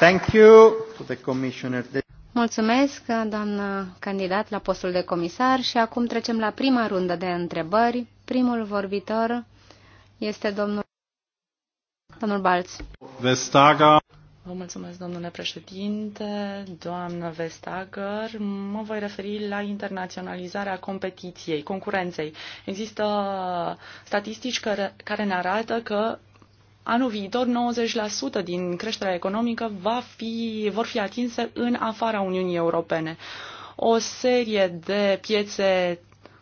Thank you to the commissioner. Mulțumesc, doamnă candidat la postul de comisar și acum trecem la prima rundă de întrebări. Primul vorbitor este domnul, domnul Balț. Vestager. Vă mulțumesc, domnule președinte, doamnă Vestager. Mă voi referi la internaționalizarea competiției, concurenței. Există statistici care, care ne arată că anul viitor 90% din creșterea economică va fi, vor fi atinse în afara Uniunii Europene. O serie de piețe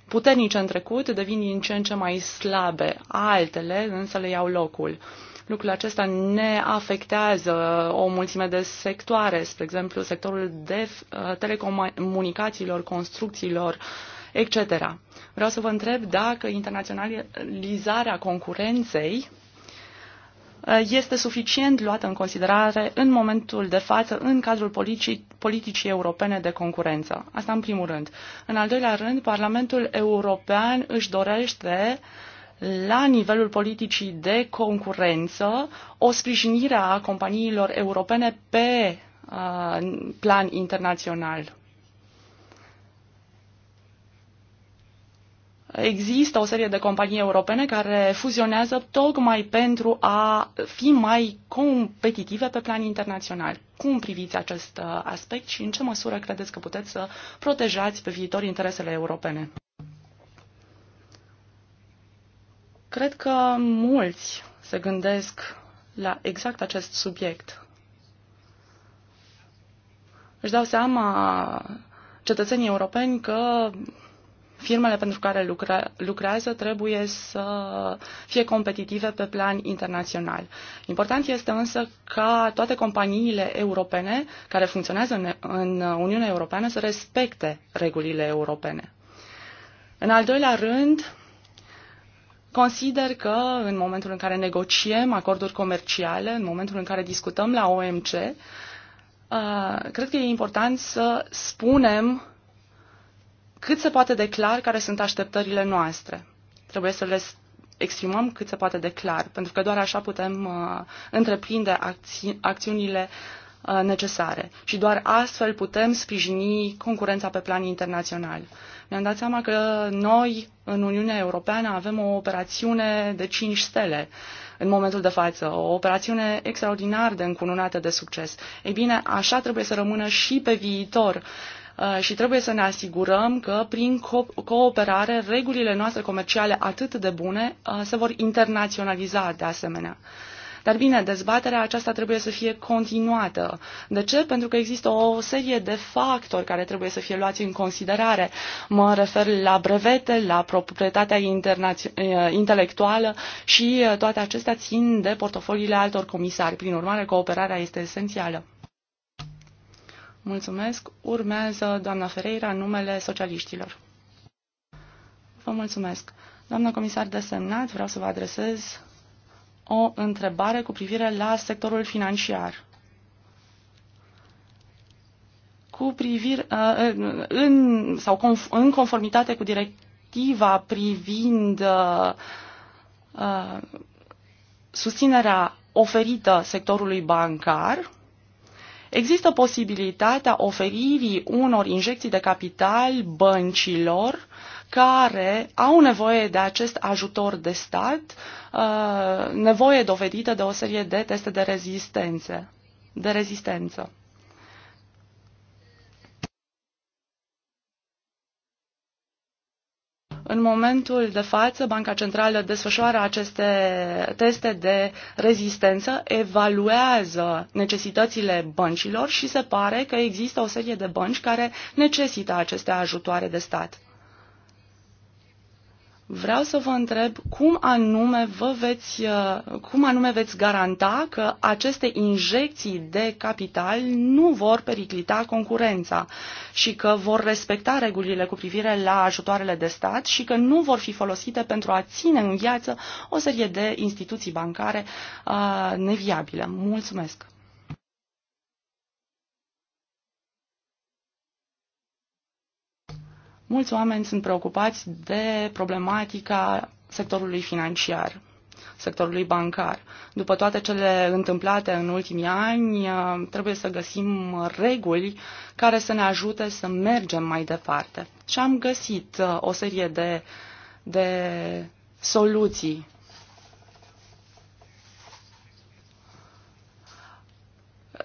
puternice în trecut devin din ce în ce mai slabe, altele însă le iau locul. Lucrul acesta ne afectează o mulțime de sectoare, spre exemplu sectorul de uh, telecomunicațiilor, construcțiilor, etc. Vreau să vă întreb dacă internaționalizarea concurenței Uh, este suficient luată în considerare în momentul de față în cadrul politicii, politicii europene de concurență. Asta în primul rând. În al doilea rând, Parlamentul European își dorește la nivelul politicii de concurență o sprijinire a companiilor europene pe uh, plan internațional. există o serie de companii europene care fuzionează tocmai pentru a fi mai competitive pe plan internațional. Cum priviți acest uh, aspect și în ce măsură credeți că puteți să protejați pe viitor interesele europene? Cred că mulți se gândesc la exact acest subiect. Își dau seama cetățenii europeni că firmele pentru care lucre, lucrează trebuie să fie competitive pe plan internațional. Important este însă ca toate companiile europene care funcționează în, în Uniunea Europeană să respecte regulile europene. În al doilea rând, Consider că în momentul în care negociem acorduri comerciale, în momentul în care discutăm la OMC, uh, cred că e important să spunem cât se poate de clar care sunt așteptările noastre. Trebuie să le exprimăm cât se poate de clar, pentru că doar așa putem uh, întreprinde acți- acțiunile uh, necesare și doar astfel putem sprijini concurența pe plan internațional. Ne-am dat seama că noi, în Uniunea Europeană, avem o operațiune de 5 stele în momentul de față, o operațiune extraordinar de încununată de succes. Ei bine, așa trebuie să rămână și pe viitor. Uh, Uh, și trebuie să ne asigurăm că prin cooperare regulile noastre comerciale atât de bune uh, se vor internaționaliza de asemenea. Dar bine, dezbaterea aceasta trebuie să fie continuată. De ce? Pentru că există o serie de factori care trebuie să fie luați în considerare. Mă refer la brevete, la proprietatea uh, intelectuală și toate acestea țin de portofoliile altor comisari. Prin urmare, cooperarea este esențială. Mulțumesc. Urmează doamna Ferreira numele socialiștilor. Vă mulțumesc. Doamna comisar desemnat, vreau să vă adresez o întrebare cu privire la sectorul financiar. Cu privire, uh, uh, în, sau în conformitate cu directiva privind uh, susținerea oferită sectorului bancar, Există posibilitatea oferirii unor injecții de capital băncilor care au nevoie de acest ajutor de stat, uh, nevoie dovedită de o serie de teste de rezistență. De rezistență. În momentul de față, Banca Centrală desfășoară aceste teste de rezistență, evaluează necesitățile băncilor și se pare că există o serie de bănci care necesită aceste ajutoare de stat. Vreau să vă întreb cum anume, vă veți, uh, cum anume veți garanta că aceste injecții de capital nu vor periclita concurența și că vor respecta regulile cu privire la ajutoarele de stat și că nu vor fi folosite pentru a ține în viață o serie de instituții bancare uh, neviabile. Mulțumesc! Mulți oameni sunt preocupați de problematica sectorului financiar, sectorului bancar. După toate cele întâmplate în ultimii ani, uh, trebuie să găsim reguli care să ne ajute să mergem mai departe. Și am găsit uh, o serie de, de soluții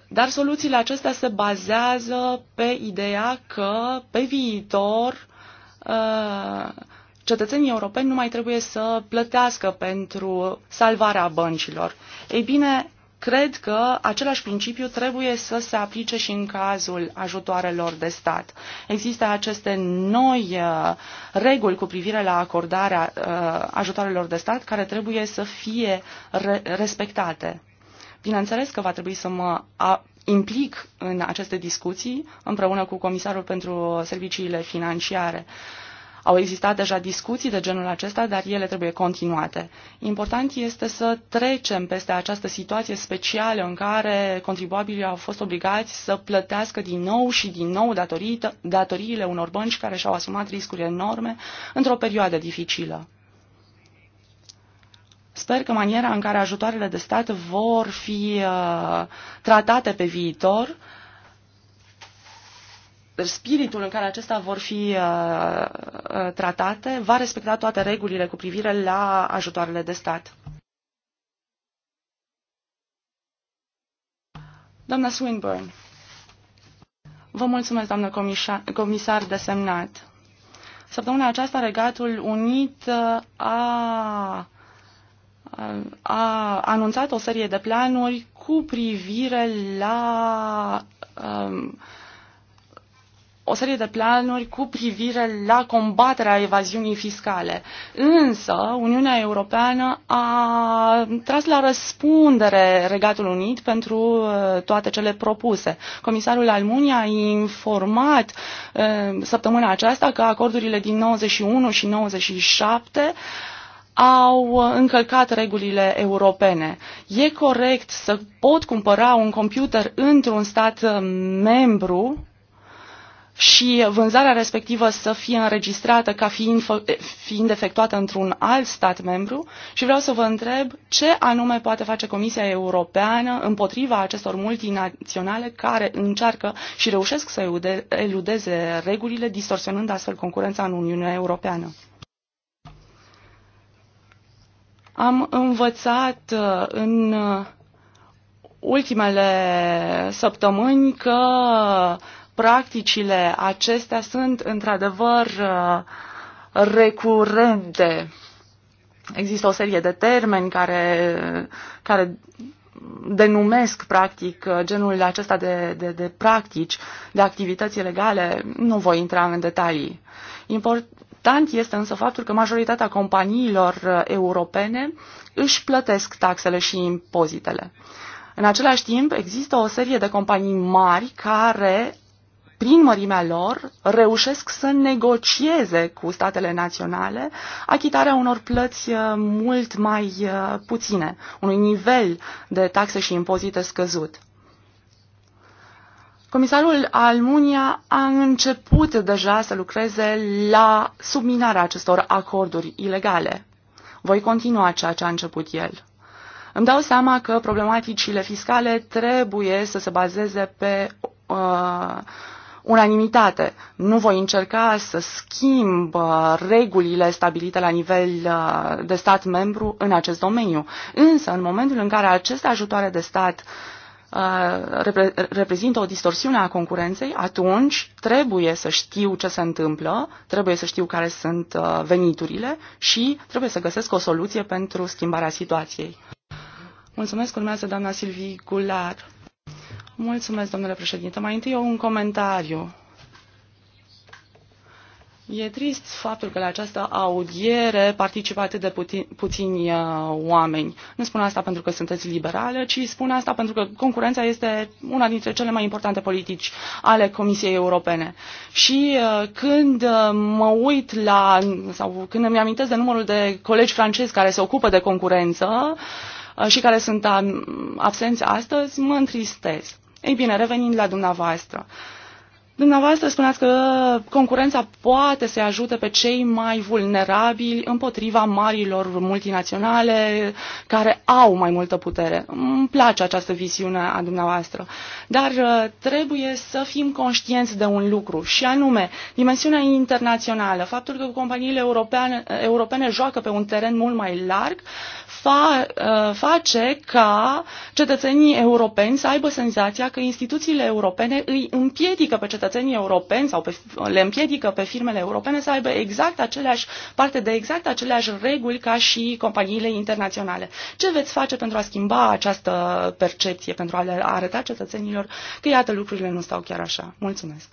Dar soluțiile acestea se bazează pe ideea că pe viitor Uh, cetățenii europeni nu mai trebuie să plătească pentru salvarea băncilor. Ei bine, cred că același principiu trebuie să se aplice și în cazul ajutoarelor de stat. Există aceste noi uh, reguli cu privire la acordarea uh, ajutoarelor de stat care trebuie să fie respectate. Bineînțeles că va trebui să mă implic în aceste discuții împreună cu Comisarul pentru Serviciile Financiare. Au existat deja discuții de genul acesta, dar ele trebuie continuate. Important este să trecem peste această situație specială în care contribuabilii au fost obligați să plătească din nou și din nou datoriile unor bănci care și-au asumat riscuri enorme într-o perioadă dificilă. Sper că maniera în care ajutoarele de stat vor fi uh, tratate pe viitor, spiritul în care acestea vor fi uh, uh tratate, va respecta toate regulile cu privire la ajutoarele de stat. Doamna Swinburne, vă mulțumesc, doamnă comisar, comisar desemnat. Săptămâna aceasta, Regatul Unit uh, a a anunțat o serie de planuri cu privire la um, o serie de planuri cu privire la combaterea evaziunii fiscale. Însă, Uniunea Europeană a tras la răspundere Regatul Unit pentru uh, toate cele propuse. Comisarul Almunia a informat uh, săptămâna aceasta că acordurile din 91 și 97 au încălcat regulile europene. E corect să pot cumpăra un computer într-un stat membru și vânzarea respectivă să fie înregistrată ca fiind, fiind efectuată într-un alt stat membru și vreau să vă întreb ce anume poate face Comisia Europeană împotriva acestor multinaționale care încearcă și reușesc să eludeze regulile, distorsionând astfel concurența în Uniunea Europeană. Am învățat uh, în uh, ultimele săptămâni că practicile acestea sunt într-adevăr uh, recurente. Există o serie de termeni care, care denumesc practic genul acesta de, de, de practici, de activități legale. Nu voi intra în detalii. Import, Important este însă faptul că majoritatea companiilor uh, europene își plătesc taxele și impozitele. În același timp, există o serie de companii mari care, prin mărimea lor, reușesc să negocieze cu statele naționale achitarea unor plăți uh, mult mai uh, puține, unui nivel de taxe și impozite scăzut. Comisarul Almunia a început deja să lucreze la subminarea acestor acorduri ilegale. Voi continua ceea ce a început el. Îmi dau seama că problematicile fiscale trebuie să se bazeze pe uh, unanimitate. Nu voi încerca să schimb uh, regulile stabilite la nivel uh, de stat membru în acest domeniu. Însă, în momentul în care aceste ajutoare de stat uh, Uh, reprezintă o distorsiune a concurenței, atunci trebuie să știu ce se întâmplă, trebuie să știu care sunt uh, veniturile și trebuie să găsesc o soluție pentru schimbarea situației. Mulțumesc, urmează doamna Silvii Gular. Mulțumesc, domnule președinte. Mai întâi eu un comentariu. E trist faptul că la această audiere participă atât de puțin, puțini uh, oameni. Nu spun asta pentru că sunteți liberală, ci spun asta pentru că concurența este una dintre cele mai importante politici ale Comisiei Europene. Și uh, când uh, mă uit la, sau când îmi amintesc de numărul de colegi francezi care se ocupă de concurență și care sunt um, absenți astăzi, mă întristez. Ei bine, revenind la dumneavoastră. Uh, Dumneavoastră spuneați că concurența poate să ajute pe cei mai vulnerabili împotriva marilor multinaționale care au mai multă putere. Îmi place această viziune a dumneavoastră. Dar uh, trebuie să fim conștienți de un lucru și anume dimensiunea internațională, faptul că companiile europeane, europene joacă pe un teren mult mai larg, fa, uh, face ca cetățenii europeni să aibă senzația că instituțiile europene îi împiedică pe cetățenii cetățenii europeni sau pe, le împiedică pe firmele europene să aibă exact aceleași parte de exact aceleași reguli ca și companiile internaționale. Ce veți face pentru a schimba această percepție, pentru a le arăta cetățenilor că, iată, lucrurile nu stau chiar așa? Mulțumesc!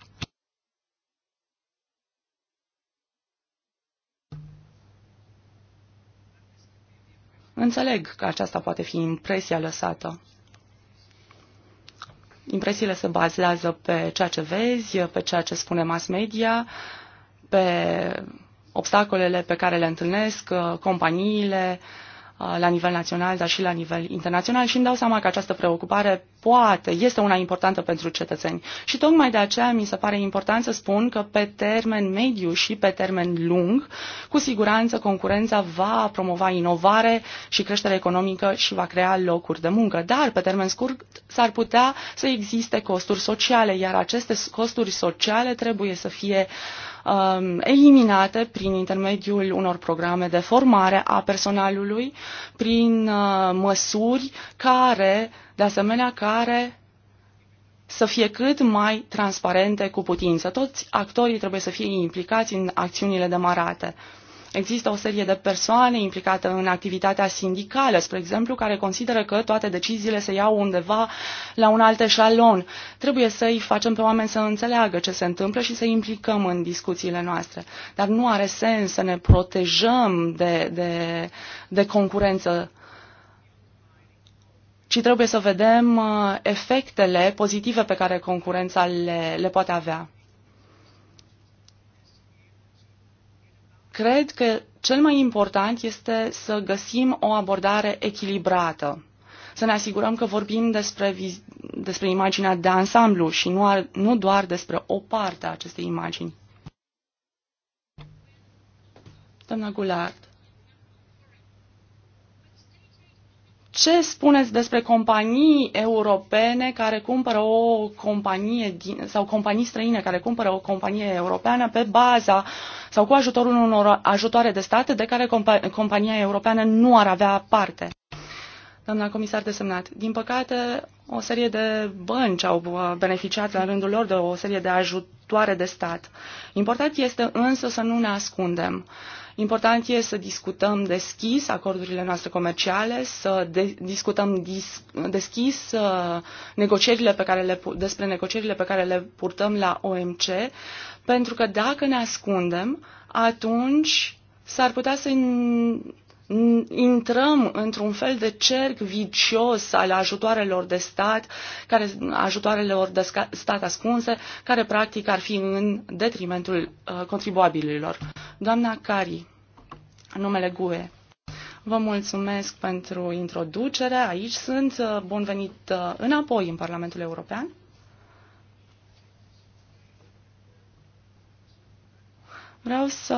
Înțeleg că aceasta poate fi impresia lăsată. Impresiile se bazează pe ceea ce vezi, pe ceea ce spune mass media, pe obstacolele pe care le întâlnesc companiile, uh, Uh, la nivel național, dar și la nivel internațional și îmi dau seama că această preocupare poate, este una importantă pentru cetățeni. Și tocmai de aceea mi se pare important să spun că pe termen mediu și pe termen lung, cu siguranță concurența va promova inovare și creștere economică și va crea locuri de muncă. Dar pe termen scurt s-ar putea să existe costuri sociale, iar aceste costuri sociale trebuie să fie uh, Um, eliminate prin intermediul unor programe de formare a personalului, prin uh, măsuri care, de asemenea, care să fie cât mai transparente cu putință. Toți actorii trebuie să fie implicați în acțiunile demarate. Există o serie de persoane implicate în activitatea sindicală, spre exemplu, care consideră că toate deciziile se iau undeva la un alt eșalon. Trebuie să-i facem pe oameni să înțeleagă ce se întâmplă și să implicăm în discuțiile noastre. Dar nu are sens să ne protejăm de, de, de concurență ci trebuie să vedem uh, efectele pozitive pe care concurența le, le poate avea. Cred că cel mai important este să găsim o abordare echilibrată, să ne asigurăm că vorbim despre, despre imaginea de ansamblu și nu, ar, nu doar despre o parte a acestei imagini. Doamna Gulard. Ce spuneți despre companii europene care cumpără o companie din, sau companii străine care cumpără o companie europeană pe baza sau cu ajutorul unor ajutoare de stat de care compa, compania europeană nu ar avea parte? Doamna comisar desemnat, din păcate o serie de bănci au beneficiat la rândul lor de o serie de ajutoare de stat. Important este însă să nu ne ascundem. Uh, Important e să discutăm deschis acordurile noastre comerciale, să de- discutăm dis- deschis uh, negocierile pe care le, despre negocierile pe care le purtăm la OMC, pentru că dacă ne ascundem, atunci s-ar putea să intrăm într-un fel de cerc vicios al ajutoarelor de stat, care, ajutoarelor de stat ascunse, care practic ar fi în detrimentul uh, contribuabililor. Doamna Cari numele GUE. Vă mulțumesc pentru introducere. Aici sunt. Uh, bun venit uh, înapoi în Parlamentul European. Vreau să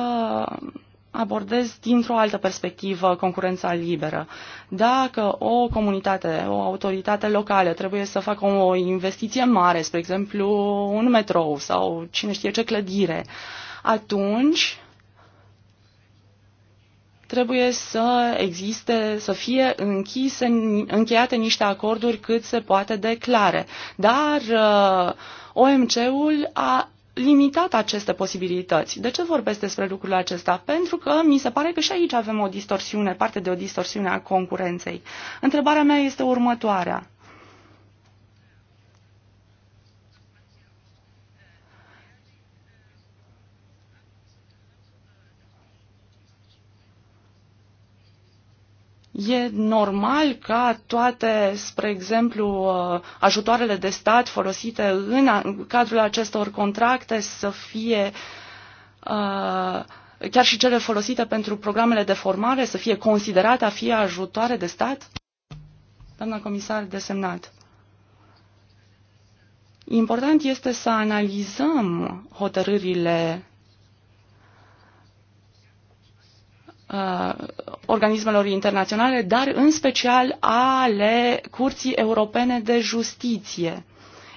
abordez dintr-o altă perspectivă concurența liberă. Dacă o comunitate, o autoritate locală trebuie să facă o investiție mare, spre exemplu un metrou sau cine știe ce clădire, atunci trebuie să existe, să fie închise, încheiate niște acorduri cât se poate de clare. Dar uh, OMC-ul a limitat aceste posibilități. De ce vorbesc despre lucrurile acesta? Pentru că mi se pare că și aici avem o distorsiune, parte de o distorsiune a concurenței. Întrebarea mea este următoarea. E normal ca toate, spre exemplu, uh, ajutoarele de stat folosite în cadrul acestor contracte să fie uh, chiar și cele folosite pentru programele de formare să fie considerate a fi ajutoare de stat? Doamna comisar desemnat. Important este să analizăm hotărârile Uh, organismelor internaționale, dar în special ale Curții Europene de Justiție.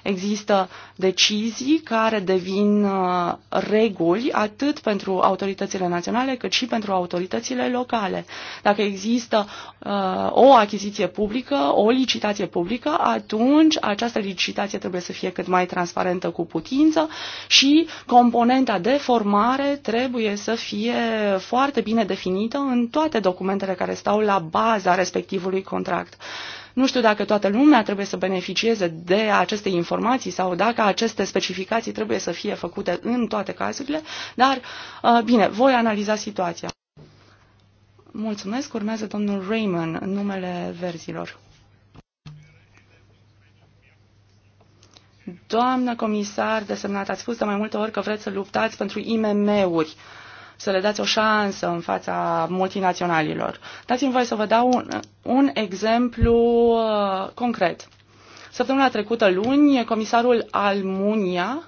Există decizii care devin uh, reguli atât pentru autoritățile naționale cât și pentru autoritățile locale. Dacă există uh, o achiziție publică, o licitație publică, atunci această licitație trebuie să fie cât mai transparentă cu putință și componenta de formare trebuie să fie foarte bine definită în toate documentele care stau la baza respectivului contract. Nu știu dacă toată lumea trebuie să beneficieze de aceste informații sau dacă aceste specificații trebuie să fie făcute în toate cazurile, dar uh, bine, voi analiza situația. Mulțumesc. Urmează domnul Raymond în numele verzilor. Doamnă comisar desemnat, ați spus de mai multe ori că vreți să luptați pentru IMM-uri. Uh, să le dați o șansă în fața multinaționalilor. Dați-mi voie să vă dau un, un exemplu uh, concret. Săptămâna trecută, luni, comisarul Almunia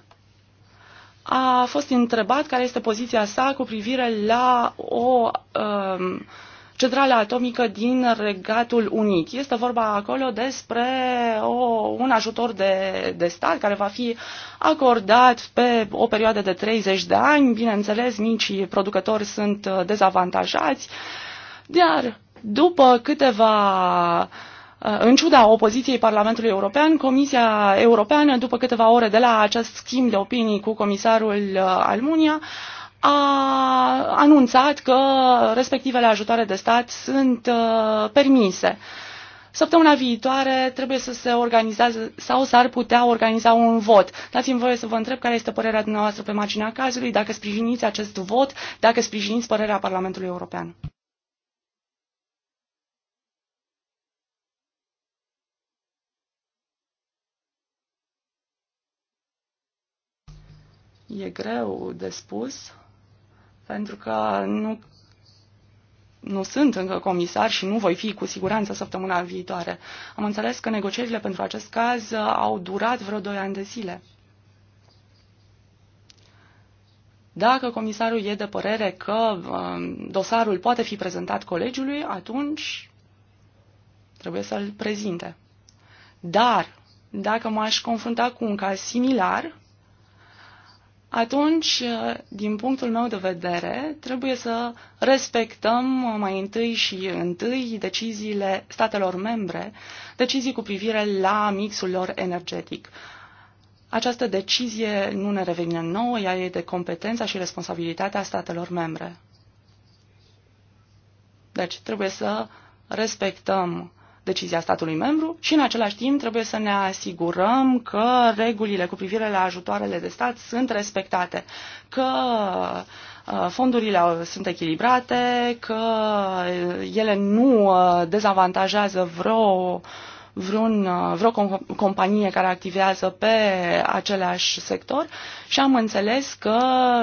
a fost întrebat care este poziția sa cu privire la o uh, centrala atomică din Regatul Unit. Este vorba acolo despre o, un ajutor de, de stat care va fi acordat pe o perioadă de 30 de ani. Bineînțeles, micii producători sunt dezavantajați, dar după câteva uh, în ciuda opoziției Parlamentului European, Comisia Europeană, după câteva ore de la acest schimb de opinii cu comisarul uh, Almunia, a anunțat că respectivele ajutoare de stat sunt uh, permise. Săptămâna viitoare trebuie să se organizeze sau s-ar putea organiza un vot. Dați-mi voie să vă întreb care este părerea dumneavoastră pe marginea cazului, dacă sprijiniți acest vot, dacă sprijiniți părerea Parlamentului European. E greu de spus pentru că nu, nu sunt încă comisar și nu voi fi cu siguranță săptămâna viitoare. Am înțeles că negocierile pentru acest caz uh, au durat vreo 2 ani de zile. Dacă comisarul e de părere că um, dosarul poate fi prezentat colegiului, atunci trebuie să-l prezinte. Dar dacă m-aș confrunta cu un caz similar, atunci, din punctul meu de vedere, trebuie să respectăm mai întâi și întâi deciziile statelor membre, decizii cu privire la mixul lor energetic. Această decizie nu ne revine nouă, ea e de competența și responsabilitatea statelor membre. Deci, trebuie să respectăm decizia statului membru și în același timp trebuie să ne asigurăm că regulile cu privire la ajutoarele de stat sunt respectate, că uh, fondurile sunt echilibrate, că ele nu uh, dezavantajează vreo vreun, uh, vreo companie care activează pe același sector și am înțeles că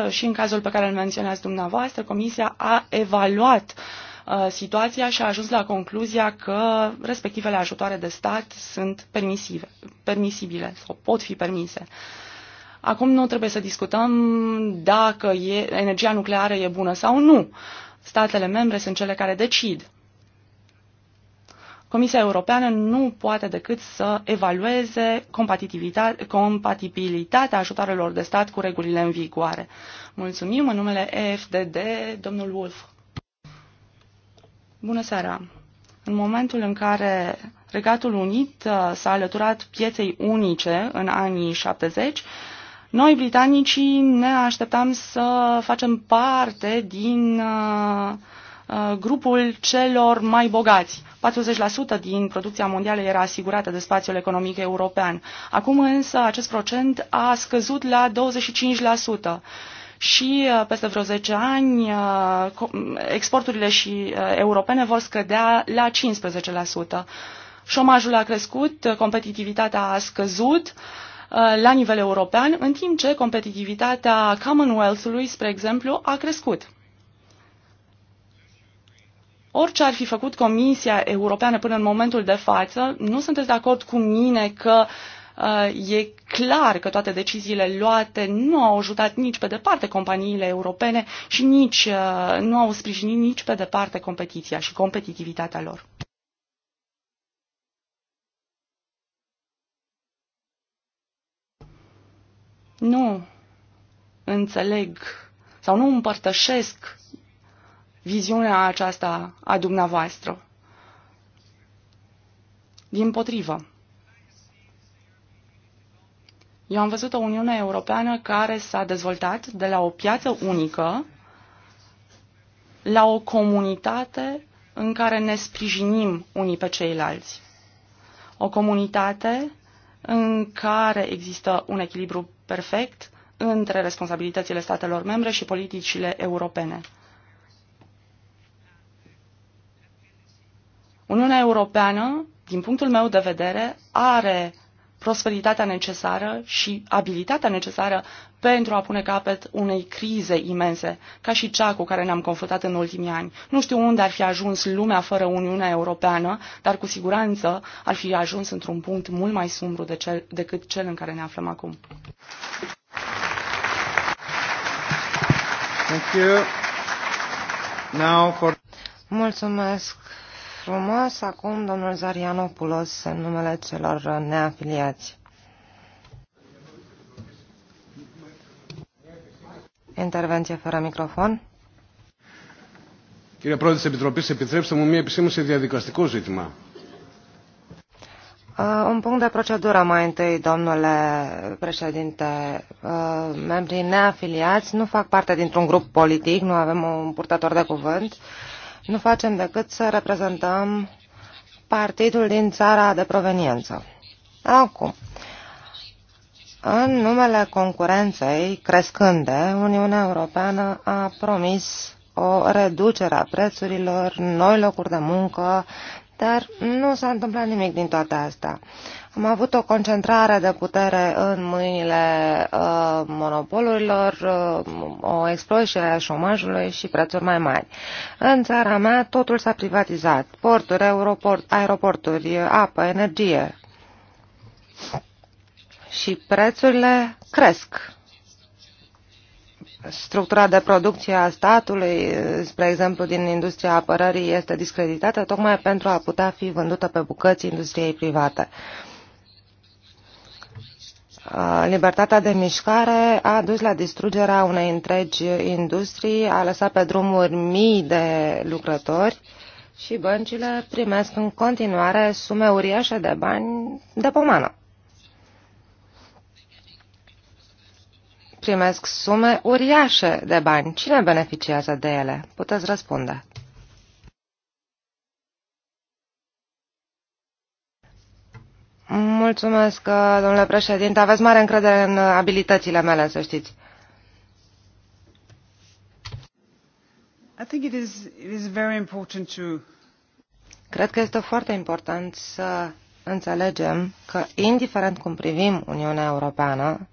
și în cazul pe care îl menționați dumneavoastră, Comisia a evaluat uh, Uh, situația și a ajuns la concluzia că respectivele ajutoare de stat sunt permisive, permisibile sau pot fi permise. Acum nu trebuie să discutăm dacă e, energia nucleară e bună sau nu. Statele membre sunt cele care decid. Comisia Europeană nu poate decât să evalueze compatibilitatea ajutoarelor de stat cu regulile în vigoare. Mulțumim în numele EFDD, domnul Wolf. Bună seara! În momentul în care Regatul Unit uh, s-a alăturat pieței unice în anii 70, noi, britanicii, ne așteptam să facem parte din uh, uh, grupul celor mai bogați. 40% din producția mondială era asigurată de spațiul economic european. Acum însă acest procent a scăzut la 25% și uh, peste vreo 10 ani uh, exporturile și uh, europene vor scădea la 15%. Șomajul a crescut, competitivitatea a scăzut la nivel european, în timp ce competitivitatea Commonwealth-ului, spre exemplu, a crescut. Orice ar fi făcut Comisia Europeană până în momentul de față, nu sunteți de acord cu mine că uh, Uh, e clar că toate deciziile luate nu au ajutat nici pe departe companiile europene și nici uh, nu au sprijinit nici pe departe competiția și competitivitatea lor. Nu înțeleg sau nu împărtășesc viziunea aceasta a dumneavoastră. Din potrivă, eu am văzut o Uniune Europeană care s-a dezvoltat de la o piață unică la o comunitate în care ne sprijinim unii pe ceilalți. O comunitate în care există un echilibru perfect între responsabilitățile statelor membre și politicile europene. Uniunea Europeană, din punctul meu de vedere, are prosperitatea necesară și abilitatea necesară pentru a pune capăt unei crize imense, ca și cea cu care ne-am confruntat în ultimii ani. Nu știu unde ar fi ajuns lumea fără Uniunea Europeană, dar cu siguranță ar fi ajuns într-un punct mult mai sumbru de cel, decât cel în care ne aflăm acum. Thank you. Now for... Mulțumesc frumos. Acum domnul Zarianopoulos în numele celor neafiliați. Intervenție fără microfon. Κύριε Πρόεδρε της Επιτροπής, επιτρέψτε μου μία επισήμωση διαδικαστικό ζήτημα. Un punct de procedură mai întâi, domnule președinte. Membrii neafiliați nu fac parte dintr-un grup politic, nu avem un purtător de cuvânt nu facem decât să reprezentăm partidul din țara de proveniență. Acum, în numele concurenței crescânde, Uniunea Europeană a promis o reducere a prețurilor, noi locuri de muncă, dar nu s-a întâmplat nimic din toate astea. Am avut o concentrare de putere în mâinile uh, monopolurilor, uh, o explozie a șomajului și prețuri mai mari. În țara mea totul s-a privatizat. Porturi, aeroport, aeroporturi, apă, energie. Și prețurile cresc structura de producție a statului, spre exemplu din industria apărării, este discreditată tocmai pentru a putea fi vândută pe bucăți industriei private. Uh, libertatea de mișcare a dus la distrugerea unei întregi industrii, a lăsat pe drumuri mii de lucrători și băncile primesc în continuare sume uriașe de bani de pomană. Primesc sume uriașe de bani. Cine beneficiază de ele? Puteți răspunde. Mulțumesc, domnule președinte. Aveți mare încredere în abilitățile mele, să știți. I think it is, it is very important to... Cred că este foarte important să înțelegem că, indiferent cum privim Uniunea Europeană,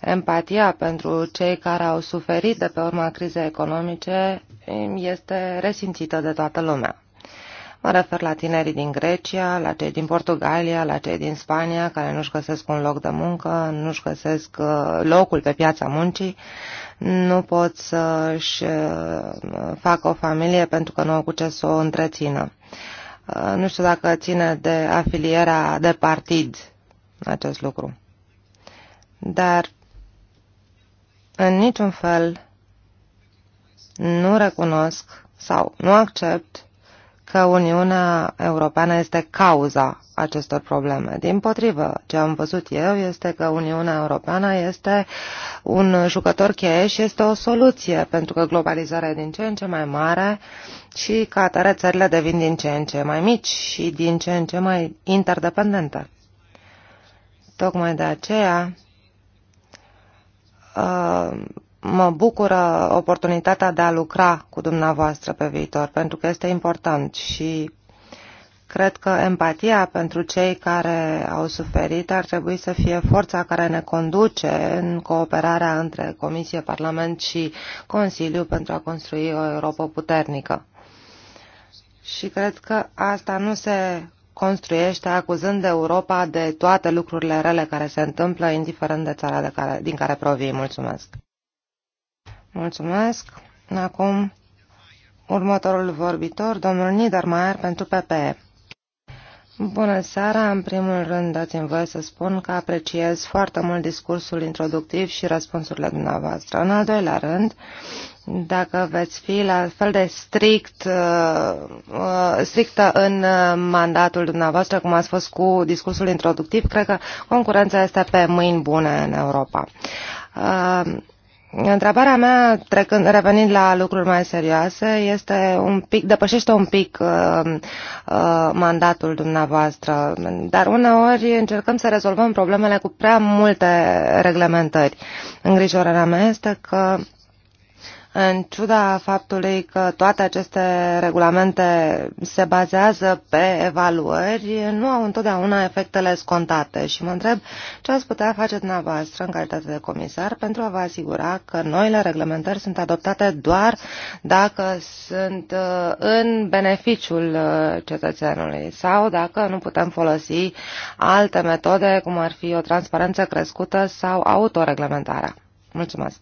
empatia pentru cei care au suferit de pe urma crizei economice este resimțită de toată lumea. Mă refer la tinerii din Grecia, la cei din Portugalia, la cei din Spania, care nu-și găsesc un loc de muncă, nu-și găsesc uh, locul pe piața muncii, nu pot să-și uh, facă o familie pentru că nu au cu ce să o întrețină. Uh, nu știu dacă ține de afilierea de partid acest lucru. Dar în niciun fel nu recunosc sau nu accept că Uniunea Europeană este cauza acestor probleme. Din potrivă, ce am văzut eu este că Uniunea Europeană este un jucător cheie și este o soluție, pentru că globalizarea e din ce în ce mai mare și ca atare țările devin din ce în ce mai mici și din ce în ce mai interdependente. Tocmai de aceea, uh, mă bucură oportunitatea de a lucra cu dumneavoastră pe viitor, pentru că este important și cred că empatia pentru cei care au suferit ar trebui să fie forța care ne conduce în cooperarea între Comisie, Parlament și Consiliu pentru a construi o Europa puternică. Și cred că asta nu se construiește acuzând Europa de toate lucrurile rele care se întâmplă, indiferent de țara de care, din care provii. Mulțumesc! Mulțumesc. Acum, următorul vorbitor, domnul Niedermayer pentru PPE. Bună seara! În primul rând, dați-mi voie să spun că apreciez foarte mult discursul introductiv și răspunsurile dumneavoastră. În al doilea rând, dacă veți fi la fel de strict, uh, uh, strictă în uh, mandatul dumneavoastră, cum ați fost cu discursul introductiv, cred că concurența este pe mâini bune în Europa. Întrebarea mea, trecând, revenind la lucruri mai serioase, este un pic, depășește un pic uh, uh, mandatul dumneavoastră, dar uneori încercăm să rezolvăm problemele cu prea multe reglementări. Îngrijorarea mea este că în ciuda faptului că toate aceste regulamente se bazează pe evaluări, nu au întotdeauna efectele scontate și mă întreb ce ați putea face dumneavoastră în calitate de comisar pentru a vă asigura că noile reglementări sunt adoptate doar dacă sunt uh, în beneficiul uh, cetățeanului sau dacă nu putem folosi alte metode, cum ar fi o transparență crescută sau autoreglementarea. Mulțumesc!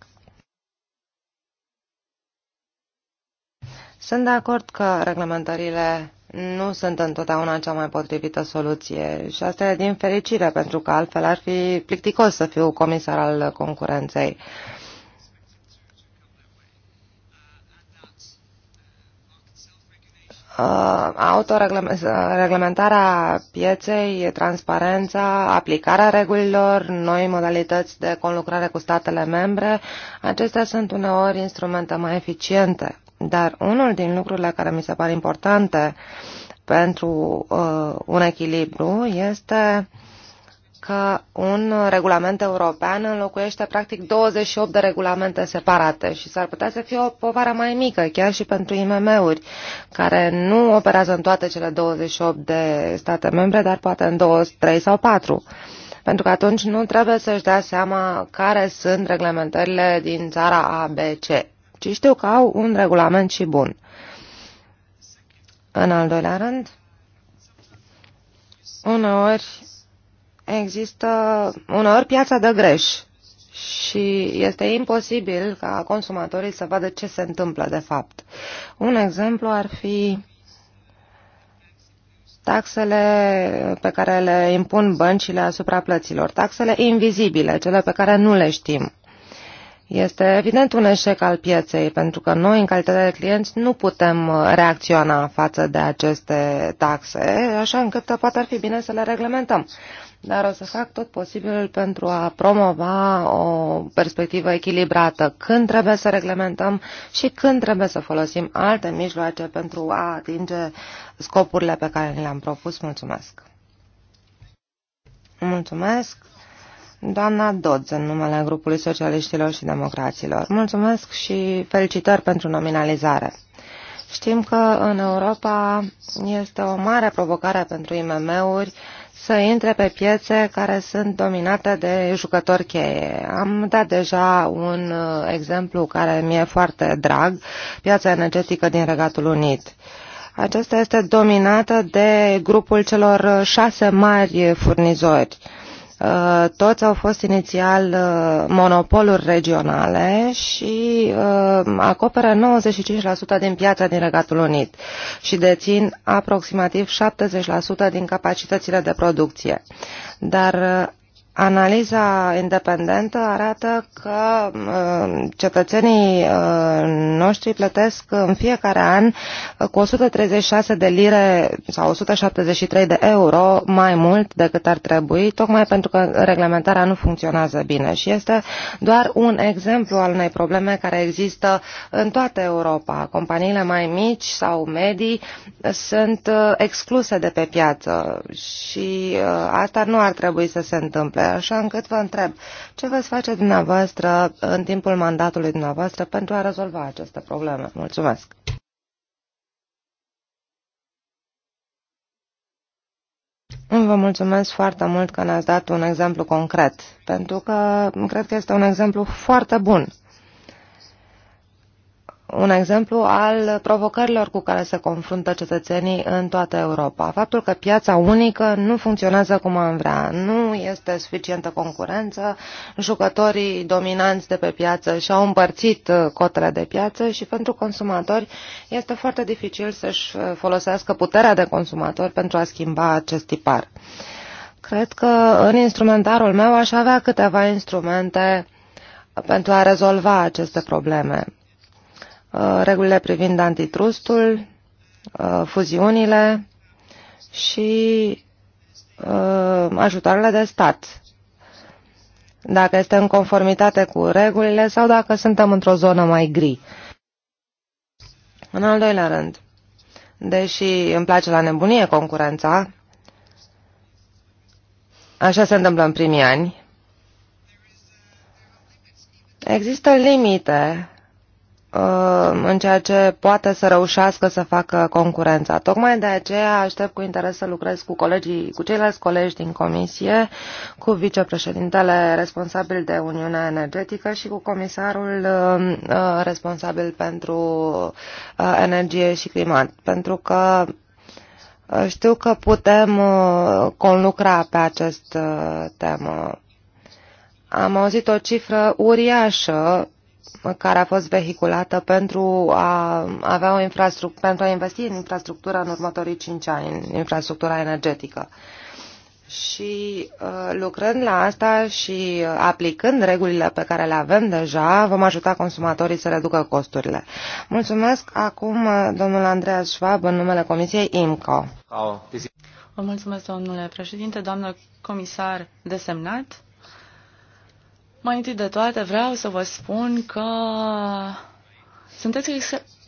Sunt de acord că reglementările nu sunt întotdeauna cea mai potrivită soluție și asta e din fericire, pentru că altfel ar fi plicticos să fiu comisar al concurenței. Uh, autoreglementarea pieței, transparența, aplicarea regulilor, noi modalități de conlucrare cu statele membre, acestea sunt uneori instrumente mai eficiente dar unul din lucrurile care mi se pare importante pentru uh, un echilibru este că un regulament european înlocuiește practic 28 de regulamente separate și s-ar putea să fie o povară mai mică, chiar și pentru IMM-uri, care nu operează în toate cele 28 de state membre, dar poate în 2, 3 sau 4 pentru că atunci nu trebuie să-și dea seama care sunt reglementările din țara A, B, C ci știu că au un regulament și bun. În al doilea rând, uneori există, uneori piața dă greș și este imposibil ca consumatorii să vadă ce se întâmplă de fapt. Un exemplu ar fi taxele pe care le impun băncile asupra plăților, taxele invizibile, cele pe care nu le știm. Este evident un eșec al pieței, pentru că noi, în calitate de clienți, nu putem uh, reacționa față de aceste taxe, așa încât uh, poate ar fi bine să le reglementăm. Dar o să fac tot posibilul pentru a promova o perspectivă echilibrată, când trebuie să reglementăm și când trebuie să folosim alte mijloace pentru a atinge scopurile pe care le-am propus. Mulțumesc! Mulțumesc! Doamna Dodds, în numele grupului socialiștilor și democraților. Mulțumesc și felicitări pentru nominalizare. Știm că în Europa este o mare provocare pentru IMM-uri să intre pe piețe care sunt dominate de jucători cheie. Am dat deja un uh, exemplu care mi-e foarte drag, piața energetică din Regatul Unit. Aceasta este dominată de grupul celor șase mari furnizori Uh, toți au fost inițial uh, monopoluri regionale și uh, acoperă 95% din piața din Regatul Unit și dețin aproximativ 70% din capacitățile de producție. Dar Analiza independentă arată că uh, cetățenii uh, noștri plătesc în fiecare an uh, cu 136 de lire sau 173 de euro mai mult decât ar trebui, tocmai pentru că reglementarea nu funcționează bine și este doar un exemplu al unei probleme care există în toată Europa. Companiile mai mici sau medii sunt excluse de pe piață și asta nu ar trebui să se întâmple așa încât vă întreb ce veți face dumneavoastră în timpul mandatului dumneavoastră pentru a rezolva aceste probleme. Mulțumesc! Vă mulțumesc foarte mult că ne-ați dat un exemplu concret, pentru că cred că este un exemplu foarte bun un exemplu al provocărilor cu care se confruntă cetățenii în toată Europa. Faptul că piața unică nu funcționează cum am vrea, nu este suficientă concurență, jucătorii dominanți de pe piață și-au împărțit uh, cotele de piață și pentru consumatori este foarte dificil să-și uh, folosească puterea de consumator pentru a schimba acest tipar. Cred că în instrumentarul meu aș avea câteva instrumente pentru a rezolva aceste probleme Uh, regulile privind antitrustul, uh, fuziunile și uh, ajutoarele de stat. Dacă este în conformitate cu regulile sau dacă suntem într-o zonă mai gri. În al doilea rând, deși îmi place la nebunie concurența, așa se întâmplă în primii ani, există limite Uh, în ceea ce poate să reușească să facă concurența. Tocmai de aceea aștept cu interes să lucrez cu colegii, cu ceilalți colegi din comisie, cu vicepreședintele responsabil de Uniunea Energetică și cu comisarul uh, uh, responsabil pentru energie și climat, pentru că știu că putem conlucra pe acest temă. Am auzit o cifră uriașă care a fost vehiculată pentru a avea o infrastructură, pentru a investi în infrastructura în următorii 5 ani, în infrastructura energetică. Și uh, lucrând la asta și uh, aplicând regulile pe care le avem deja, vom ajuta consumatorii să reducă costurile. Mulțumesc acum uh, domnul Andreas Schwab în numele Comisiei IMCO. Vă mulțumesc, domnule președinte, doamnă comisar desemnat. Mai întâi de toate vreau să vă spun că sunteți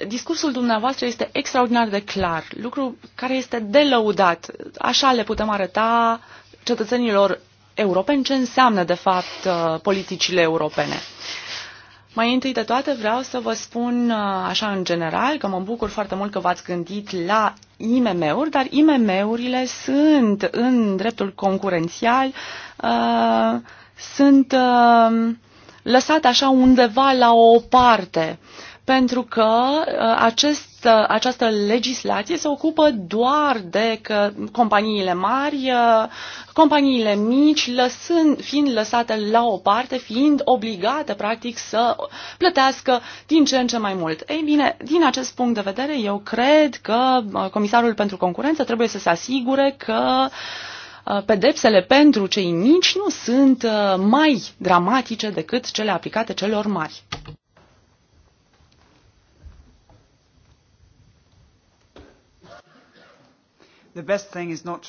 discursul dumneavoastră este extraordinar de clar, lucru care este delăudat. Așa le putem arăta cetățenilor europeni ce înseamnă, de fapt, uh, politicile europene. Mai întâi de toate vreau să vă spun uh, așa în general că mă bucur foarte mult că v-ați gândit la IMM-uri, dar IMM-urile sunt în dreptul concurențial uh, sunt uh, lăsate așa undeva la o parte, pentru că uh, acest, uh, această legislație se ocupă doar de că companiile mari, uh, companiile mici, lăsând, fiind lăsate la o parte, fiind obligate, practic, să plătească din ce în ce mai mult. Ei bine, din acest punct de vedere, eu cred că uh, Comisarul pentru Concurență trebuie să se asigure că uh, Uh, pedepsele pentru cei mici nu sunt uh, mai dramatice decât cele aplicate celor mari. The best thing is not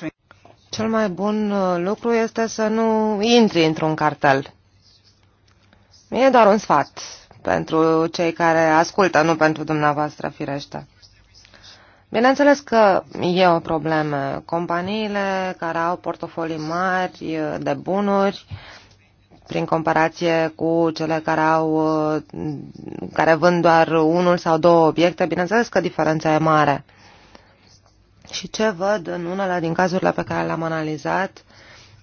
Cel mai bun uh, lucru este să nu intri într-un cartel. E doar un sfat pentru cei care ascultă, nu pentru dumneavoastră, firește. Bineînțeles că e o problemă. Companiile care au portofolii mari de bunuri, prin comparație cu cele care au care vând doar unul sau două obiecte, bineînțeles că diferența e mare. Și ce văd în unele din cazurile pe care le-am analizat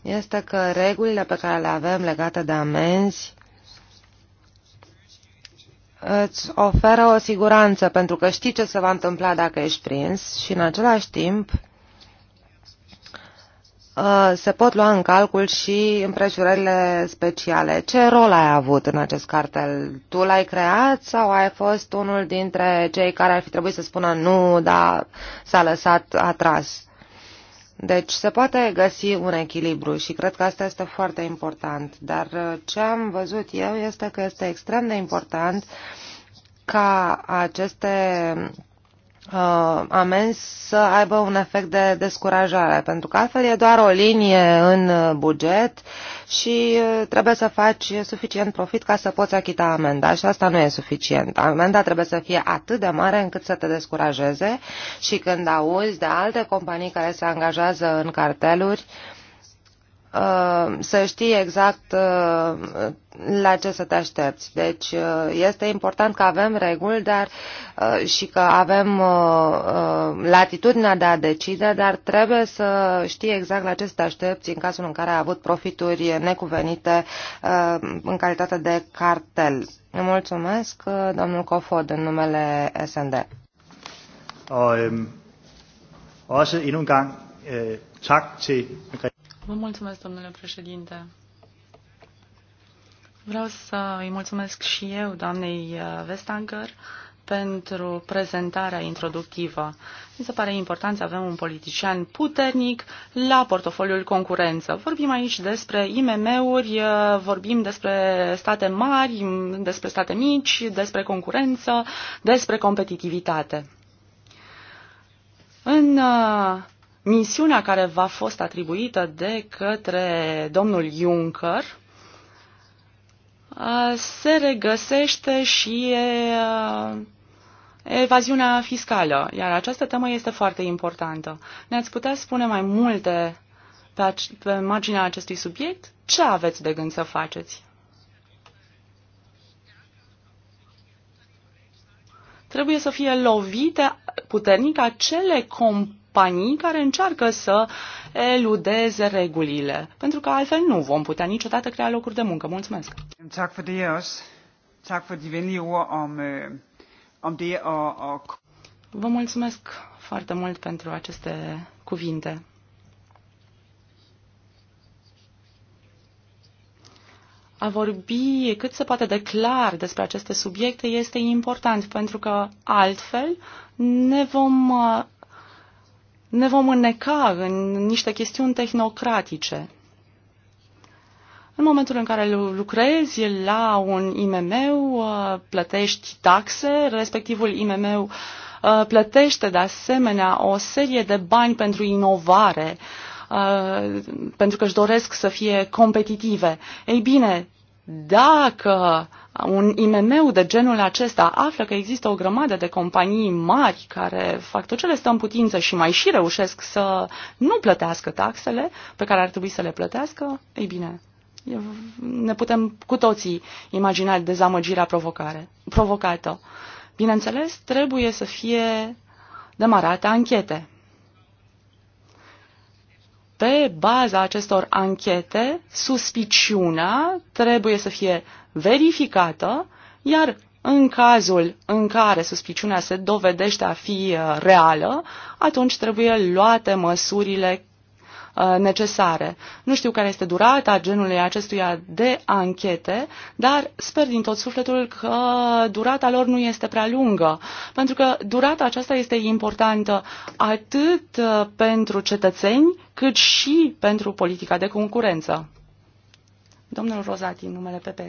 este că regulile pe care le avem legate de amenzi îți oferă o siguranță pentru că știi ce se va întâmpla dacă ești prins și în același timp uh, se pot lua în calcul și împrejurările speciale. Ce rol ai avut în acest cartel? Tu l-ai creat sau ai fost unul dintre cei care ar fi trebuit să spună nu, dar s-a lăsat atras? Deci se poate găsi un echilibru și cred că asta este foarte important. Dar uh, ce am văzut eu este că este extrem de important ca aceste uh, amenzi să aibă un efect de descurajare, pentru că altfel e doar o linie în uh, buget și uh, trebuie să faci suficient profit ca să poți achita amenda și asta nu e suficient. Amenda trebuie să fie atât de mare încât să te descurajeze și când auzi de alte companii care se angajează în carteluri, uh, Uh, să știi exact uh, la ce să te aștepți. Deci uh, este important că avem reguli dar, și că avem latitudinea de a decide, dar trebuie să știi exact la ce să te aștepți în cazul în care ai avut profituri necuvenite în calitate de cartel. Mulțumesc, domnul Cofod, în numele SND. Og, încă o dată, mulțumesc. gang øh, Vă mulțumesc, domnule președinte. Vreau să îi mulțumesc și eu, doamnei uh, Vestager, pentru prezentarea introductivă. Mi se pare important să avem un politician puternic la portofoliul concurență. Vorbim aici despre IMM-uri, uh, vorbim despre state mari, despre state mici, despre concurență, despre competitivitate. În uh, misiunea care v-a fost atribuită de către domnul Juncker uh, se regăsește și uh, evaziunea fiscală, iar această temă este foarte importantă. Ne-ați putea spune mai multe pe, pe marginea acestui subiect? Ce aveți de gând să faceți? Trebuie să fie lovite puternic acele companii companii care încearcă să eludeze regulile, pentru că altfel nu vom putea niciodată crea locuri de muncă. Mulțumesc! Øh, Vă mulțumesc foarte mult pentru aceste cuvinte. A vorbi cât se poate de clar despre aceste subiecte este important, pentru că altfel ne vom ne vom înneca în niște chestiuni tehnocratice. În momentul în care lucrezi la un IMM, uh, plătești taxe, respectivul IMM uh, plătește de asemenea o serie de bani pentru inovare, uh, pentru că își doresc să fie competitive. Ei bine, dacă un IMM de genul acesta află că există o grămadă de companii mari care fac tot ce le stă în putință și mai și reușesc să nu plătească taxele pe care ar trebui să le plătească, ei bine, ne putem cu toții imagina dezamăgirea provocare, provocată. Bineînțeles, trebuie să fie demarate anchete pe baza acestor anchete, suspiciunea trebuie să fie verificată, iar în cazul în care suspiciunea se dovedește a fi uh, reală, atunci trebuie luate măsurile Uh, necesare. Nu știu care este durata genului acestuia de anchete, dar sper din tot sufletul că durata lor nu este prea lungă, pentru că durata aceasta este importantă atât uh, pentru cetățeni, cât și pentru politica de concurență. Domnul Rozati, numele PP.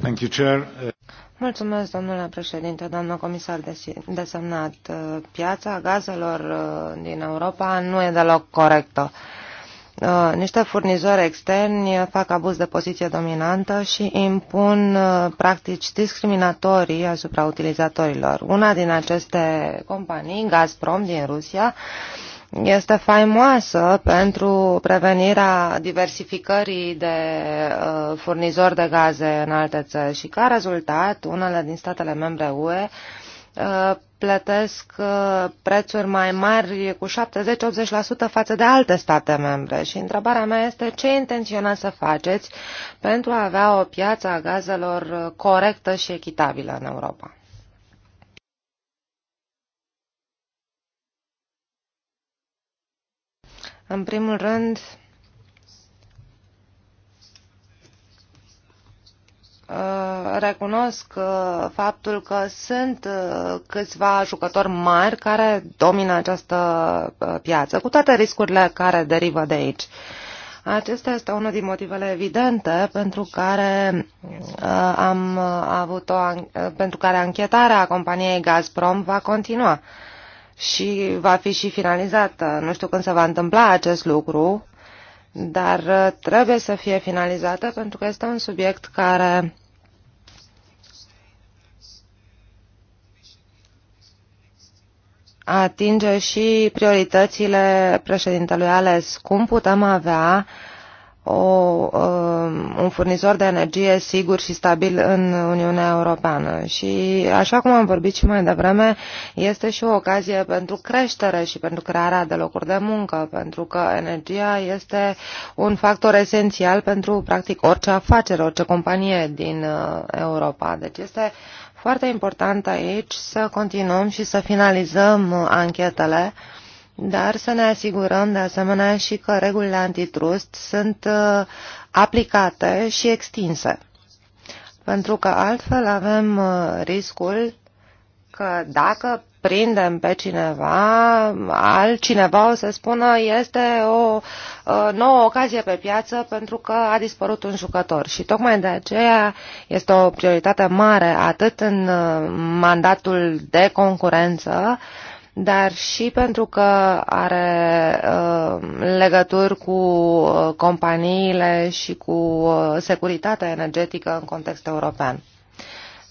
Thank you, Chair. Mulțumesc, domnule președinte, doamnă comisar desemnat. Uh, piața gazelor uh, din Europa nu e deloc corectă. Uh, niște furnizori externi fac abuz de poziție dominantă și impun practici discriminatorii asupra utilizatorilor. Una din aceste companii, Gazprom din Rusia, este faimoasă pentru prevenirea diversificării de uh, furnizori de gaze în alte țări și ca rezultat unele din statele membre UE uh, plătesc uh, prețuri mai mari cu 70-80% față de alte state membre. Și întrebarea mea este ce intenționați să faceți pentru a avea o piață a gazelor corectă și echitabilă în Europa? În primul rând, uh, recunosc uh, faptul că sunt uh, câțiva jucători mari care domină această piață, cu toate riscurile care derivă de aici. Acesta este unul din motivele evidente pentru care am avut o, pentru care anchetarea companiei Gazprom va continua și va fi și finalizată. Nu știu când se va întâmpla acest lucru, dar uh, trebuie să fie finalizată pentru că este un subiect care atinge și prioritățile președintelui ales. Cum putem avea uh, o, um, un furnizor de energie sigur și stabil în Uniunea Europeană. Și, așa cum am vorbit și mai devreme, este și o ocazie pentru creștere și pentru crearea de locuri de muncă, pentru că energia este un factor esențial pentru, practic, orice afacere, orice companie din uh, Europa. Deci este foarte important aici să continuăm și să finalizăm uh, anchetele dar să ne asigurăm de asemenea și că regulile antitrust sunt uh, aplicate și extinse. Pentru că altfel avem uh, riscul că dacă prindem pe cineva, altcineva o să spună este o uh, nouă ocazie pe piață pentru că a dispărut un jucător. Și tocmai de aceea este o prioritate mare atât în mandatul de concurență, dar și pentru că are uh, legături cu uh, companiile și cu uh, securitatea energetică în context european.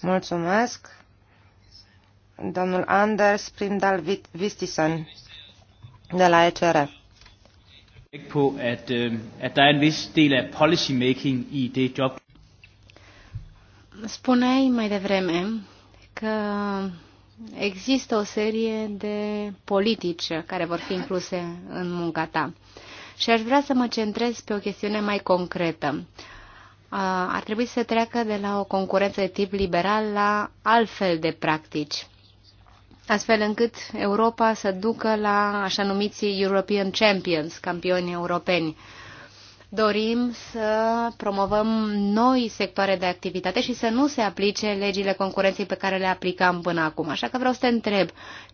Mulțumesc. Domnul Anders Primdal Vistisen de la ECR. på, at, øh, at der er en vis del af policy making i det job. Spuneai mai devreme că există o serie de politici care vor fi incluse în munca ta. Și aș vrea să mă centrez pe o chestiune mai concretă. Ar trebui să treacă de la o concurență de tip liberal la altfel de practici, astfel încât Europa să ducă la așa numiții European Champions, campioni europeni, dorim să promovăm noi sectoare de activitate și să nu se aplice legile concurenței pe care le aplicam până acum. Așa că vreau să te întreb,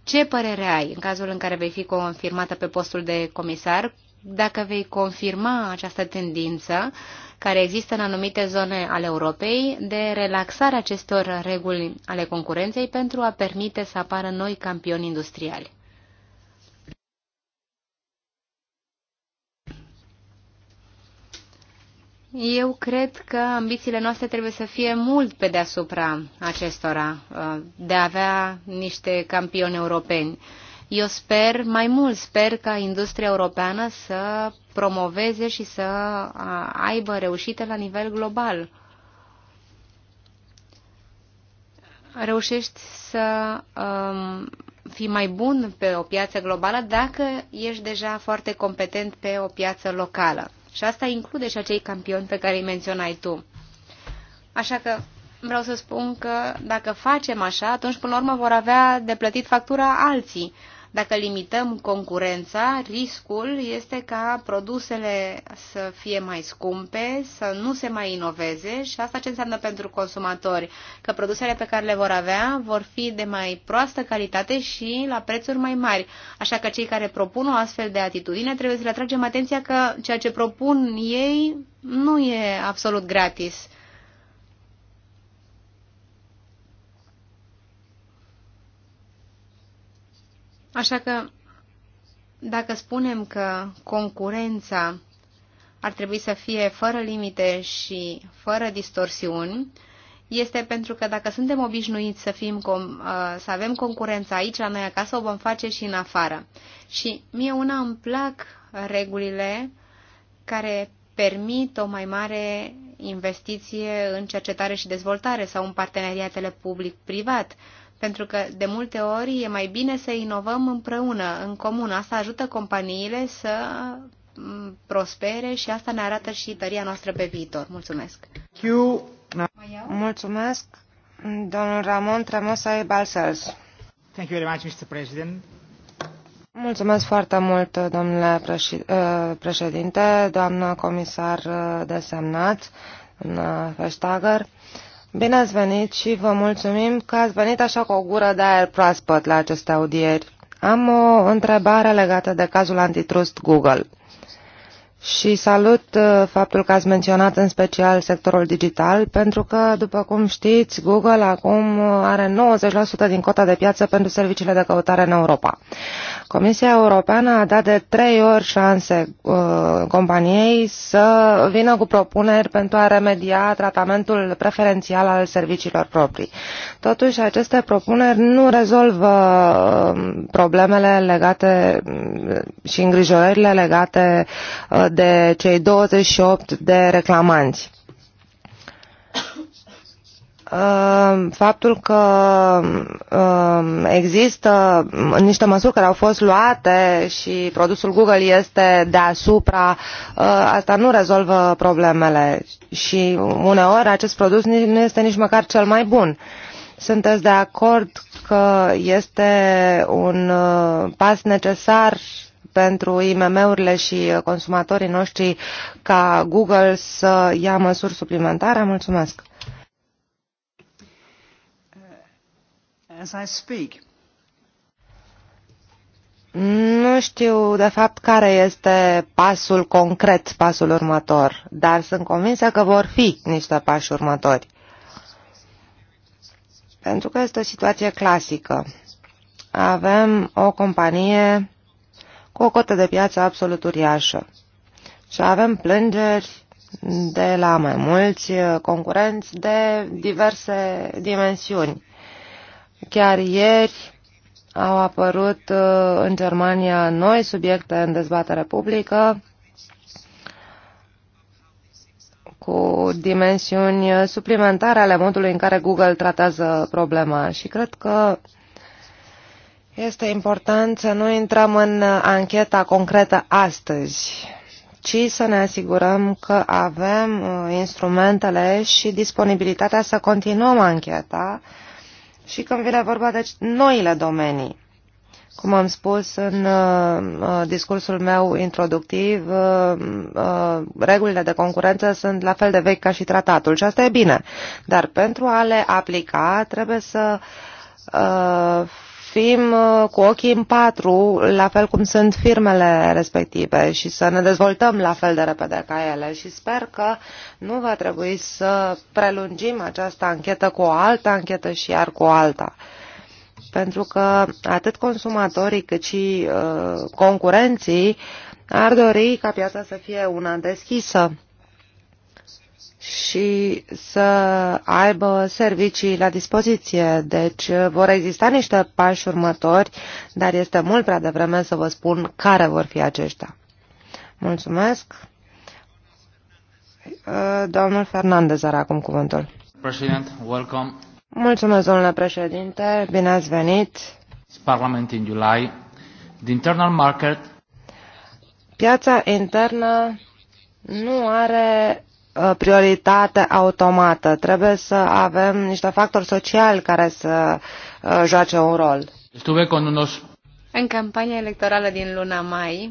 ce părere ai în cazul în care vei fi confirmată pe postul de comisar, dacă vei confirma această tendință care există în anumite zone ale Europei de relaxarea acestor reguli ale concurenței pentru a permite să apară noi campioni industriali? Eu cred că ambițiile noastre trebuie să fie mult pe deasupra acestora, uh, de a avea niște campioni europeni. Eu sper, mai mult sper ca industria europeană să promoveze și să uh, aibă reușite la nivel global. Reușești să um, fii mai bun pe o piață globală dacă ești deja foarte competent pe o piață locală. Și asta include și acei campioni pe care îi menționai tu. Așa că vreau să spun că dacă facem așa, atunci până la urmă vor avea de plătit factura alții. Dacă limităm concurența, riscul este ca produsele să fie mai scumpe, să nu se mai inoveze și asta ce înseamnă pentru consumatori? Că produsele pe care le vor avea vor fi de mai proastă calitate și la prețuri mai mari. Așa că cei care propun o astfel de atitudine trebuie să le atragem atenția că ceea ce propun ei nu e absolut gratis Așa că dacă spunem că concurența ar trebui să fie fără limite și fără distorsiuni, este pentru că dacă suntem obișnuiți să, fim, uh, să avem concurența aici la noi acasă, o vom face și în afară. Și mie una îmi plac regulile care permit o mai mare investiție în cercetare și dezvoltare sau în parteneriatele public-privat. Uh, pentru că de multe ori e mai bine să inovăm împreună, în comun. Asta ajută companiile să mm, prospere și asta ne arată și tăria noastră pe viitor. Mulțumesc! Mulțumesc, domnul Ramon Tremosa Balsels. Thank you very much, Mr. President. Mulțumesc foarte mult, domnule uh, președinte, doamnă comisar uh, desemnat, Feștagăr. Bine ați venit și vă mulțumim că ați venit așa cu o gură de aer proaspăt la aceste audieri. Am o întrebare legată de cazul antitrust Google și salut uh, faptul că ați menționat în special sectorul digital, pentru că, după cum știți, Google acum uh, are 90% din cota de piață pentru serviciile de căutare în Europa. Comisia Europeană a dat de trei ori șanse uh, companiei să vină cu propuneri pentru a remedia tratamentul preferențial al serviciilor proprii. Totuși, aceste propuneri nu rezolvă uh, problemele legate mm, și îngrijorările legate uh, de cei 28 de reclamanți uh, faptul că uh, există niște măsuri care au fost luate și produsul Google este deasupra, uh, asta nu rezolvă problemele și uneori acest produs nu este nici măcar cel mai bun. Sunteți de acord că este un pas necesar pentru IMM-urile și consumatorii noștri ca Google să ia măsuri suplimentare? Mulțumesc! Uh, as I speak, nu știu, de fapt, care este pasul concret, pasul următor, dar sunt convinsă că vor fi niște pași următori. Pentru că este o situație clasică. Avem o companie cu o cotă de piață absolut uriașă. Și avem plângeri de la mai mulți concurenți de diverse dimensiuni. Chiar ieri au apărut uh, în Germania noi subiecte în dezbatere publică cu dimensiuni suplimentare ale modului în care Google tratează problema și cred că este important să nu intrăm în uh, ancheta concretă astăzi, ci să ne asigurăm că avem uh, instrumentele și disponibilitatea să continuăm ancheta și când vine vorba de noile domenii. Cum am spus în uh, uh, discursul meu introductiv, uh, uh, regulile de concurență sunt la fel de vechi ca și tratatul și asta e bine. Dar pentru a le aplica trebuie să uh, fim uh, cu ochii în patru, la fel cum sunt firmele respective și să ne dezvoltăm la fel de repede ca ele. Și sper că nu va trebui să prelungim această anchetă cu o altă anchetă și iar cu o alta. Pentru că atât consumatorii cât și uh, concurenții ar dori ca piața să fie una deschisă și să aibă servicii la dispoziție. Deci vor exista niște pași următori, dar este mult prea devreme să vă spun care vor fi aceștia. Mulțumesc. Domnul Fernandez are acum cuvântul. President, welcome. Mulțumesc, domnule președinte. Bine ați venit. Parlament in July. The internal market. Piața internă nu are Uh, prioritate automată. Trebuie să avem niște factori sociali care să uh, joace un rol. În campania electorală din luna mai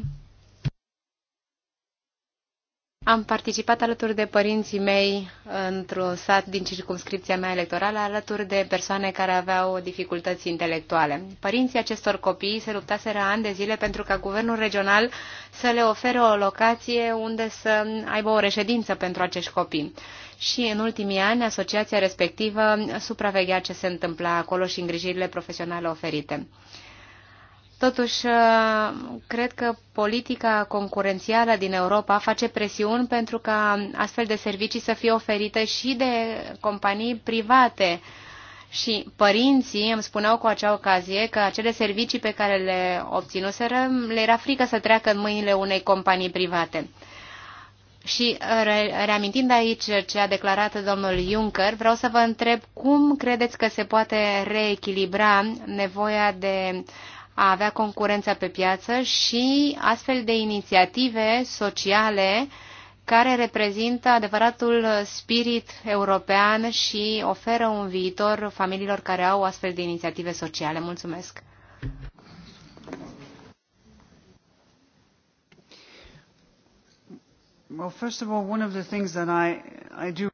am participat alături de părinții mei într-un sat din circumscripția mea electorală, alături de persoane care aveau dificultăți intelectuale. Părinții acestor copii se luptaseră ani de zile pentru ca guvernul regional să le ofere o locație unde să aibă o reședință pentru acești copii. Și în ultimii ani, asociația respectivă supraveghea ce se întâmpla acolo și îngrijirile profesionale oferite. Totuși, uh, cred că politica concurențială din Europa face presiuni pentru ca astfel de servicii să fie oferite și de companii private. Și părinții îmi spuneau cu acea ocazie că acele servicii pe care le obținuseră le era frică să treacă în mâinile unei companii private. Și uh, re reamintind aici ce a declarat domnul Juncker, vreau să vă întreb cum credeți că se poate reechilibra nevoia de uh, a avea concurența pe piață și astfel de inițiative sociale care reprezintă adevăratul spirit european și oferă un viitor familiilor care au astfel de inițiative sociale. Mulțumesc! Well, first of all, one of the things that I, I do...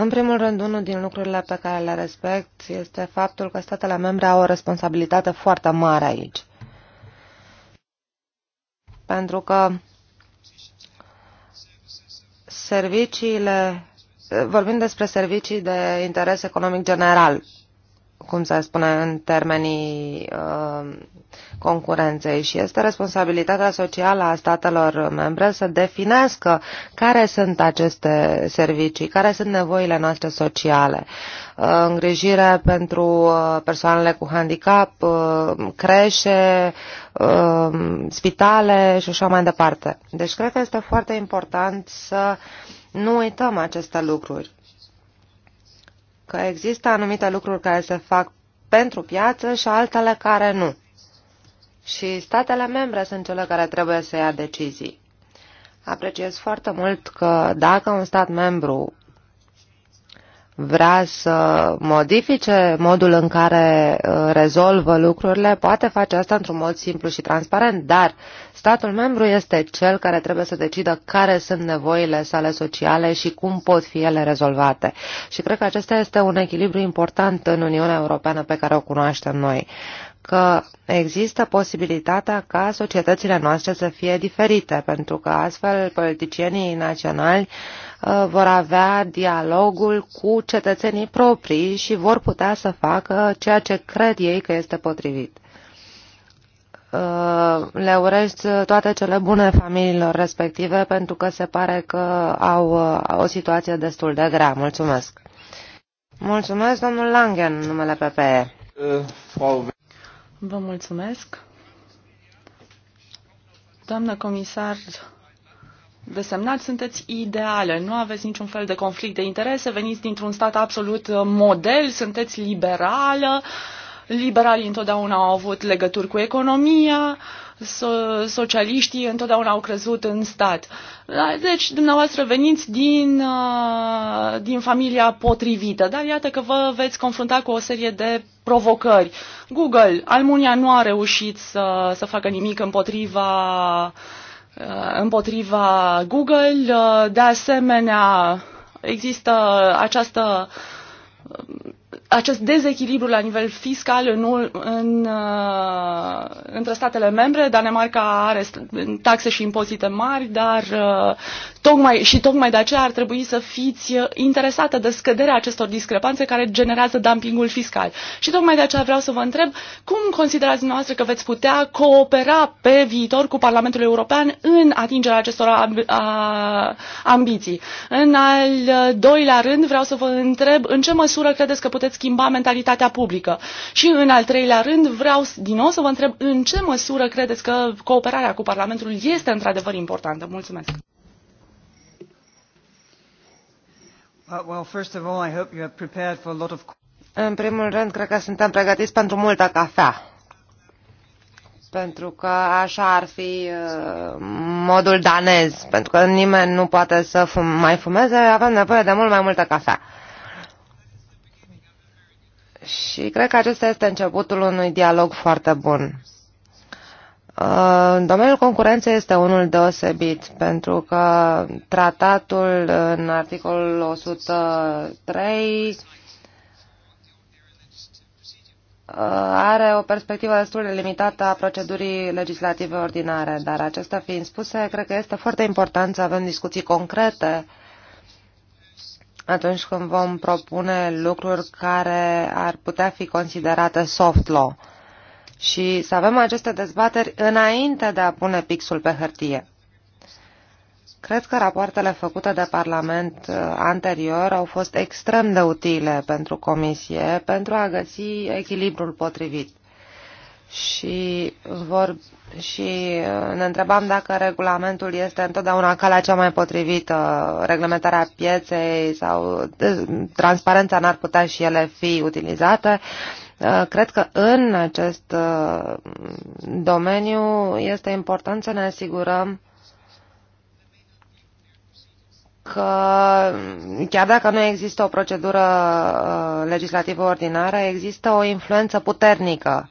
În primul rând, unul din lucrurile pe care le respect este faptul că statele membre au o responsabilitate foarte mare aici. Pentru că serviciile, vorbim despre servicii de interes economic general, cum se spune în termenii uh, concurenței și este responsabilitatea socială a statelor membre să definească care sunt aceste servicii, care sunt nevoile noastre sociale. Uh, îngrijire pentru uh, persoanele cu handicap, uh, creșe, uh, spitale și așa mai departe. Deci cred că este foarte important să nu uităm aceste lucruri că există anumite lucruri care se fac pentru piață și altele care nu. Și statele membre sunt cele care trebuie să ia decizii. Apreciez foarte mult că dacă un stat membru vrea să modifice modul în care uh, rezolvă lucrurile, poate face asta într-un mod simplu și transparent, dar statul membru este cel care trebuie să decidă care sunt nevoile sale sociale și cum pot fi ele rezolvate. Și cred că acesta este un echilibru important în Uniunea Europeană pe care o cunoaștem noi că există posibilitatea ca societățile noastre să fie diferite, pentru că astfel politicienii naționali uh, Uh, vor avea dialogul cu cetățenii proprii și vor putea să facă ceea ce cred ei că este potrivit. Uh, le urez toate cele bune familiilor respective pentru că se pare că au uh, o situație destul de grea. Mulțumesc! Mulțumesc, domnul Langen, numele PPE. Vă mulțumesc. Doamnă comisar desemnat sunteți ideale, nu aveți niciun fel de conflict de interese, veniți dintr-un stat absolut uh, model, sunteți liberală, liberalii întotdeauna au avut legături cu economia, so- socialiștii întotdeauna au crezut în stat. Da, deci, dumneavoastră veniți din, uh, din familia potrivită, dar iată că vă veți confrunta cu o serie de provocări. Google, Almunia nu a reușit să, să facă nimic împotriva Uh, împotriva Google. Uh, de asemenea, există această acest dezechilibru la nivel fiscal în, în, uh, între statele membre. Danemarca are taxe și impozite mari, dar uh, tocmai, și tocmai de aceea ar trebui să fiți interesată de scăderea acestor discrepanțe care generează dumpingul fiscal. Și tocmai de aceea vreau să vă întreb cum considerați dumneavoastră că veți putea coopera pe viitor cu Parlamentul European în atingerea acestor ambiții. În al doilea rând vreau să vă întreb în ce măsură credeți că puteți schimba mentalitatea publică. Și în al treilea rând vreau din nou să vă întreb în ce măsură credeți că cooperarea cu Parlamentul este într-adevăr importantă. Mulțumesc! Well, first of all, I hope you prepared for a lot of... În primul rând, cred că suntem pregătiți pentru multă cafea. Pentru că așa ar fi uh, modul danez. Pentru că nimeni nu poate să fum, mai fumeze, avem nevoie de mult mai multă cafea. Și cred că acesta este începutul unui dialog foarte bun. În uh, domeniul concurenței este unul deosebit, pentru că tratatul în articolul 103 uh, are o perspectivă destul de limitată a procedurii legislative ordinare, dar acestea fiind spuse, cred că este foarte important să avem discuții concrete uh, atunci când vom propune lucruri care ar putea fi considerate soft law și să avem aceste dezbateri înainte de a pune pixul pe hârtie. Cred că rapoartele făcute de Parlament uh, anterior au fost extrem de utile pentru Comisie pentru a găsi echilibrul potrivit și vor și uh, ne întrebam dacă regulamentul este întotdeauna calea cea mai potrivită, reglementarea pieței sau uh, transparența n-ar putea și ele fi utilizate. Uh, cred că în acest domeniu este important să ne asigurăm că chiar dacă nu există o procedură legislativă ordinară, există o influență puternică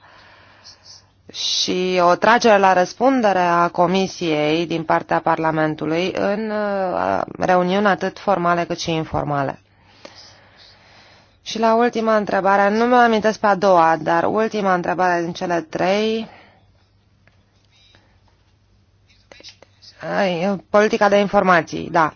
și o tragere la răspundere a Comisiei din partea Parlamentului în uh, reuniuni atât formale cât și informale. Și la ultima întrebare, nu mă amintesc pe a doua, dar ultima întrebare din cele trei, politica de informații, da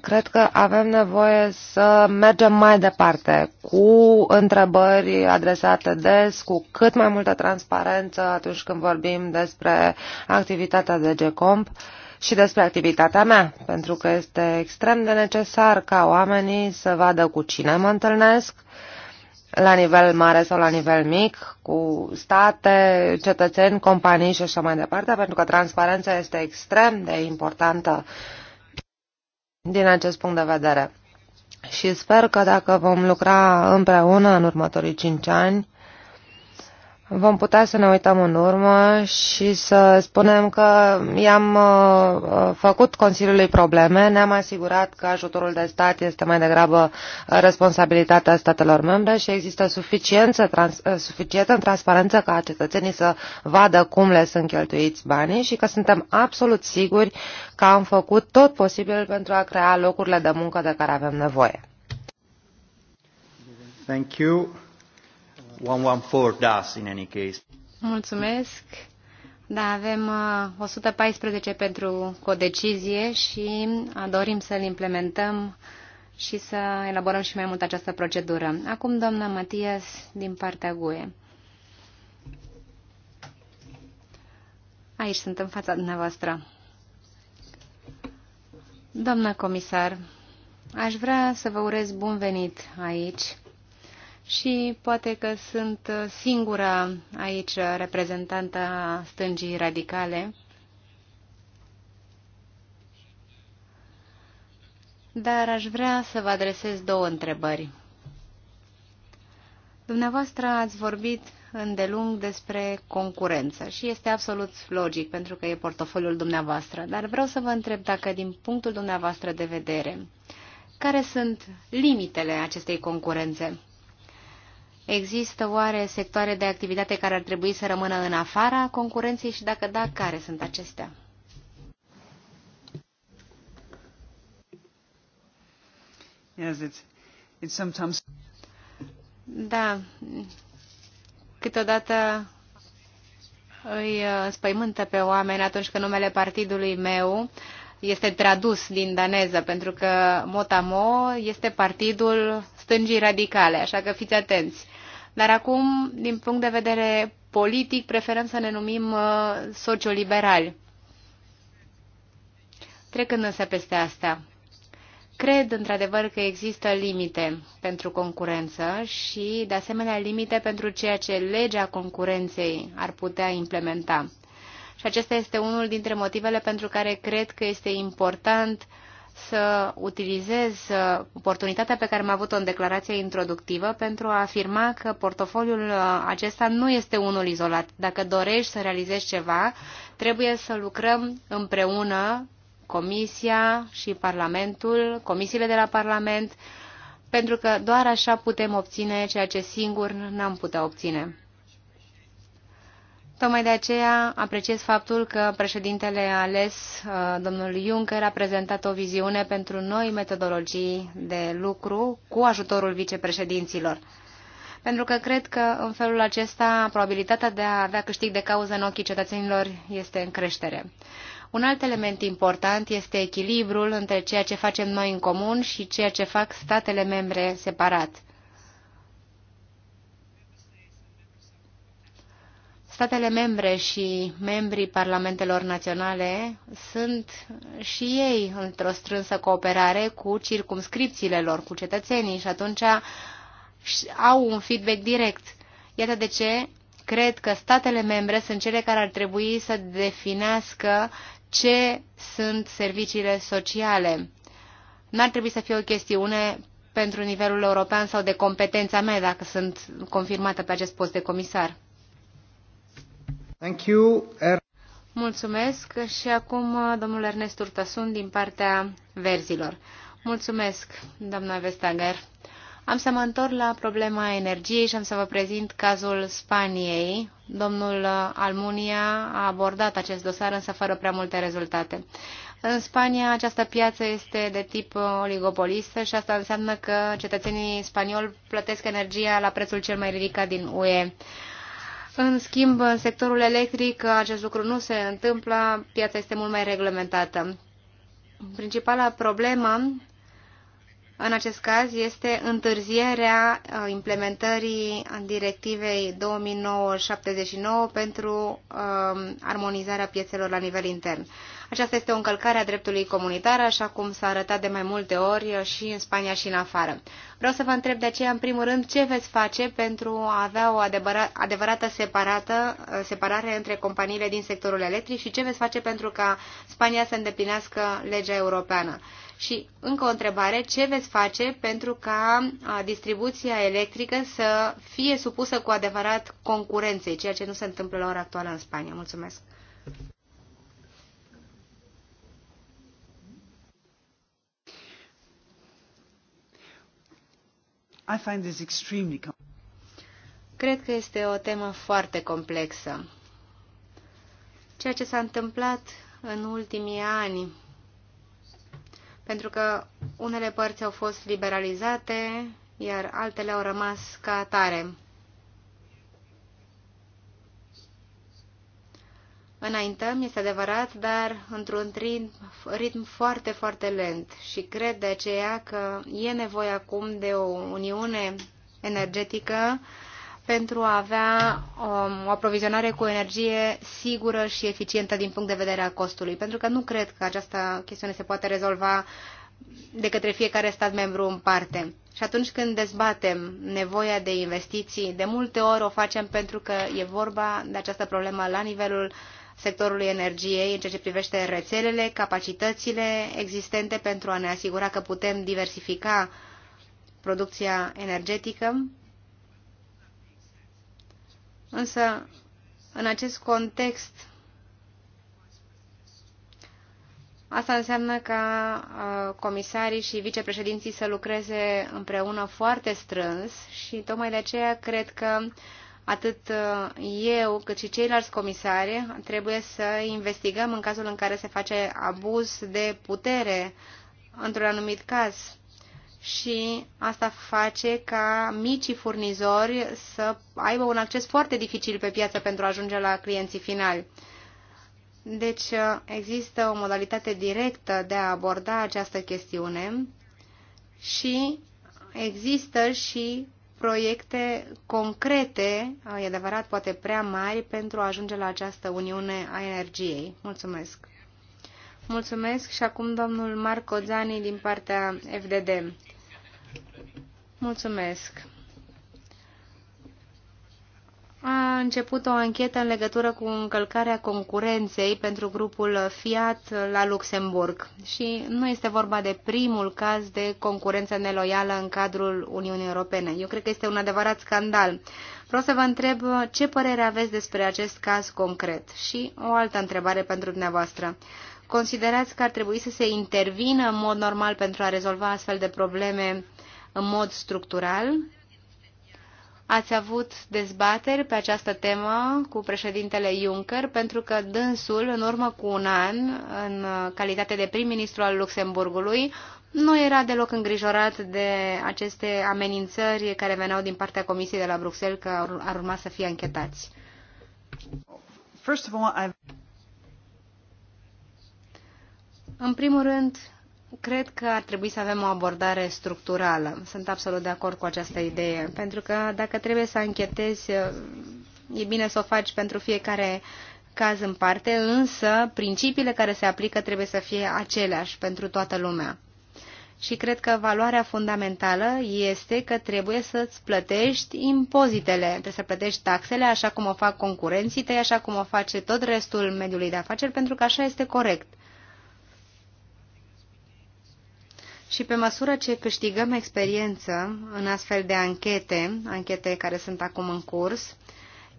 cred că avem nevoie să mergem mai departe cu întrebări adresate des, cu cât mai multă transparență atunci când vorbim despre activitatea de GECOMP și despre activitatea mea, pentru că este extrem de necesar ca oamenii să vadă cu cine mă întâlnesc, la nivel mare sau la nivel mic, cu state, cetățeni, companii și așa mai departe, pentru că transparența este extrem de importantă uh, din acest punct de vedere. Și sper că dacă vom lucra împreună în următorii cinci ani, vom putea să ne uităm în urmă și să spunem că i-am uh, uh, făcut Consiliului probleme, ne-am asigurat că ajutorul de stat este mai degrabă responsabilitatea statelor membre și există suficiență, trans, uh, suficientă transparență ca cetățenii să vadă cum le sunt cheltuiți banii și că suntem absolut siguri că am făcut tot posibil pentru a crea locurile de muncă de care avem nevoie. Thank you. 114 does in any case. Mulțumesc. Da, avem 114 uh, pentru codecizie și uh, dorim să-l implementăm și să elaborăm și mai mult această procedură. Acum, doamna Matias, din partea GUE. Aici sunt în fața dumneavoastră. Doamna comisar, aș vrea să vă urez bun venit aici și poate că sunt singura aici reprezentanta stângii radicale. Dar aș vrea să vă adresez două întrebări. Dumneavoastră ați vorbit îndelung despre concurență și este absolut logic pentru că e portofoliul dumneavoastră, dar vreau să vă întreb dacă din punctul dumneavoastră de vedere, care sunt limitele acestei concurențe? Există oare sectoare de activitate care ar trebui să rămână în afara concurenței și dacă da, care sunt acestea? Yes, it's, it's sometimes... Da, câteodată îi uh, spăimântă pe oameni atunci când numele partidului meu uh, este tradus din daneză, pentru că Motamo este partidul stângii radicale, așa că fiți atenți. Dar acum, din punct de vedere politic, preferăm să ne numim uh, socioliberali. Trecând însă peste asta, cred într-adevăr că există limite pentru concurență și, de asemenea, limite pentru ceea ce legea concurenței ar putea implementa. Și acesta este unul dintre motivele pentru care cred că este important să utilizez oportunitatea pe care am avut-o în declarația introductivă pentru a afirma că portofoliul acesta nu este unul izolat. Dacă dorești să realizezi ceva, trebuie să lucrăm împreună, Comisia și Parlamentul, comisiile de la Parlament, pentru că doar așa putem obține ceea ce singur n-am putea obține. Tocmai de aceea apreciez faptul că președintele ales, uh, domnul Juncker, a prezentat o viziune pentru noi metodologii de lucru cu ajutorul vicepreședinților. Pentru că cred că în felul acesta probabilitatea de a avea câștig de cauză în ochii cetățenilor este în creștere. Un alt element important este echilibrul între ceea ce facem noi în comun și ceea ce fac statele membre separat. Statele membre și membrii parlamentelor naționale sunt și ei într-o strânsă cooperare cu circumscripțiile lor, cu cetățenii și atunci au un feedback direct. Iată de ce cred că statele membre sunt cele care ar trebui să definească ce sunt serviciile sociale. N-ar trebui să fie o chestiune pentru nivelul european sau de competența mea dacă sunt confirmată pe acest post de comisar. Thank you. Er- Mulțumesc și acum uh, domnul Ernest Urtasun din partea verzilor. Mulțumesc, doamna Vestager. Am să mă întorc la problema energiei și am să vă prezint cazul Spaniei. Domnul uh, Almunia a abordat acest dosar, însă fără prea multe rezultate. În Spania această piață este de tip uh, oligopolistă și asta înseamnă că cetățenii spanioli plătesc energia la prețul cel mai ridicat din UE. În schimb, în sectorul electric acest lucru nu se întâmplă, piața este mult mai reglementată. Principala problemă în acest caz este întârzierea uh, implementării directivei 2009-79 pentru uh, armonizarea piețelor la nivel intern. Aceasta este o încălcare a dreptului comunitar, așa cum s-a arătat de mai multe ori și în Spania și în afară. Vreau să vă întreb de aceea, în primul rând, ce veți face pentru a avea o adevărată separată, separare între companiile din sectorul electric și ce veți face pentru ca Spania să îndeplinească legea europeană. Și încă o întrebare, ce veți face pentru ca distribuția electrică să fie supusă cu adevărat concurenței, ceea ce nu se întâmplă la ora actuală în Spania? Mulțumesc! I find this extremely Cred că este o temă foarte complexă. Ceea ce s-a întâmplat în ultimii ani, pentru că unele părți au fost liberalizate, iar altele au rămas ca atare. înaintăm, este adevărat, dar într-un ritm, ritm foarte, foarte lent și cred de aceea că e nevoie acum de o uniune energetică pentru a avea o, um, o aprovizionare cu energie sigură și eficientă din punct de vedere al costului, pentru că nu cred că această chestiune se poate rezolva de către fiecare stat membru în parte. Și atunci când dezbatem nevoia de investiții, de multe ori o facem pentru că e vorba de această problemă la nivelul uh, sectorului energiei în ceea ce privește rețelele, capacitățile existente pentru a ne asigura că putem diversifica producția energetică. Însă, în acest context, Asta înseamnă ca comisarii și vicepreședinții să lucreze împreună foarte strâns și tocmai de aceea cred că atât uh, eu cât și ceilalți comisari trebuie să investigăm în cazul în care se face abuz de putere într-un anumit caz. Și asta face ca micii furnizori să aibă un acces foarte dificil pe piață pentru a ajunge la clienții finali. Deci uh, există o modalitate directă de a aborda această chestiune și există și proiecte concrete, e adevărat, poate prea mari, pentru a ajunge la această uniune a energiei. Mulțumesc! Mulțumesc și acum domnul Marco Zani din partea FDD. Mulțumesc! a început o anchetă în legătură cu încălcarea concurenței pentru grupul Fiat la Luxemburg și nu este vorba de primul caz de concurență neloială în cadrul Uniunii Europene. Eu cred că este un adevărat scandal. Vreau să vă întreb ce părere aveți despre acest caz concret și o altă întrebare pentru dumneavoastră. Considerați că ar trebui să se intervină în mod normal pentru a rezolva astfel de probleme în mod structural Ați avut dezbateri pe această temă cu președintele Juncker, pentru că dânsul, în urmă cu un an, în calitate de prim-ministru al Luxemburgului, nu era deloc îngrijorat de aceste amenințări care veneau din partea Comisiei de la Bruxelles că ar urma să fie închetați. First of all, I've... În primul rând, cred că ar trebui să avem o abordare structurală. Sunt absolut de acord cu această idee, pentru că dacă trebuie să închetezi, e bine să o faci pentru fiecare caz în parte, însă principiile care se aplică trebuie să fie aceleași pentru toată lumea. Și cred că valoarea fundamentală este că trebuie să-ți plătești impozitele, trebuie să plătești taxele așa cum o fac concurenții tăi, așa cum o face tot restul mediului de afaceri, pentru că așa este corect. Și pe măsură ce câștigăm experiență în astfel de anchete, anchete care sunt acum în curs,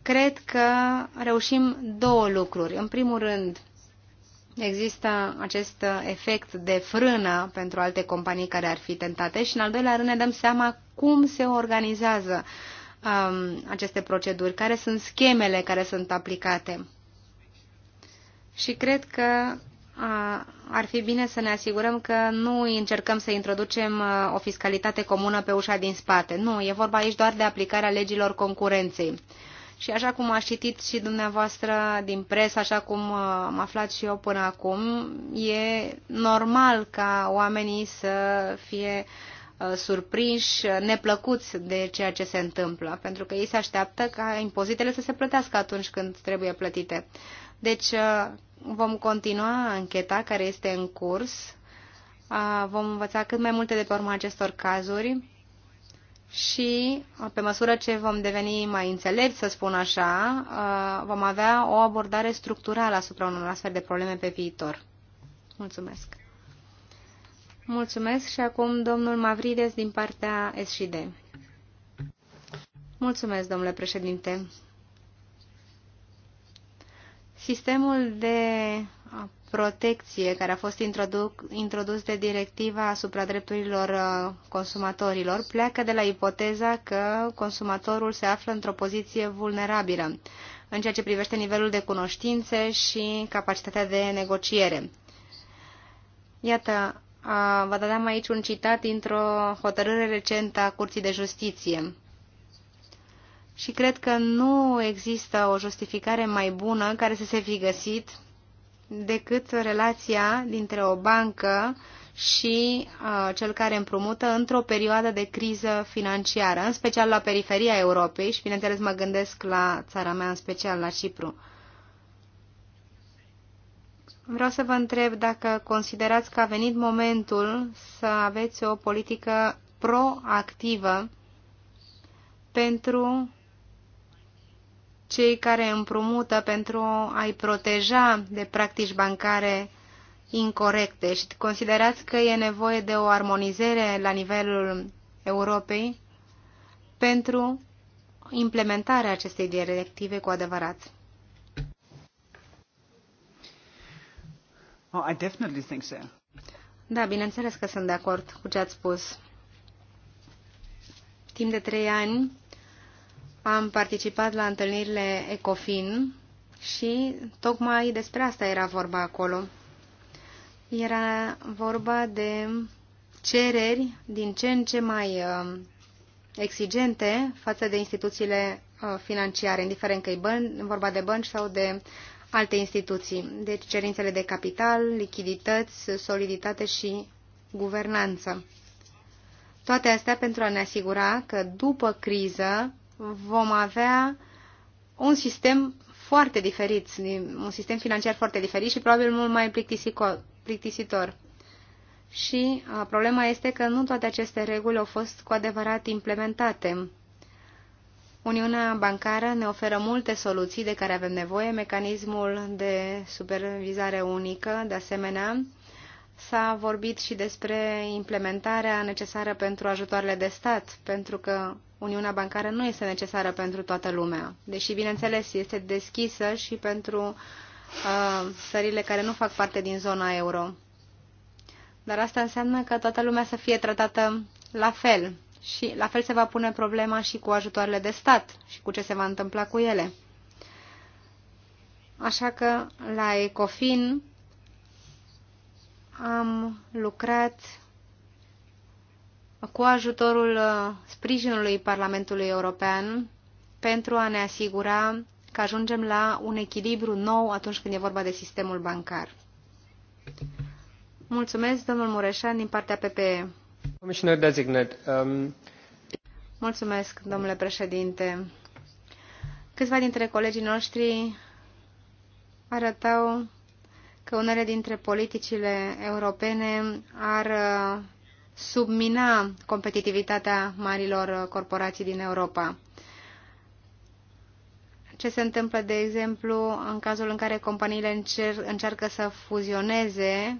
cred că reușim două lucruri. În primul rând, există acest efect de frână pentru alte companii care ar fi tentate și, în al doilea rând, ne dăm seama cum se organizează um, aceste proceduri, care sunt schemele care sunt aplicate. Și cred că ar fi bine să ne asigurăm că nu încercăm să introducem uh, o fiscalitate comună pe ușa din spate. Nu, e vorba aici doar de aplicarea legilor concurenței. Și așa cum a citit și dumneavoastră din presă, așa cum uh, am aflat și eu până acum, e normal ca oamenii să fie uh, surprinși, neplăcuți de ceea ce se întâmplă, pentru că ei se așteaptă ca impozitele să se plătească atunci când trebuie plătite. Deci uh, vom continua ancheta care este în curs. Uh, vom învăța cât mai multe de pe urma acestor cazuri și uh, pe măsură ce vom deveni mai înțelepți, să spun așa, vom avea o abordare structurală asupra unor astfel de probleme pe viitor. Mulțumesc! Mulțumesc și acum domnul Mavrides din partea SD. Mulțumesc, domnule președinte. Sistemul de protecție care a fost introdus de directiva asupra drepturilor consumatorilor pleacă de la ipoteza că consumatorul se află într-o poziție vulnerabilă în ceea ce privește nivelul de cunoștințe și capacitatea de negociere. Iată, vă dădeam aici un citat dintr-o hotărâre recentă a Curții de Justiție și cred că nu există o justificare mai bună care să se fi găsit decât relația dintre o bancă și uh, cel care împrumută într-o perioadă de criză financiară, în special la periferia Europei și, bineînțeles, mă gândesc la țara mea, în special la Cipru. Vreau să vă întreb dacă considerați că a venit momentul să aveți o politică proactivă pentru cei care împrumută pentru a-i proteja de practici bancare incorrecte și considerați că e nevoie de o armonizare la nivelul Europei pentru implementarea acestei directive cu adevărat. Oh, I definitely think so. Da, bineînțeles că sunt de acord cu ce ați spus. Timp de trei ani am participat la întâlnirile ECOFIN și tocmai despre asta era vorba acolo. Era vorba de cereri din ce în ce mai uh, exigente față de instituțiile uh, financiare, indiferent că e vorba de bănci sau de alte instituții. Deci cerințele de capital, lichidități, soliditate și guvernanță. Toate astea pentru a ne asigura că după criză vom avea un sistem foarte diferit, un sistem financiar foarte diferit și probabil mult mai plictisitor. Și problema este că nu toate aceste reguli au fost cu adevărat implementate. Uniunea bancară ne oferă multe soluții de care avem nevoie, mecanismul de supervizare unică, de asemenea, s-a vorbit și despre implementarea necesară pentru ajutoarele de stat, pentru că Uniunea bancară nu este necesară pentru toată lumea, deși, bineînțeles, este deschisă și pentru uh, țările care nu fac parte din zona euro. Dar asta înseamnă că toată lumea să fie tratată la fel și la fel se va pune problema și cu ajutoarele de stat și cu ce se va întâmpla cu ele. Așa că la Ecofin am lucrat cu ajutorul uh, sprijinului Parlamentului European pentru a ne asigura că ajungem la un echilibru nou atunci când e vorba de sistemul bancar. Mulțumesc, domnul Mureșan, din partea PPE. Commissioner designate. Um... Mulțumesc, domnule președinte. Câțiva dintre colegii noștri arătau că unele dintre politicile europene ar uh, submina competitivitatea marilor corporații din Europa. Ce se întâmplă, de exemplu, în cazul în care companiile încer încearcă să fuzioneze?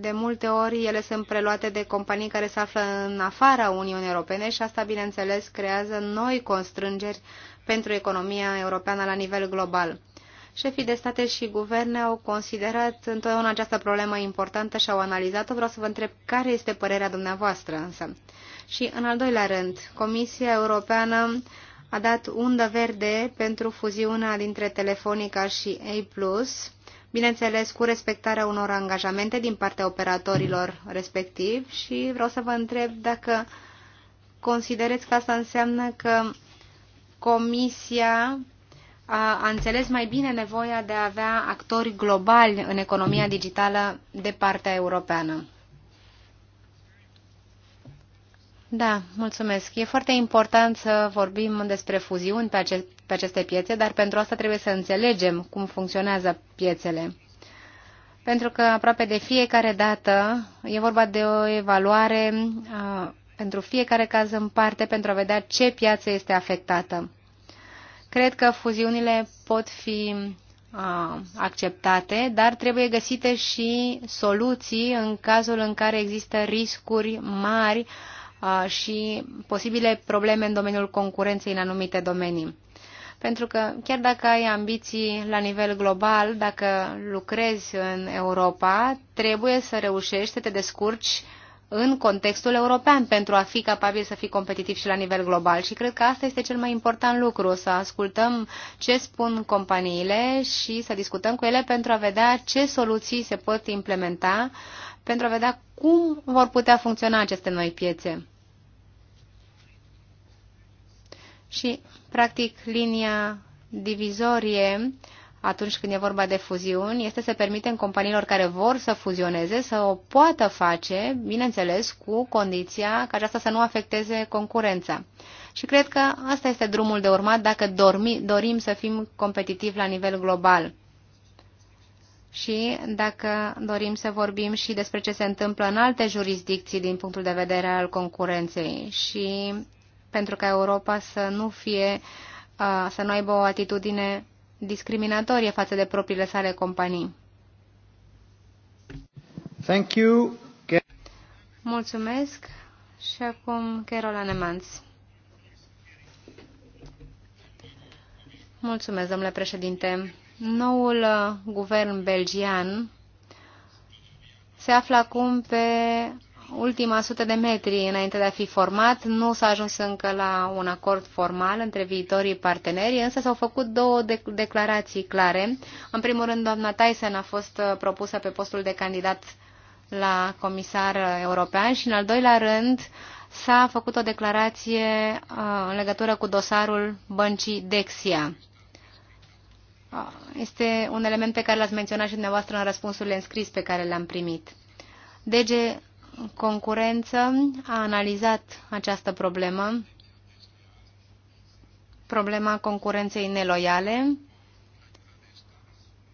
De multe ori ele sunt preluate de companii care se află în afara Uniunii Europene și asta, bineînțeles, creează noi constrângeri pentru economia europeană la nivel global. Șefii de state și guverne au considerat întotdeauna această problemă importantă și au analizat-o. Vreau să vă întreb care este părerea dumneavoastră însă. Și în al doilea rând, Comisia Europeană a dat undă verde pentru fuziunea dintre Telefonica și A+, bineînțeles cu respectarea unor angajamente din partea operatorilor respectiv și vreau să vă întreb dacă considerați că asta înseamnă că Comisia a înțeles mai bine nevoia de a avea actori globali în economia digitală de partea europeană. Da, mulțumesc. E foarte important să vorbim despre fuziuni pe, ace pe aceste piețe, dar pentru asta trebuie să înțelegem cum funcționează piețele. Pentru că aproape de fiecare dată e vorba de o evaluare a, pentru fiecare caz în parte pentru a vedea ce piață este afectată. Cred că fuziunile pot fi acceptate, dar trebuie găsite și soluții în cazul în care există riscuri mari și posibile probleme în domeniul concurenței în anumite domenii. Pentru că chiar dacă ai ambiții la nivel global, dacă lucrezi în Europa, trebuie să reușești să te descurci uh, în contextul european pentru a fi capabil să fii competitiv și la nivel global. Și cred că asta este cel mai important lucru, să ascultăm ce spun companiile și să discutăm cu ele pentru a vedea ce soluții se pot implementa, pentru a vedea cum vor putea funcționa aceste noi piețe. Și, practic, linia divizorie uh, atunci când e vorba de fuziuni este să permitem companiilor care vor să fuzioneze să o poată face, bineînțeles, cu condiția ca aceasta să nu afecteze concurența. Și cred că asta este drumul de urmat dacă dormi, dorim să fim competitivi la nivel global. Și dacă dorim să vorbim și despre ce se întâmplă în alte jurisdicții din punctul de vedere al concurenței și pentru ca Europa să nu fie uh, să nu aibă o atitudine discriminatorie față de propriile sale companii. Thank you. Mulțumesc. Și acum Carol Anemanți. Mulțumesc, domnule președinte. Noul uh, guvern belgian se află acum pe ultima sută de metri înainte de a fi format. Nu s-a ajuns încă la un acord formal între viitorii parteneri, însă s-au făcut două de- declarații clare. În primul rând, doamna Tyson a fost uh, propusă pe postul de candidat la comisar european și, în al doilea rând, s-a făcut o declarație uh, în legătură cu dosarul băncii Dexia. Uh, este un element pe care l-ați menționat și dumneavoastră în răspunsurile înscris pe care le-am primit. DG concurență a analizat această problemă, problema concurenței neloiale,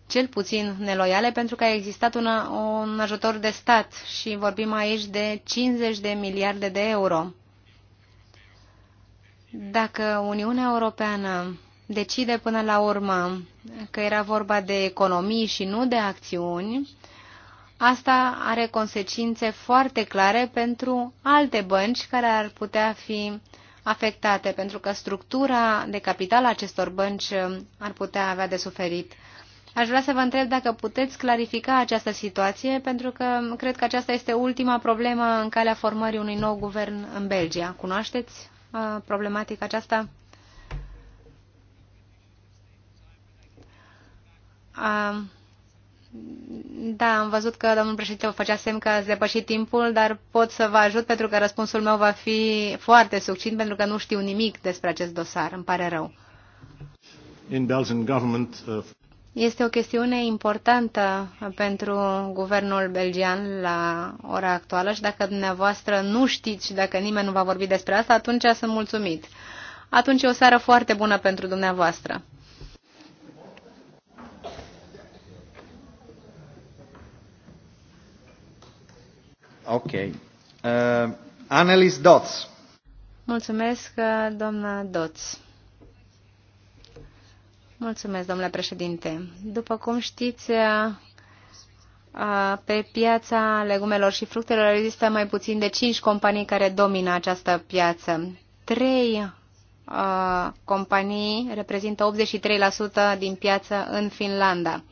cel puțin neloiale, pentru că a existat una, un ajutor de stat și vorbim aici de 50 de miliarde de euro. Dacă Uniunea Europeană decide până la urmă că era vorba de economii și nu de acțiuni, asta are consecințe foarte clare pentru alte bănci care ar putea fi afectate, pentru că structura de capital a acestor bănci um, ar putea avea de suferit. Aș vrea să vă întreb dacă puteți clarifica această situație, pentru că cred că aceasta este ultima problemă în calea formării unui nou guvern în Belgia. Cunoașteți uh, problematica aceasta? Uh, da, am văzut că domnul președinte o făcea semn că ați depășit timpul, dar pot să vă ajut pentru că răspunsul meu va fi foarte succint pentru că nu știu nimic despre acest dosar. Îmi pare rău. In Belgian government, uh... Este o chestiune importantă pentru guvernul belgian la ora actuală și dacă dumneavoastră nu știți și dacă nimeni nu va vorbi despre asta, atunci sunt mulțumit. Atunci e o seară foarte bună pentru dumneavoastră. Ok. Uh, Annelies Dots. Mulțumesc, uh, doamna Dots. Mulțumesc, domnule președinte. După cum știți, uh, uh, pe piața legumelor și fructelor există mai puțin de cinci companii care domină această piață. Trei companii reprezintă 83% din piață în Finlanda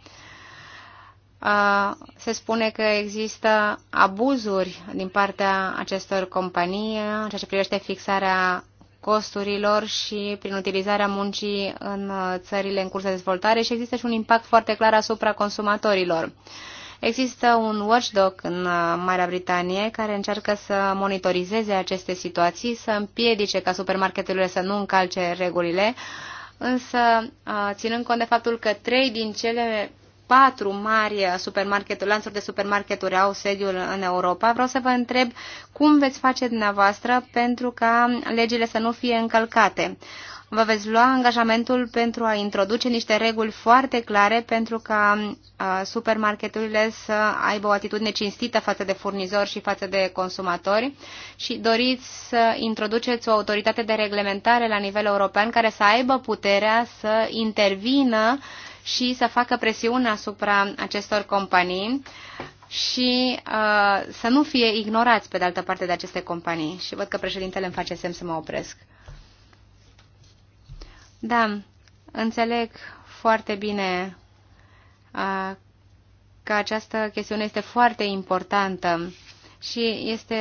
se spune că există abuzuri din partea acestor companii în ceea ce privește fixarea costurilor și prin utilizarea muncii în țările în curs de dezvoltare și există și un impact foarte clar asupra consumatorilor. Există un watchdog în Marea Britanie care încearcă să monitorizeze aceste situații, să împiedice ca supermarketurile să nu încalce regulile, însă ținând cont de faptul că trei din cele patru mari supermarketuri, lanțuri de supermarketuri au sediul în Europa. Vreau să vă întreb cum veți face dumneavoastră pentru ca legile să nu fie încălcate. Vă veți lua angajamentul pentru a introduce niște reguli foarte clare pentru ca supermarketurile să aibă o atitudine cinstită față de furnizori și față de consumatori și doriți să introduceți o autoritate de reglementare la nivel european care să aibă puterea să intervină și să facă presiune asupra acestor companii și uh, să nu fie ignorați, pe de altă parte, de aceste companii. Și văd că președintele îmi face semn să mă opresc. Da, înțeleg foarte bine uh, că această chestiune este foarte importantă și este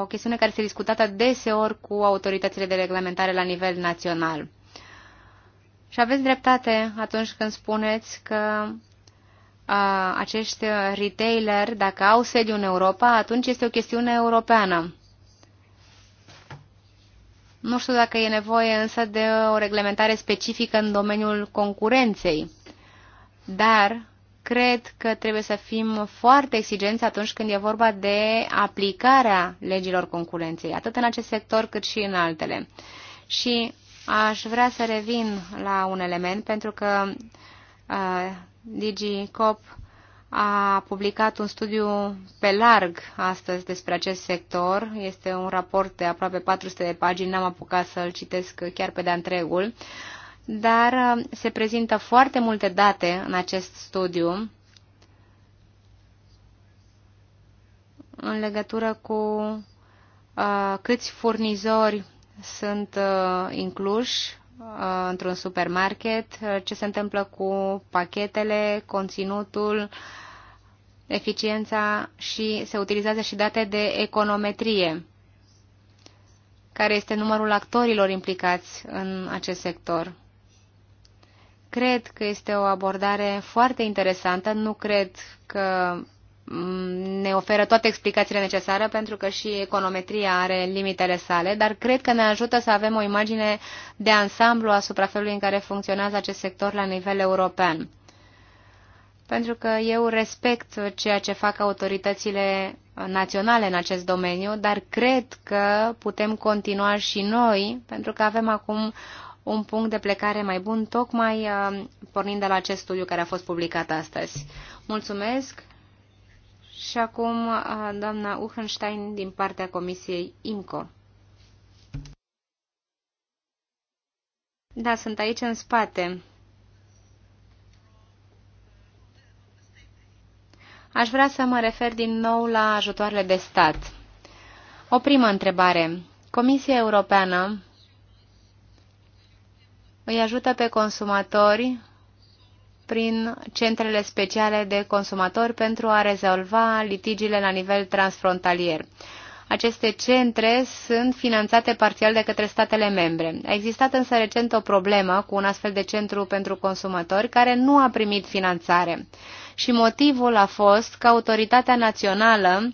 o chestiune care este discutată deseori cu autoritățile de reglementare la nivel național. Și aveți dreptate atunci când spuneți că a, acești retailer, dacă au sediu în Europa, atunci este o chestiune europeană. Nu știu dacă e nevoie însă de o reglementare specifică în domeniul concurenței, dar cred că trebuie să fim foarte exigenți atunci când e vorba de aplicarea legilor concurenței, atât în acest sector cât și în altele. Și Aș vrea să revin la un element, pentru că uh, DigiCop a publicat un studiu pe larg astăzi despre acest sector. Este un raport de aproape 400 de pagini, n-am apucat să-l citesc chiar pe de întregul, dar uh, se prezintă foarte multe date în acest studiu în legătură cu uh, câți furnizori sunt uh, incluși uh, într-un supermarket, uh, ce se întâmplă cu pachetele, conținutul, eficiența și se utilizează și date de econometrie, care este numărul actorilor implicați în acest sector. Cred că este o abordare foarte interesantă, nu cred că Mm, ne oferă toate explicațiile necesare pentru că și econometria are limitele sale, dar cred că ne ajută să avem o imagine de ansamblu asupra felului în care funcționează acest sector la nivel european. Pentru că eu respect ceea ce fac autoritățile naționale în acest domeniu, dar cred că putem continua și noi, pentru că avem acum un punct de plecare mai bun, tocmai uh, pornind de la acest studiu care a fost publicat astăzi. Mulțumesc! Și acum uh, doamna Uhenstein din partea Comisiei IMCO. Da, sunt aici în spate. Aș vrea să mă refer din nou la ajutoarele de stat. O primă întrebare. Comisia Europeană îi ajută pe consumatori prin centrele speciale de consumatori pentru a rezolva litigiile la nivel transfrontalier. Aceste centre sunt finanțate parțial de către statele membre. A existat însă recent o problemă cu un astfel de centru pentru consumatori care nu a primit finanțare. Și motivul a fost că autoritatea națională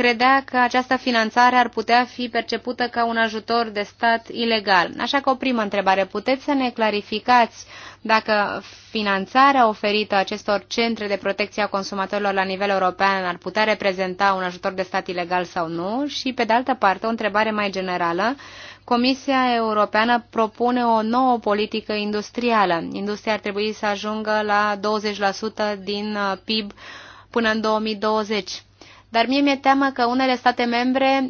credea că această finanțare ar putea fi percepută ca un ajutor de stat ilegal. Așa că o primă întrebare, puteți să ne clarificați dacă finanțarea oferită acestor centre de protecție a consumatorilor la nivel european ar putea reprezenta un ajutor de stat ilegal sau nu? Și, pe de altă parte, o întrebare mai generală, Comisia Europeană propune o nouă politică industrială. Industria ar trebui să ajungă la 20% din uh, PIB până în 2020. Dar mie mi-e teamă că unele state membre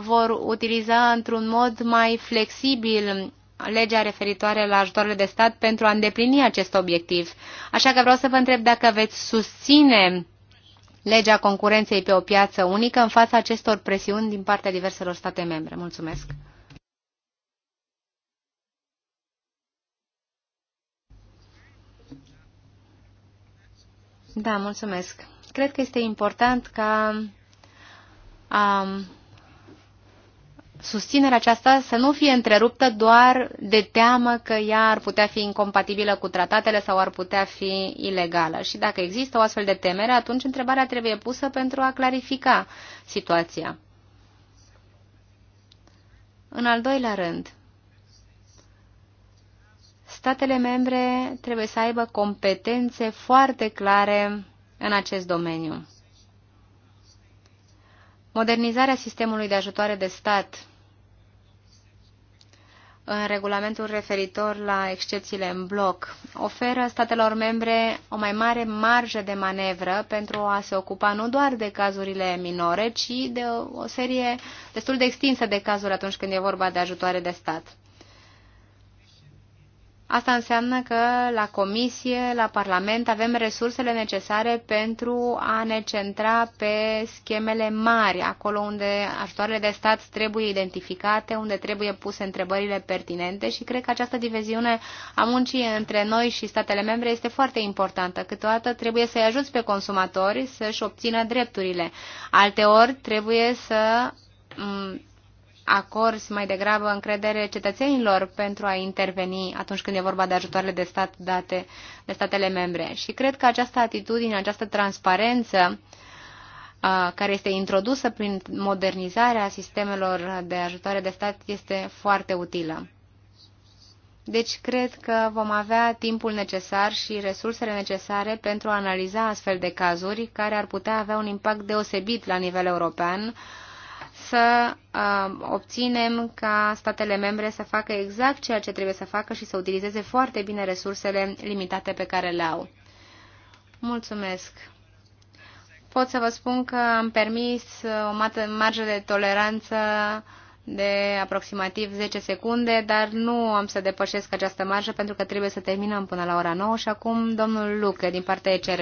vor utiliza într-un mod mai flexibil legea referitoare la ajutoarele de stat pentru a îndeplini acest obiectiv. Așa că vreau să vă întreb dacă veți susține legea concurenței pe o piață unică în fața acestor presiuni din partea diverselor state membre. Mulțumesc! Da, mulțumesc! cred că este important ca um, susținerea aceasta să nu fie întreruptă doar de teamă că ea ar putea fi incompatibilă cu tratatele sau ar putea fi ilegală. Și dacă există o astfel de temere, atunci întrebarea trebuie pusă pentru a clarifica situația. În al doilea rând, statele membre trebuie să aibă competențe foarte clare în acest domeniu. Modernizarea sistemului de ajutoare de stat în regulamentul referitor la excepțiile în bloc oferă statelor membre o mai mare marjă de manevră pentru a se ocupa nu doar de cazurile minore, ci de o serie destul de extinsă de cazuri atunci când e vorba de ajutoare de stat. Asta înseamnă că la Comisie, la Parlament avem resursele necesare pentru a ne centra pe schemele mari, acolo unde ajutoarele de stat trebuie identificate, unde trebuie puse întrebările pertinente și cred că această diviziune a muncii între noi și statele membre este foarte importantă. Câteodată trebuie să-i ajuți pe consumatori să-și obțină drepturile. Alteori trebuie să acord mai degrabă încredere cetățenilor pentru a interveni atunci când e vorba de ajutoarele de stat date de statele membre. Și cred că această atitudine, această transparență care este introdusă prin modernizarea sistemelor de ajutoare de stat este foarte utilă. Deci cred că vom avea timpul necesar și resursele necesare pentru a analiza astfel de cazuri care ar putea avea un impact deosebit la nivel european să uh, obținem ca statele membre să facă exact ceea ce trebuie să facă și să utilizeze foarte bine resursele limitate pe care le au. Mulțumesc! Pot să vă spun că am permis uh, o marjă de toleranță de aproximativ 10 secunde, dar nu am să depășesc această marjă pentru că trebuie să terminăm până la ora 9 și acum domnul Lucă din partea ECR.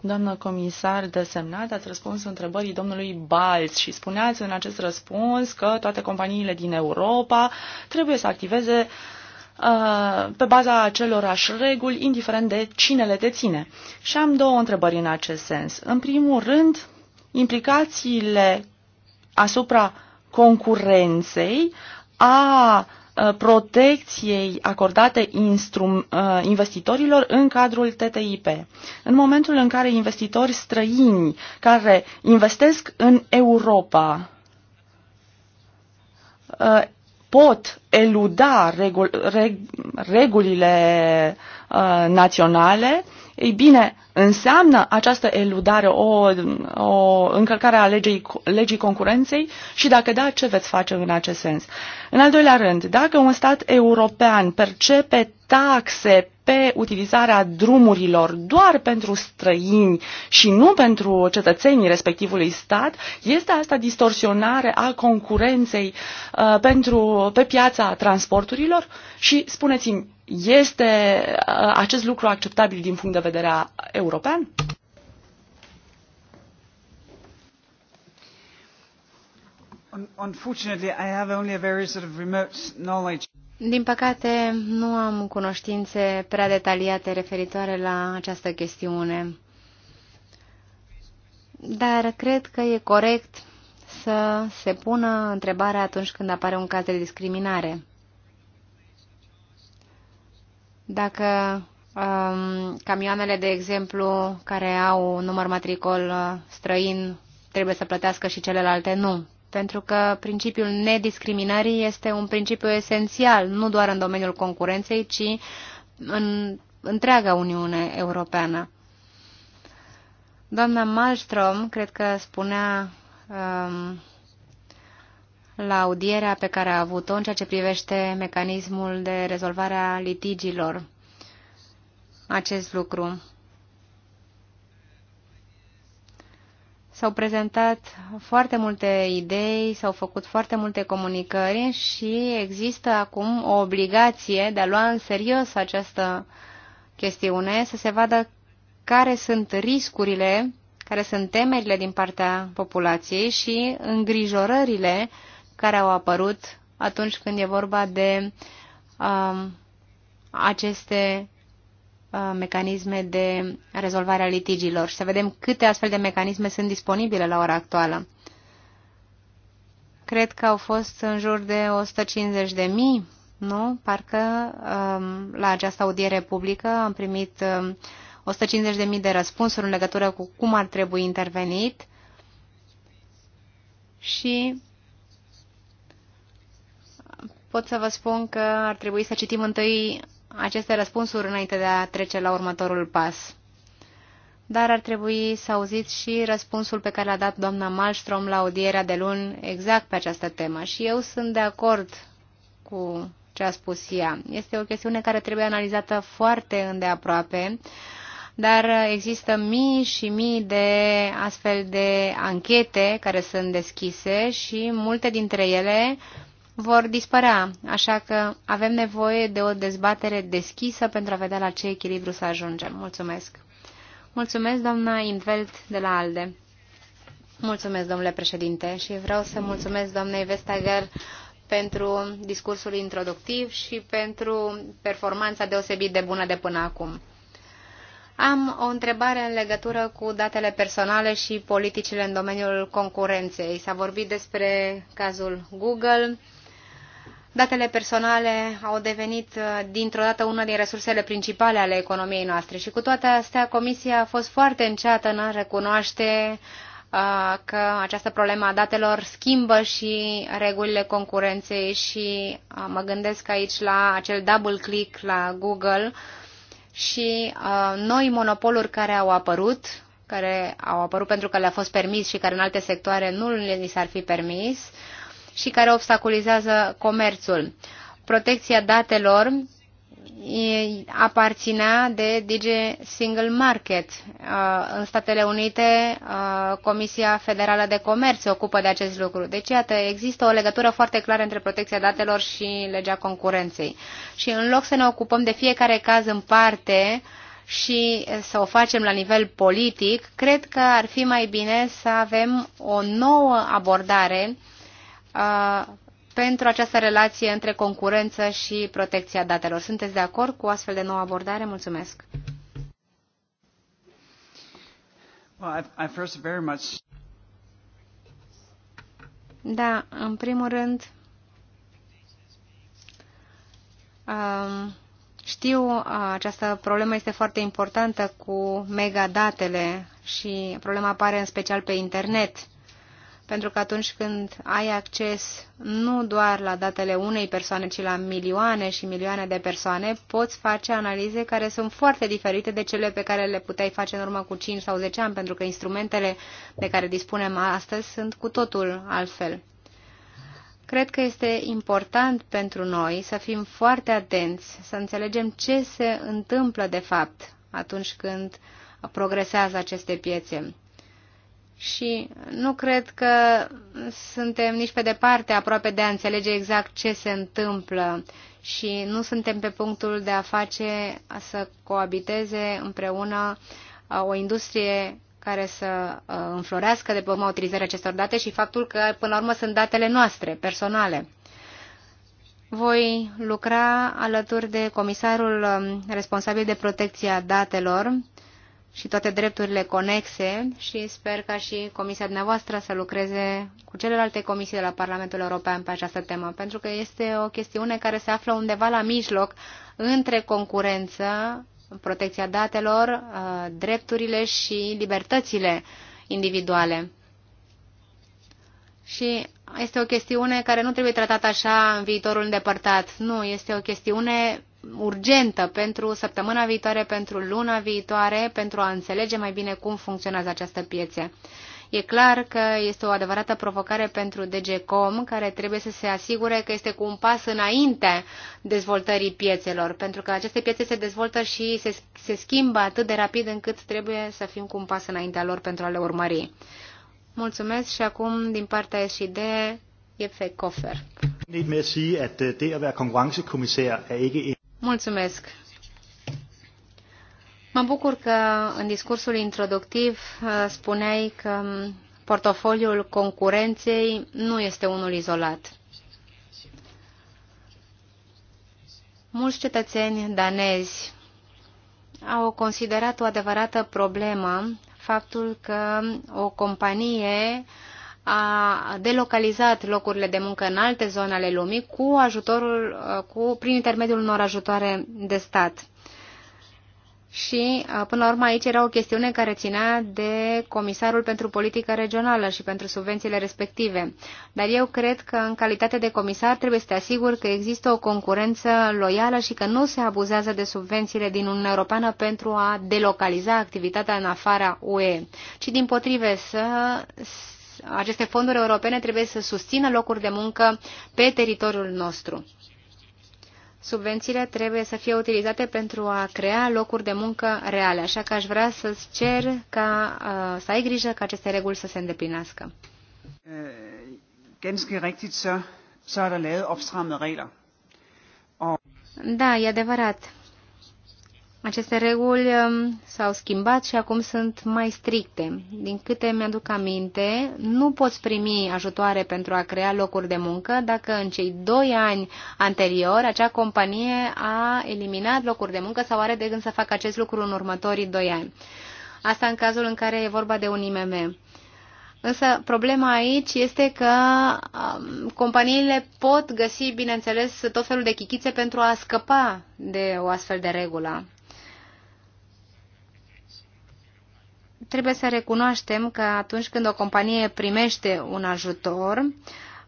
Doamnă comisar desemnat, ați răspuns întrebării domnului Balț și spuneați în acest răspuns că toate companiile din Europa trebuie să activeze uh, pe baza acelorași reguli, indiferent de cine le deține. Și am două întrebări în acest sens. În primul rând, implicațiile asupra concurenței a Uh, protecției acordate uh, investitorilor în cadrul TTIP. În momentul în care investitori străini care investesc în Europa uh, pot eluda regul, reg, regulile uh, naționale, ei bine, înseamnă această eludare o, o încălcare a legii, legii concurenței și dacă da, ce veți face în acest sens? În al doilea rând, dacă un stat european percepe taxe pe utilizarea drumurilor doar pentru străini și nu pentru cetățenii respectivului stat, este asta distorsionare a concurenței uh, pentru, pe piața transporturilor? Și spuneți-mi, este uh, acest lucru acceptabil din punct de vedere european? Unfortunately, I have only a very sort of remote knowledge. Din păcate, nu am cunoștințe prea detaliate referitoare la această chestiune, dar cred că e corect să se pună întrebarea atunci când apare un caz de discriminare. Dacă um, camioanele, de exemplu, care au număr matricol uh, străin, trebuie să plătească și celelalte nu pentru că principiul nediscriminării este un principiu esențial, nu doar în domeniul concurenței, ci în întreaga Uniune Europeană. Doamna Malmström, cred că spunea um, la audierea pe care a avut-o în ceea ce privește mecanismul de rezolvare a litigilor acest lucru. S-au prezentat foarte multe idei, s-au făcut foarte multe comunicări și există acum o obligație de a lua în serios această chestiune, să se vadă care sunt riscurile, care sunt temerile din partea populației și îngrijorările care au apărut atunci când e vorba de um, aceste Uh, mecanisme de rezolvare a litigilor și să vedem câte astfel de mecanisme sunt disponibile la ora actuală. Cred că au fost în jur de 150 de mii, nu? Parcă um, la această audiere publică am primit 150 um, de mii de răspunsuri în legătură cu cum ar trebui intervenit și pot să vă spun că ar trebui să citim întâi aceste răspunsuri înainte de a trece la următorul pas. Dar ar trebui să auziți și răspunsul pe care l-a dat doamna Malmström la audierea de luni exact pe această temă. Și eu sunt de acord cu ce a spus ea. Este o chestiune care trebuie analizată foarte îndeaproape, dar există mii și mii de astfel de anchete care sunt deschise și multe dintre ele vor dispărea, așa că avem nevoie de o dezbatere deschisă pentru a vedea la ce echilibru să ajungem. Mulțumesc! Mulțumesc, doamna Invelt de la ALDE. Mulțumesc, domnule președinte, și vreau să mulțumesc doamnei Vestager pentru discursul introductiv și pentru performanța deosebit de bună de până acum. Am o întrebare în legătură cu datele personale și politicile în domeniul concurenței. S-a vorbit despre cazul Google Datele personale au devenit uh, dintr-o dată una din resursele principale ale economiei noastre și cu toate astea Comisia a fost foarte înceată în a recunoaște uh, că această problemă a datelor schimbă și regulile concurenței și uh, mă gândesc aici la acel double click la Google și noi monopoluri care au apărut, care au apărut pentru că le-a fost permis și care în alte sectoare nu li s-ar fi permis, uh, și care obstaculizează comerțul. Protecția datelor aparținea de DG Single Market. Uh, în Statele Unite, uh, Comisia Federală de Comerț se ocupă de acest lucru. Deci, iată, există o legătură foarte clară între protecția datelor și legea concurenței. Și în loc să ne ocupăm de fiecare caz în parte și să o facem la nivel politic, cred că ar fi mai bine să avem o nouă abordare pentru această relație între concurență și protecția datelor. Sunteți de acord cu astfel de nouă abordare? Mulțumesc! Da, în primul rând, știu, această problemă este foarte importantă cu megadatele și problema apare în special pe internet pentru că atunci când ai acces nu doar la datele unei persoane, ci la milioane și milioane de persoane, poți face analize care sunt foarte diferite de cele pe care le puteai face în urmă cu 5 sau 10 ani, pentru că instrumentele de care dispunem astăzi sunt cu totul altfel. Cred că este important pentru noi să fim foarte atenți, să înțelegem ce se întâmplă de fapt atunci când progresează aceste piețe și nu cred că suntem nici pe departe aproape de a înțelege exact ce se întâmplă și nu suntem pe punctul de a face să coabiteze împreună o industrie care să înflorească de pe urma utilizării acestor date și faptul că, până la urmă, sunt datele noastre, personale. Voi lucra alături de comisarul responsabil de protecția datelor și toate drepturile conexe și sper ca și comisia dumneavoastră să lucreze cu celelalte comisii de la Parlamentul European pe această temă, pentru că este o chestiune care se află undeva la mijloc între concurență, protecția datelor, uh, drepturile și libertățile individuale. Și este o chestiune care nu trebuie tratată așa în viitorul îndepărtat. Nu, este o chestiune urgentă pentru săptămâna viitoare, pentru luna viitoare, pentru a înțelege mai bine cum funcționează această piețe. E clar că este o adevărată provocare pentru DGCOM, care trebuie să se asigure că este cu un pas înainte dezvoltării piețelor, pentru că aceste piețe se dezvoltă și se, se schimbă atât de rapid încât trebuie să fim cu un pas înaintea lor pentru a le urmări. Mulțumesc și acum din partea SID, Jeppe Koffer. Med at sige, at uh, det at være konkurrencekommissær er ikke Mulțumesc! Mă bucur că în discursul introductiv uh, spuneai că um, portofoliul concurenței nu este unul izolat. Mulți cetățeni danezi au considerat o adevărată problemă faptul că o companie uh, a delocalizat locurile de muncă în alte zone ale lumii cu ajutorul, uh, cu, prin intermediul unor ajutoare de stat. Și, uh, până la urmă, aici era o chestiune care ținea de comisarul pentru politică regională și pentru subvențiile respective. Dar eu cred că, în calitate de comisar, trebuie să te asiguri că există o concurență loială și că nu se abuzează de subvențiile din Uniunea Europeană pentru a delocaliza activitatea în afara UE, ci, din potrive, să aceste fonduri europene trebuie să susțină locuri de muncă pe teritoriul nostru. Subvențiile trebuie să fie utilizate pentru a crea locuri de muncă reale, așa că aș vrea să-ți cer ca uh, să ai grijă ca aceste reguli să se îndeplinească. Eh, er da, e adevărat. Aceste reguli um, s-au schimbat și acum sunt mai stricte. Din câte mi-aduc aminte, nu poți primi ajutoare pentru a crea locuri de muncă dacă în cei doi ani anterior acea companie a eliminat locuri de muncă sau are de gând să facă acest lucru în următorii doi ani. Asta în cazul în care e vorba de un IMM. Însă problema aici este că um, companiile pot găsi, bineînțeles, tot felul de chichițe pentru a scăpa de o astfel de regulă. trebuie să recunoaștem că atunci când o companie primește un ajutor,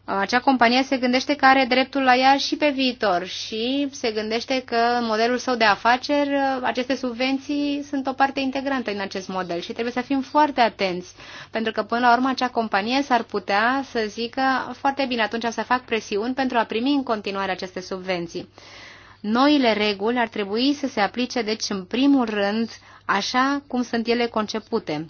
acea companie se gândește că are dreptul la ea și pe viitor și se gândește că în modelul său de afaceri aceste subvenții sunt o parte integrantă în acest model și trebuie să fim foarte atenți, pentru că până la urmă acea companie s-ar putea să zică foarte bine, atunci să fac presiuni pentru a primi în continuare aceste subvenții. Noile reguli ar trebui să se aplice, deci, în primul rând, așa cum sunt ele concepute.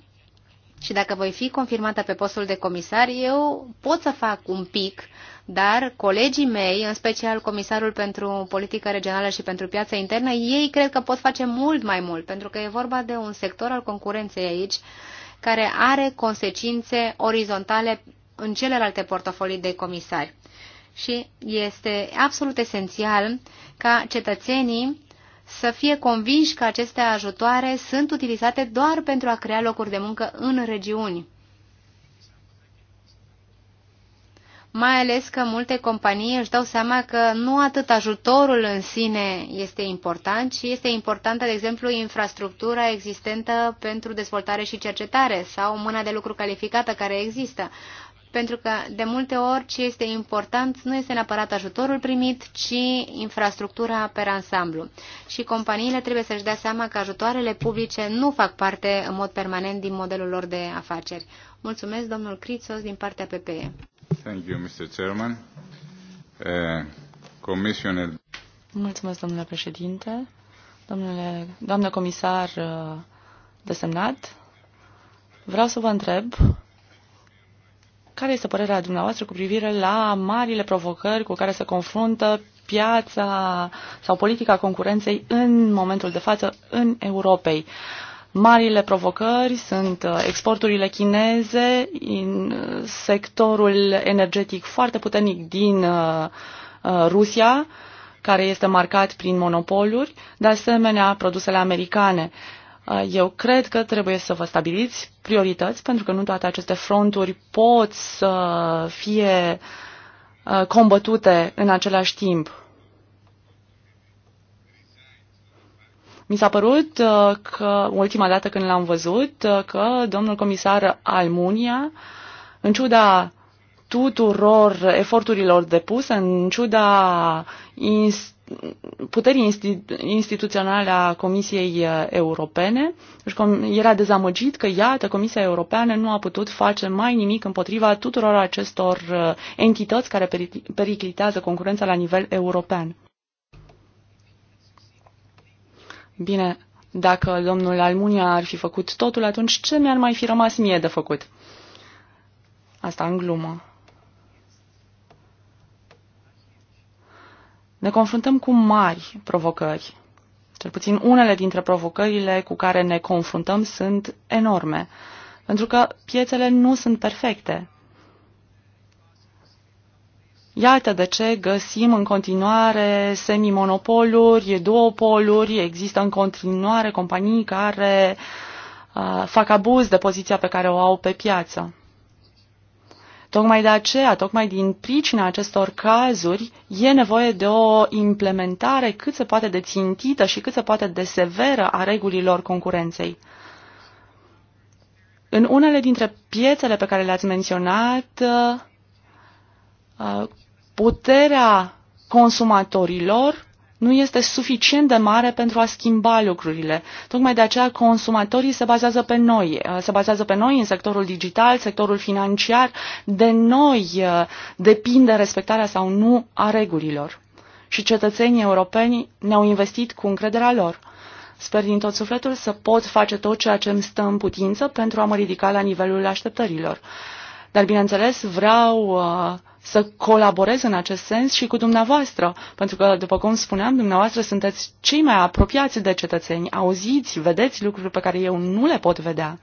Și dacă voi fi confirmată pe postul de comisar, eu pot să fac un pic, dar colegii mei, în special comisarul pentru politică regională și pentru piața internă, ei cred că pot face mult mai mult, pentru că e vorba de un sector al concurenței aici, care are consecințe orizontale în celelalte portofolii de comisari și este absolut esențial ca cetățenii să fie convinși că aceste ajutoare sunt utilizate doar pentru a crea locuri de muncă în regiuni. Mai ales că multe companii își dau seama că nu atât ajutorul în sine este important, ci este importantă, de exemplu, infrastructura existentă pentru dezvoltare și cercetare sau mâna de lucru calificată care există pentru că de multe ori ce este important nu este neapărat ajutorul primit, ci infrastructura per ansamblu. Și companiile trebuie să-și dea seama că ajutoarele publice nu fac parte în mod permanent din modelul lor de afaceri. Mulțumesc, domnul Crițos, din partea PPE. Thank you, Mr. Chairman. Uh, commissioner... Mulțumesc, domnule președinte. Domnule, doamnă comisar uh, desemnat, vreau să vă întreb care este părerea dumneavoastră cu privire la marile provocări cu care se confruntă piața sau politica concurenței în momentul de față în Europei? Marile provocări sunt uh, exporturile chineze, în uh, sectorul energetic foarte puternic din uh, Rusia, care este marcat prin monopoluri, de asemenea produsele americane. Uh, eu cred că trebuie să vă stabiliți priorități, pentru că nu toate aceste fronturi pot să fie uh, combătute în același timp. Mi s-a părut uh, că ultima dată când l-am văzut că domnul comisar Almunia, în ciuda tuturor eforturilor depuse, în ciuda instituției, puterii institu instituționale a Comisiei uh, Europene. Deci era dezamăgit că, iată, Comisia Europeană nu a putut face mai nimic împotriva tuturor acestor uh, entități care periclitează concurența la nivel european. Bine, dacă domnul Almunia ar fi făcut totul, atunci ce mi-ar mai fi rămas mie de făcut? Asta în glumă. Ne confruntăm cu mari provocări. Cel puțin unele dintre provocările cu care ne confruntăm sunt enorme, pentru că piețele nu sunt perfecte. Iată de ce găsim în continuare semimonopoluri, duopoluri, există în continuare companii care uh, fac abuz de poziția pe care o au pe piață. Tocmai de aceea, tocmai din pricina acestor cazuri, e nevoie de o implementare cât se poate de țintită și cât se poate de severă a regulilor concurenței. În unele dintre piețele pe care le-ați menționat, uh, uh, puterea consumatorilor nu este suficient de mare pentru a schimba lucrurile. Tocmai de aceea consumatorii se bazează pe noi, uh, se bazează pe noi în sectorul digital, sectorul financiar, de noi uh, depinde respectarea sau nu a regulilor. Și cetățenii europeni ne-au investit cu încrederea lor. Sper din tot sufletul să pot face tot ceea ce îmi stă în putință pentru a mă ridica la nivelul așteptărilor. Dar, bineînțeles, vreau uh, să colaborez în acest sens și cu dumneavoastră, pentru că, după cum spuneam, dumneavoastră sunteți cei mai apropiați de cetățeni, auziți, vedeți lucruri pe care eu nu le pot vedea.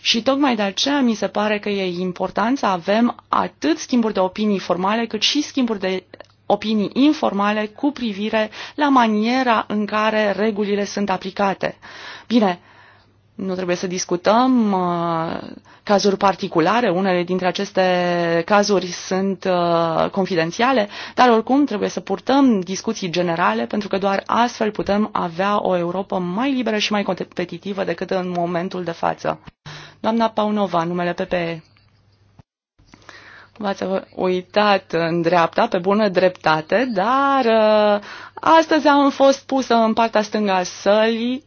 Și tocmai de aceea mi se pare că e important să avem atât schimburi de opinii formale, cât și schimburi de opinii informale cu privire la maniera în care regulile sunt aplicate. Bine, nu trebuie să discutăm uh, cazuri particulare, unele dintre aceste cazuri sunt uh, confidențiale, dar oricum trebuie să purtăm discuții generale pentru că doar astfel putem avea o Europa mai liberă și mai competitivă decât în momentul de față. Doamna Paunova, numele PPE. V-ați uitat în dreapta, pe bună dreptate, dar uh, astăzi am fost pusă în partea stângă a sălii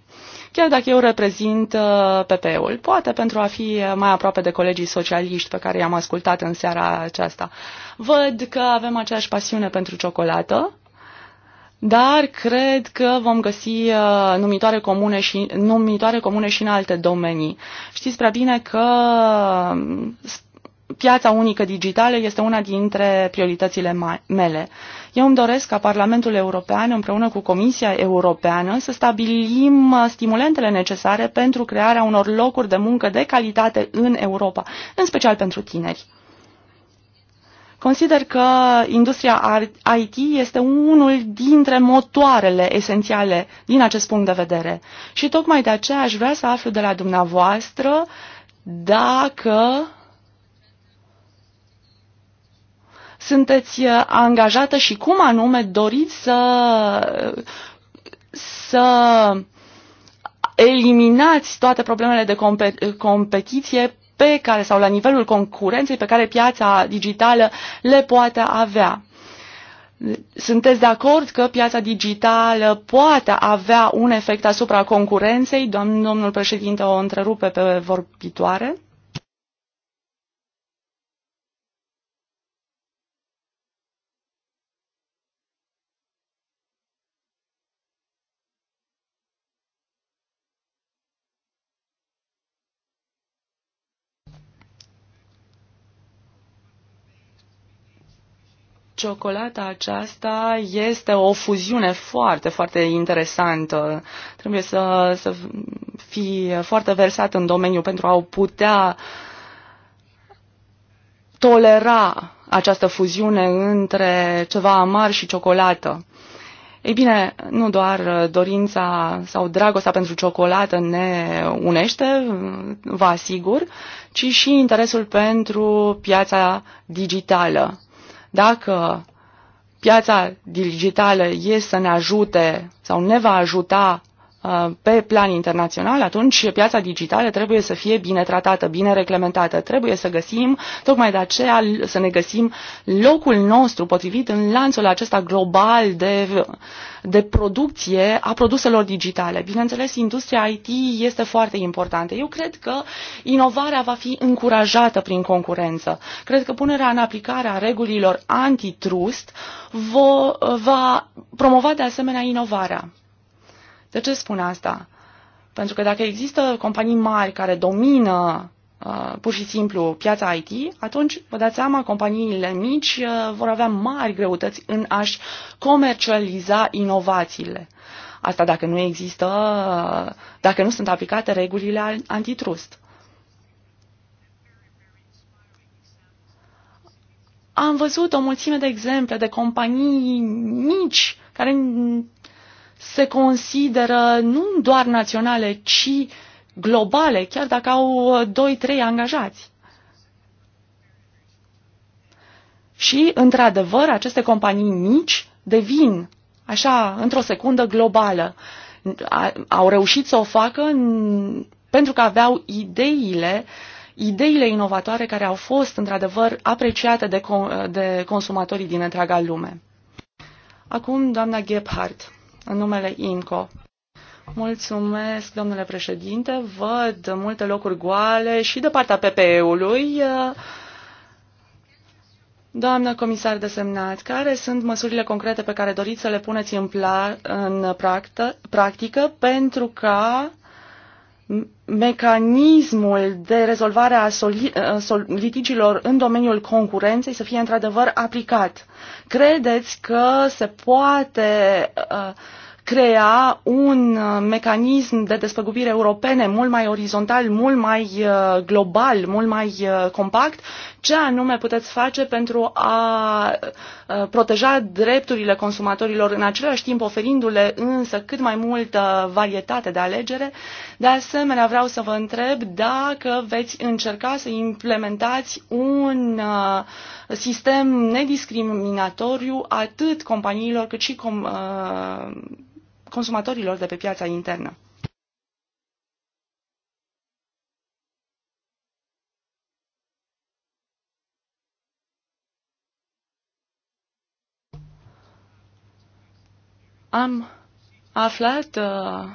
chiar dacă eu reprezint uh, PP-ul, poate pentru a fi mai aproape de colegii socialiști pe care i-am ascultat în seara aceasta. Văd că avem aceeași pasiune pentru ciocolată, dar cred că vom găsi uh, numitoare comune și, numitoare comune și în alte domenii. Știți prea bine că uh, piața unică digitală este una dintre prioritățile mele. Eu îmi doresc ca Parlamentul European împreună cu Comisia Europeană să stabilim uh, stimulentele necesare pentru crearea unor locuri de muncă de calitate în Europa, în special pentru tineri. Consider că industria IT este unul dintre motoarele esențiale din acest punct de vedere. Și tocmai de aceea aș vrea să aflu de la dumneavoastră dacă sunteți uh, angajată și cum anume doriți să, să eliminați toate problemele de competiție pe care sau la nivelul concurenței pe care piața digitală le poate avea. Sunteți de acord că piața digitală poate avea un efect asupra concurenței? domnul președinte o întrerupe pe vorbitoare. Ciocolata aceasta este o fuziune foarte, foarte interesantă. Trebuie să, să fii foarte versat în domeniu pentru a o putea tolera această fuziune între ceva amar și ciocolată. Ei bine, nu doar dorința sau dragostea pentru ciocolată ne unește, vă asigur, ci și interesul pentru piața digitală. Dacă piața digitală e să ne ajute sau ne va ajuta Uh, pe plan internațional, atunci piața digitală trebuie să fie bine tratată, bine reglementată. Trebuie să găsim, tocmai de aceea, să ne găsim locul nostru potrivit în lanțul acesta global de, de producție a produselor digitale. Bineînțeles, industria IT este foarte importantă. Eu cred că inovarea va fi încurajată prin concurență. Cred că punerea în aplicare a regulilor antitrust va promova de asemenea inovarea. De ce spun asta? Pentru că dacă există companii mari care domină uh, pur și simplu piața IT, atunci, vă dați seama, companiile mici uh, vor avea mari greutăți în a-și comercializa inovațiile. Asta dacă nu există, uh, dacă nu sunt aplicate regulile antitrust. Am văzut o mulțime de exemple de companii mici care se consideră nu doar naționale, ci globale, chiar dacă au 2-3 uh, angajați. Și, într-adevăr, aceste companii mici devin, așa, într-o secundă globală. Au reușit să o facă pentru că aveau ideile ideile inovatoare care au fost, într-adevăr, apreciate de, de consumatorii din întreaga lume. Acum, doamna Gebhardt în numele INCO. Mulțumesc, domnule președinte. Văd multe locuri goale și de partea PPE-ului. Doamnă comisar desemnat, care sunt măsurile concrete pe care doriți să le puneți în, în practă, practică pentru ca mecanismul de rezolvare a litigiilor în domeniul concurenței să fie într-adevăr aplicat? credeți că se poate uh, crea un uh, mecanism de despăgubire europene mult mai orizontal, mult mai uh, global, mult mai uh, compact, ce anume puteți face pentru a proteja drepturile consumatorilor, în același timp oferindu-le însă cât mai multă varietate de alegere. De asemenea, vreau să vă întreb dacă veți încerca să implementați un uh, sistem nediscriminatoriu atât companiilor cât și com, uh, consumatorilor de pe piața internă. Am aflat uh,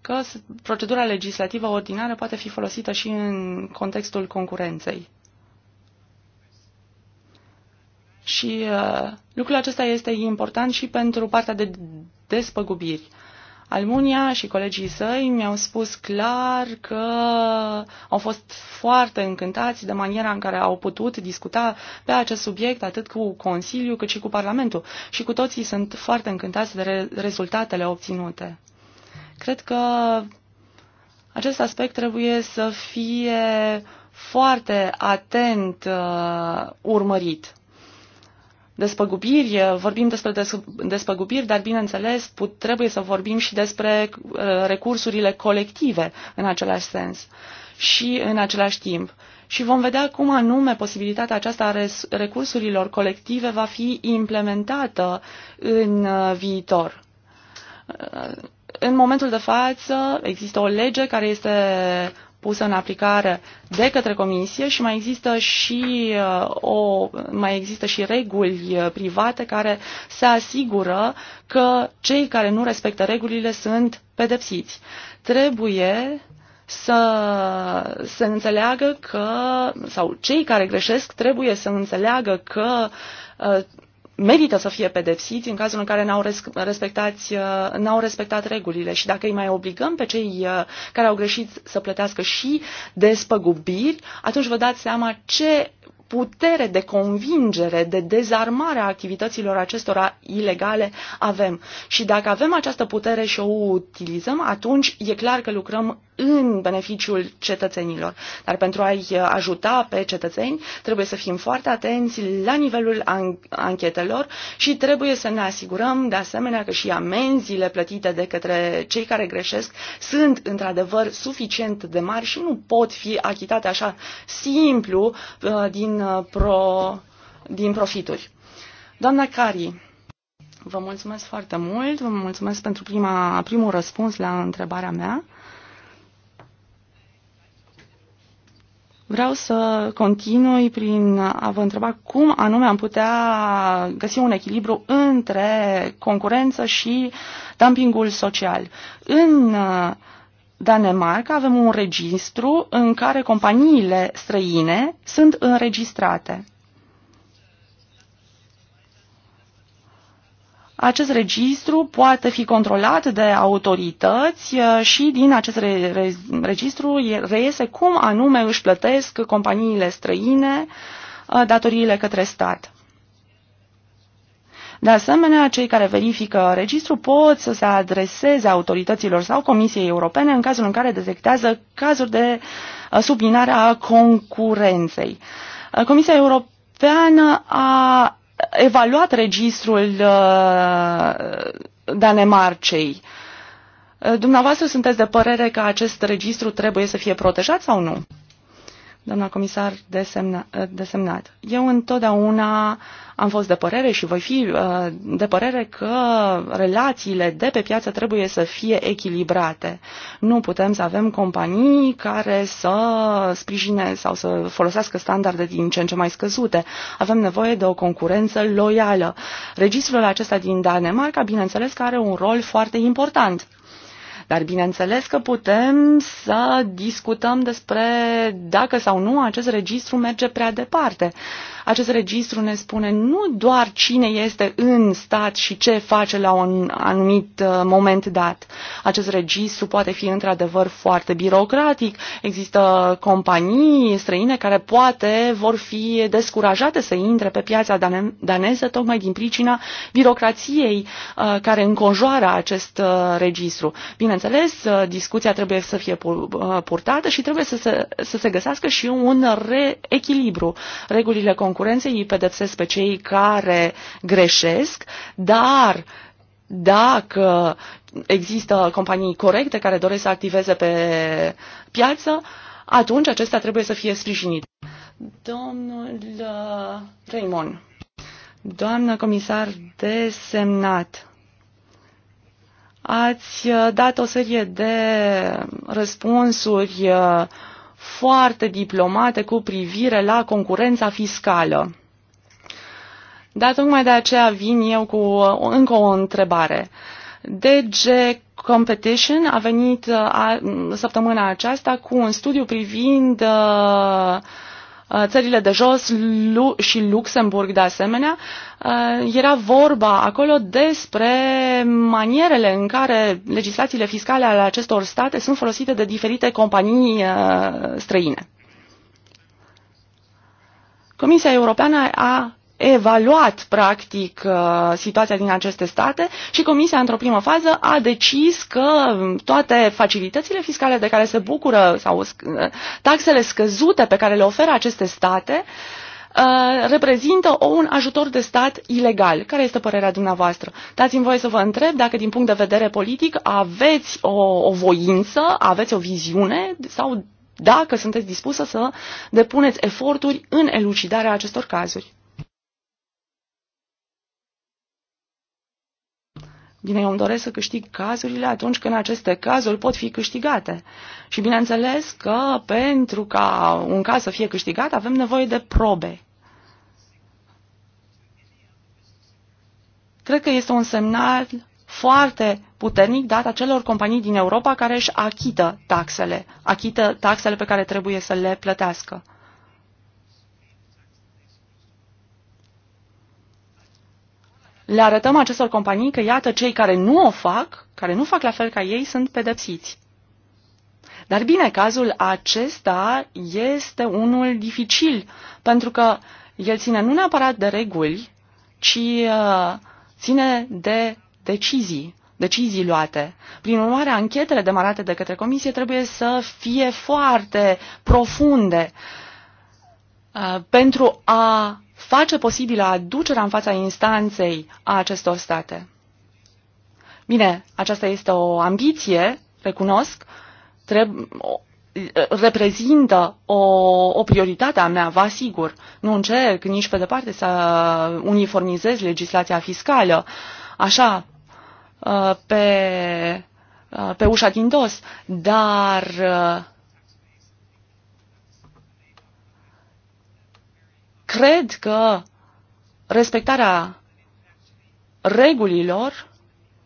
că procedura legislativă ordinară poate fi folosită și în contextul concurenței. Și uh, lucrul acesta este important și pentru partea de despăgubiri. Almunia și colegii săi mi-au spus clar că au fost foarte încântați de maniera în care au putut discuta pe acest subiect atât cu Consiliul cât și cu Parlamentul și cu toții sunt foarte încântați de re- rezultatele obținute. Cred că acest aspect trebuie să fie foarte atent uh, urmărit despăgubiri, eh, vorbim despre despăgubiri, dar bineînțeles put, trebuie să vorbim și despre eh, recursurile colective în același sens și în același timp. Și vom vedea cum anume posibilitatea aceasta a recursurilor colective va fi implementată în eh, viitor. În momentul de față există o lege care este pusă în aplicare de către comisie și mai există și, uh, o, mai există și reguli uh, private care se asigură că cei care nu respectă regulile sunt pedepsiți. Trebuie să se înțeleagă că, sau cei care greșesc trebuie să înțeleagă că uh, merită să fie pedepsiți în cazul în care n-au, respectat, uh, n-au respectat regulile și dacă îi mai obligăm pe cei uh, care au greșit să plătească și despăgubiri, atunci vă dați seama ce putere de convingere, de dezarmare a activităților acestora ilegale avem. Și dacă avem această putere și o utilizăm, atunci e clar că lucrăm în beneficiul cetățenilor. Dar pentru a-i uh, ajuta pe cetățeni, trebuie să fim foarte atenți la nivelul an- anchetelor și trebuie să ne asigurăm, de asemenea, că și amenziile plătite de către cei care greșesc sunt, într-adevăr, suficient de mari și nu pot fi achitate așa simplu uh, din, uh, pro, din profituri. Doamna Cari, vă mulțumesc foarte mult, vă mulțumesc pentru prima, primul răspuns la întrebarea mea. Vreau să continui prin a vă întreba cum anume am putea găsi un echilibru între concurență și dumpingul social. În uh, Danemarca avem un registru în care companiile străine sunt înregistrate. Acest registru poate fi controlat de autorități uh, și din acest re re registru reiese cum anume își plătesc companiile străine uh, datoriile către stat. De asemenea, cei care verifică registru pot să se adreseze autorităților sau Comisiei Europene în cazul în care detectează cazuri de uh, subminare a concurenței. Comisia Europeană a evaluat registrul uh, Danemarcei. Uh, dumneavoastră sunteți de părere că acest registru trebuie să fie protejat sau nu? doamna comisar desemna, eh, desemnat. Eu întotdeauna am fost de părere și voi fi eh, de părere că relațiile de pe piață trebuie să fie echilibrate. Nu putem să avem companii care să sprijine sau să folosească standarde din ce în ce mai scăzute. Avem nevoie de o concurență loială. Registrul acesta din Danemarca, bineînțeles, că are un rol foarte important. Dar bineînțeles că putem să discutăm despre dacă sau nu acest registru merge prea departe. Uh, acest registru ne spune nu doar cine este în stat și ce face la un anumit uh, moment dat. Acest registru poate fi într-adevăr foarte birocratic. Există companii străine care poate vor fi descurajate să intre pe piața daneză tocmai din pricina birocrației uh, care înconjoară acest uh, registru. Bineînțeles, discuția trebuie să fie purtată și trebuie să se, să se găsească și un reechilibru. Regulile concurenței îi pedepsesc pe cei care greșesc, dar dacă există companii corecte care doresc să activeze pe piață, atunci acestea trebuie să fie sprijinite. Domnul uh, Raymond, doamnă comisar desemnat, ați uh, dat o serie de răspunsuri uh, foarte diplomate cu privire la concurența fiscală. Dar tocmai de aceea vin eu cu încă o întrebare. DG Competition a venit a, săptămâna aceasta cu un studiu privind uh, Uh, țările de jos Lu- și Luxemburg de asemenea, uh, era vorba acolo despre manierele în care legislațiile fiscale ale acestor state sunt folosite de diferite companii uh, străine. Comisia Europeană a evaluat practic uh, situația din aceste state și Comisia într-o primă fază a decis că um, toate facilitățile fiscale de care se bucură sau uh, taxele scăzute pe care le oferă aceste state uh, reprezintă un ajutor de stat ilegal. Care este părerea dumneavoastră? Dați-mi voie să vă întreb dacă din punct de vedere politic aveți o, o voință, aveți o viziune sau dacă sunteți dispusă să depuneți eforturi în elucidarea acestor cazuri. Bine, eu îmi doresc să câștig cazurile atunci când aceste cazuri pot fi câștigate. Și bineînțeles că pentru ca un caz să fie câștigat avem nevoie de probe. Cred că este un semnal foarte puternic dat acelor companii din Europa care își achită taxele, achită taxele pe care trebuie să le plătească. le arătăm acestor companii că, iată, cei care nu o fac, care nu fac la fel ca ei, sunt pedepsiți. Dar bine, cazul acesta este unul dificil, pentru că el ține nu neapărat de reguli, ci uh, ține de decizii, decizii luate. Prin urmare, anchetele demarate de către comisie trebuie să fie foarte profunde uh, pentru a face posibilă aducerea în fața instanței a acestor state. Bine, aceasta este o ambiție, recunosc, treb- reprezintă o, o prioritate a mea, vă asigur. Nu încerc nici pe departe să uniformizez legislația fiscală, așa, uh, pe, uh, pe ușa din dos, dar uh, Cred că respectarea regulilor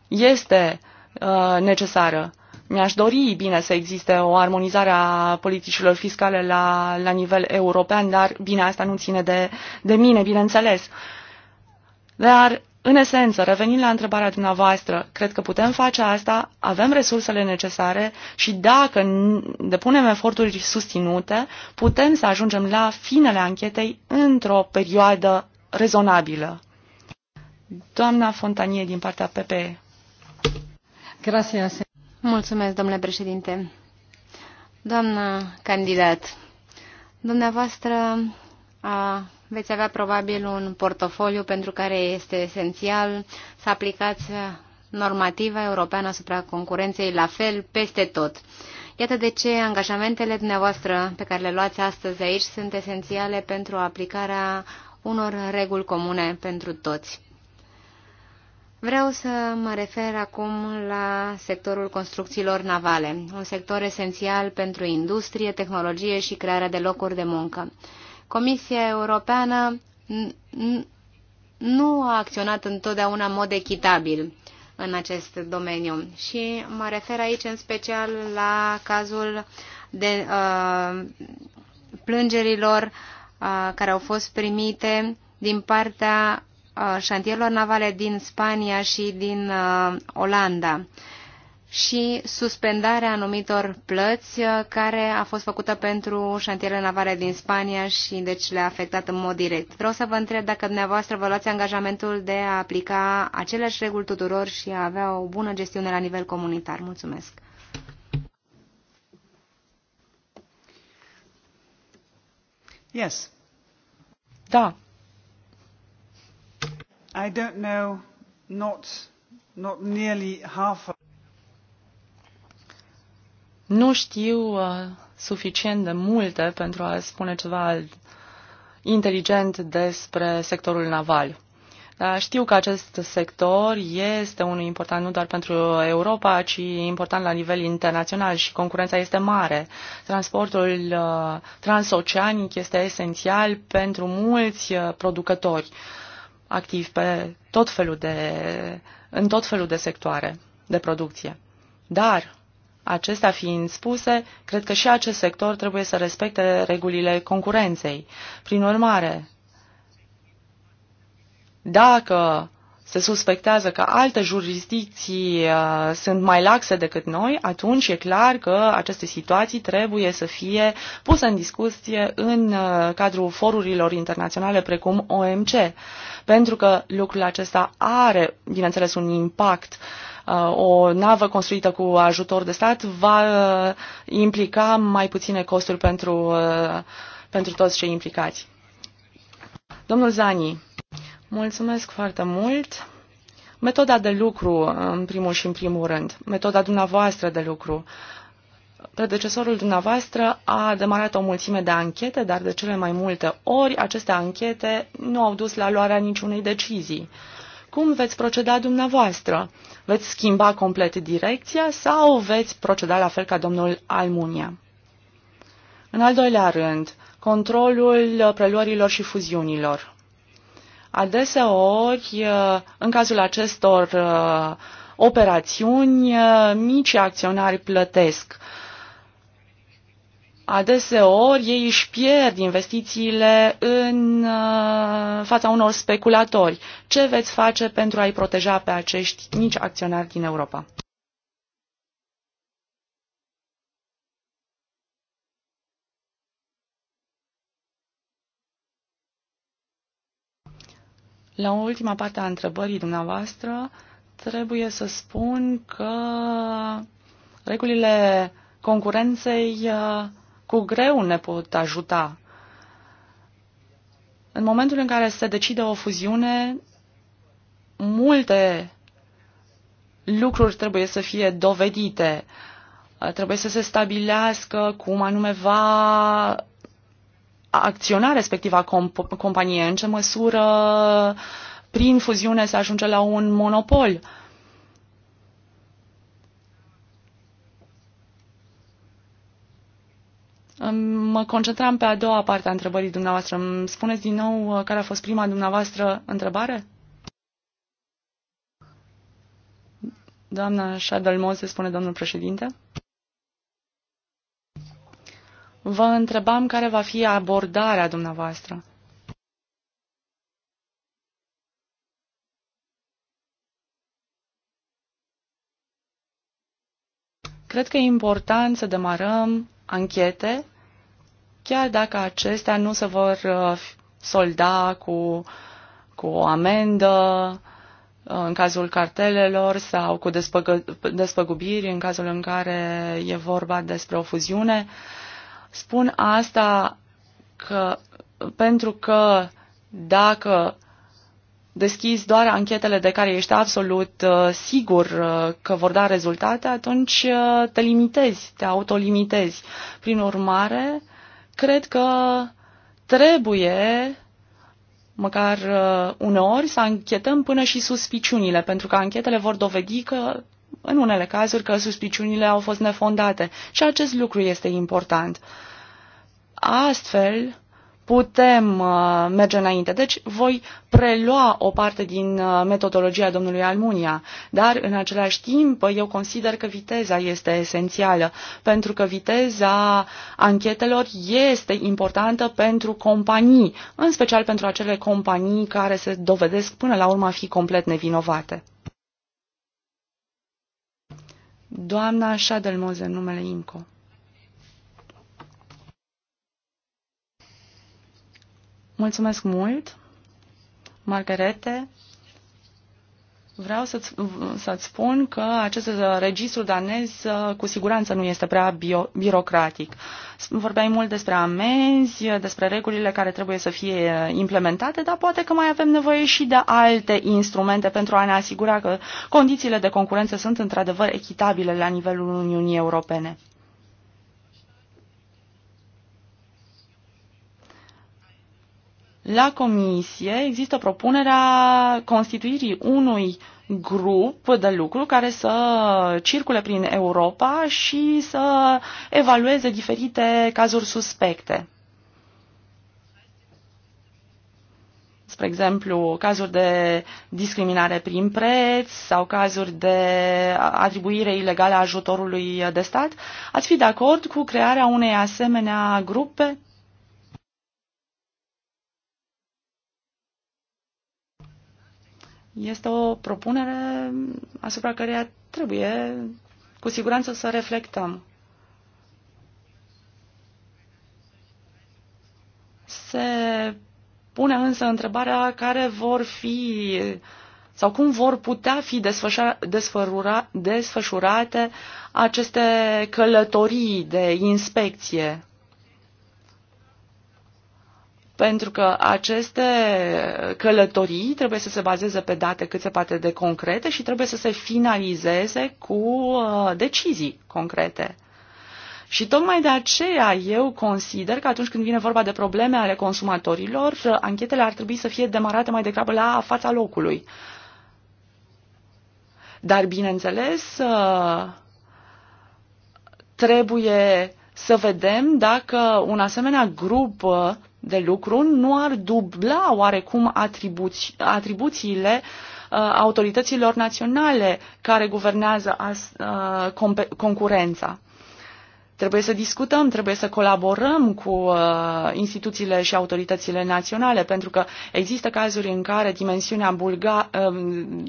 este uh, necesară. Mi-aș dori, bine, să existe o armonizare a politicilor fiscale la, la nivel european, dar, bine, asta nu ține de, de mine, bineînțeles. Dar în esență, revenind la întrebarea dumneavoastră, cred că putem face asta, avem resursele necesare și dacă depunem eforturi susținute, putem să ajungem la finele anchetei într-o perioadă rezonabilă. Doamna Fontanie din partea PPE. Gracias. Mulțumesc, domnule președinte. Doamna candidat, dumneavoastră a veți avea probabil un portofoliu pentru care este esențial să aplicați normativa europeană asupra concurenței la fel peste tot. Iată de ce angajamentele dumneavoastră pe care le luați astăzi aici sunt esențiale pentru aplicarea unor reguli comune pentru toți. Vreau să mă refer acum la sectorul construcțiilor navale, un sector esențial pentru industrie, tehnologie și crearea de locuri de muncă. Comisia Europeană nu a acționat întotdeauna în mod echitabil în acest domeniu. Și mă refer aici în special la cazul de uh, plângerilor uh, care au fost primite din partea uh, șantierilor navale din Spania și din uh, Olanda. Uh, și suspendarea anumitor plăți uh, care a fost făcută pentru șantierele navale din Spania și deci le-a afectat în mod direct. Vreau să vă întreb dacă dumneavoastră vă luați angajamentul de a aplica aceleași reguli tuturor și a avea o bună gestiune la nivel comunitar. Mulțumesc! Yes. Da. I don't know, not, not nearly half of nu știu uh, suficient de multe pentru a spune ceva inteligent despre sectorul naval. Dar știu că acest sector este unul important nu doar pentru Europa, ci important la nivel internațional și concurența este mare. Transportul uh, transoceanic este esențial pentru mulți uh, producători activi pe tot felul de, în tot felul de sectoare de producție. Dar Acestea fiind spuse, cred că și acest sector trebuie să respecte regulile concurenței. Prin urmare, dacă se suspectează că alte jurisdicții uh, sunt mai laxe decât noi, atunci e clar că aceste situații trebuie să fie puse în discuție în uh, cadrul forurilor internaționale precum OMC, pentru că lucrul acesta are, bineînțeles, un impact uh, Uh, o navă construită cu ajutor de stat va uh, implica mai puține costuri pentru, uh, pentru toți cei implicați. Domnul Zani, mulțumesc foarte mult. Metoda de lucru, în primul și în primul rând, metoda dumneavoastră de lucru. Predecesorul dumneavoastră a demarat o mulțime de anchete, dar de cele mai multe ori aceste anchete nu au dus la luarea niciunei decizii. Cum veți proceda dumneavoastră? Veți schimba complet direcția sau veți proceda la fel ca domnul Almunia? În al doilea rând, controlul preluărilor și fuziunilor. Adeseori, în cazul acestor uh, operațiuni, uh, mici acționari plătesc uh, adeseori ei își pierd investițiile în uh, fața unor speculatori. Ce veți face pentru a-i proteja pe acești mici acționari din Europa? La ultima parte a întrebării dumneavoastră, trebuie să spun că regulile concurenței uh, cu greu ne pot ajuta. În momentul în care se decide o fuziune, multe lucruri trebuie să fie dovedite. Trebuie să se stabilească cum anume va acționa respectiva comp- companie, în ce măsură prin fuziune se ajunge la un monopol. Uh, Mă concentram pe a doua parte a întrebării dumneavoastră. Îmi spuneți din nou uh, care a fost prima dumneavoastră întrebare? Doamna Șadălmoze, spune domnul președinte. Vă întrebam care va fi abordarea dumneavoastră. Cred că e important să demarăm anchete, chiar dacă acestea nu se vor uh, solda cu, cu o amendă uh, în cazul cartelelor sau cu despăgă, despăgubiri în cazul în care e vorba despre o fuziune. Spun asta că, pentru că dacă deschizi doar anchetele de care ești absolut uh, sigur uh, că vor da rezultate, atunci uh, te limitezi, te autolimitezi. Prin urmare, cred că trebuie măcar uneori să anchetăm până și suspiciunile, pentru că anchetele vor dovedi că în unele cazuri că suspiciunile au fost nefondate și acest lucru este important. Astfel, putem uh, merge înainte. Deci voi prelua o parte din uh, metodologia domnului Almunia, dar în același timp eu consider că viteza este esențială, pentru că viteza anchetelor este importantă pentru companii, în special pentru acele companii care se dovedesc până la urmă a fi complet nevinovate. Doamna Șadelmoze, numele IMCO. Mulțumesc mult, Margarete. Vreau să-ți, să spun că acest registru danez cu siguranță nu este prea bio, birocratic. Vorbeai mult despre amenzi, despre regulile care trebuie să fie implementate, dar poate că mai avem nevoie și de alte instrumente pentru a ne asigura că condițiile de concurență sunt într-adevăr echitabile la nivelul Uniunii Europene. La comisie există propunerea constituirii unui grup de lucru care să circule prin Europa și să evalueze diferite cazuri suspecte. spre exemplu, cazuri de discriminare prin preț sau cazuri de atribuire ilegală a ajutorului de stat, ați fi de acord cu crearea unei asemenea grupe? Este o propunere asupra căreia trebuie cu siguranță să reflectăm. Se pune însă întrebarea care vor fi sau cum vor putea fi desfășurate aceste călătorii de inspecție pentru că aceste călătorii trebuie să se bazeze pe date cât se poate de concrete și trebuie să se finalizeze cu uh, decizii concrete. Și tocmai de aceea eu consider că atunci când vine vorba de probleme ale consumatorilor, anchetele ar trebui să fie demarate mai degrabă la fața locului. Dar, bineînțeles, uh, trebuie să vedem dacă un asemenea grup uh, de lucru nu ar dubla oarecum atribuți, atribuțiile uh, autorităților naționale care guvernează as, uh, concurența. Trebuie să discutăm, trebuie să colaborăm cu uh, instituțiile și autoritățile naționale, pentru că există cazuri în care dimensiunea, bulga, um, uh,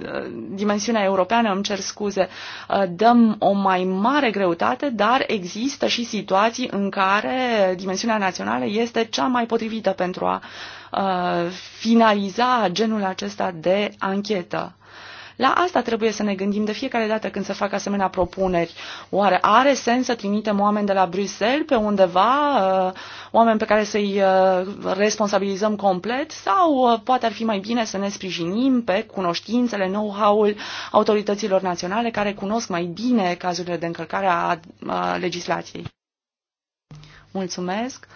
dimensiunea europeană, îmi cer scuze, uh, dăm o mai mare greutate, dar există și situații în care dimensiunea națională este cea mai potrivită pentru a uh, finaliza genul acesta de anchetă. La asta trebuie să ne gândim de fiecare dată când se fac asemenea propuneri. Oare are sens să trimitem oameni de la Bruxelles pe undeva, uh, oameni pe care să-i uh, responsabilizăm complet sau uh, poate ar fi mai bine să ne sprijinim pe cunoștințele, know-how-ul autorităților naționale care cunosc mai bine cazurile de încălcare a legislației? Mulțumesc.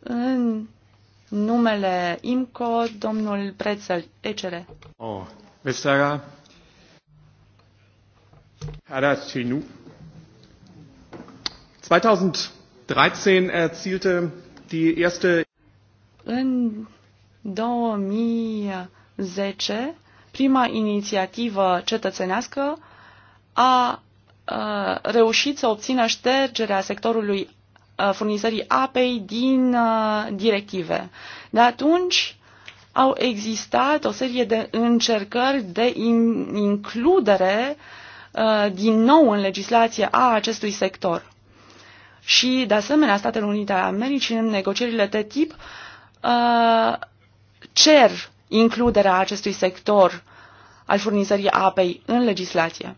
În numele IMCO, domnul Prețel, ECR. Oh, Vestara, 2013 erzielte die erste În 2010, prima inițiativă cetățenească a, a reușit să obțină ștergerea sectorului a, furnizării apei din a, directive. De atunci, au existat o serie de încercări de in, includere Uh, din nou în legislație a acestui sector. Și, de asemenea, Statele Unite ale Americii, în negocierile de tip, uh, cer includerea acestui sector al furnizării apei în legislație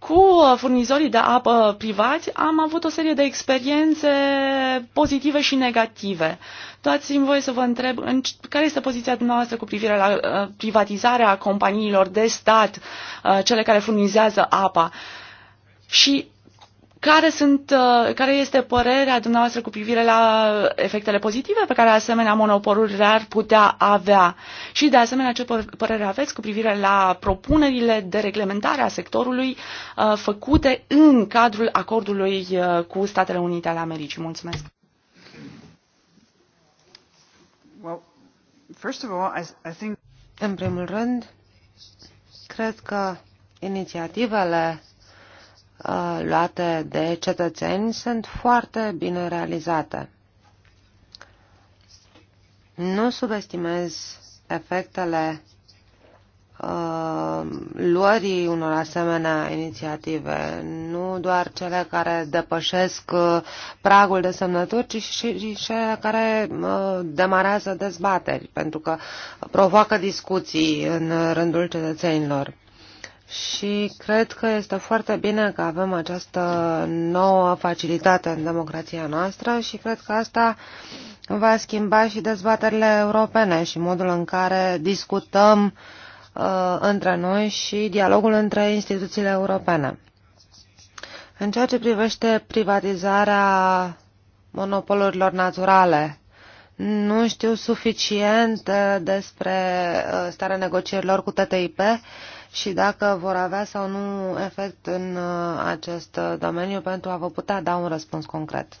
cu uh, furnizorii de apă privați am avut o serie de experiențe pozitive și negative. Toți îmi voie să vă întreb în care este poziția dumneavoastră cu privire la uh, privatizarea companiilor de stat, uh, cele care furnizează apa. Și care, sunt, uh, care este părerea dumneavoastră cu privire la efectele pozitive pe care asemenea monopoluri le-ar putea avea? Și de asemenea, ce părere aveți cu privire la propunerile de reglementare a sectorului uh, făcute în cadrul acordului uh, cu Statele Unite ale Americii? Mulțumesc! Well, first of all, I, I think... În primul rând, cred că inițiativele Uh, luate de cetățeni sunt foarte bine realizate. Nu subestimez efectele uh, luării unor asemenea inițiative, nu doar cele care depășesc uh, pragul de semnături, ci și cele care demarează dezbateri, pentru că provoacă discuții în rândul cetățenilor. Și cred că este foarte bine că avem această nouă facilitate în democrația noastră și cred că asta va schimba și dezbaterile europene și modul în care discutăm uh, între noi și dialogul între instituțiile europene. În ceea ce privește privatizarea monopolurilor naturale, nu știu suficient uh, despre uh, starea negocierilor cu TTIP, și dacă vor avea sau nu efect în uh, acest domeniu pentru a vă putea da un răspuns concret.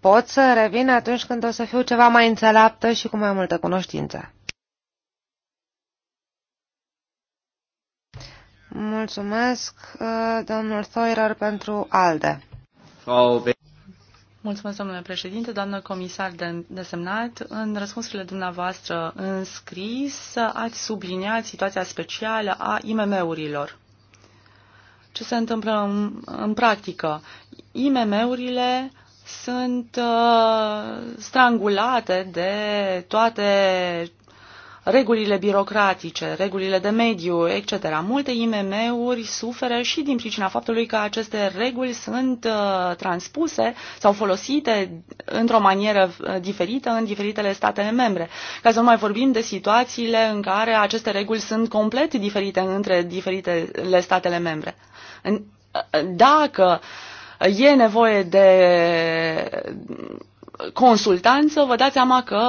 Pot să revin atunci când o să fiu ceva mai înțeleaptă și cu mai multă cunoștință. Mulțumesc, uh, domnul Thoyer, pentru ALDE. Frau Mulțumesc, domnule președinte, doamnă comisar de, desemnat. În răspunsurile dumneavoastră în scris ați subliniat situația specială a IMM-urilor. Ce se întâmplă în, în practică? IMM-urile sunt uh, strangulate de toate regulile birocratice, regulile de mediu, etc. Multe IMM-uri suferă și din pricina faptului că aceste reguli sunt uh, transpuse sau folosite într-o manieră uh, diferită în diferitele state membre. Ca să nu mai vorbim de situațiile în care aceste reguli sunt complet diferite între diferitele statele membre. Uh, dacă e nevoie de consultanță, vă dați seama că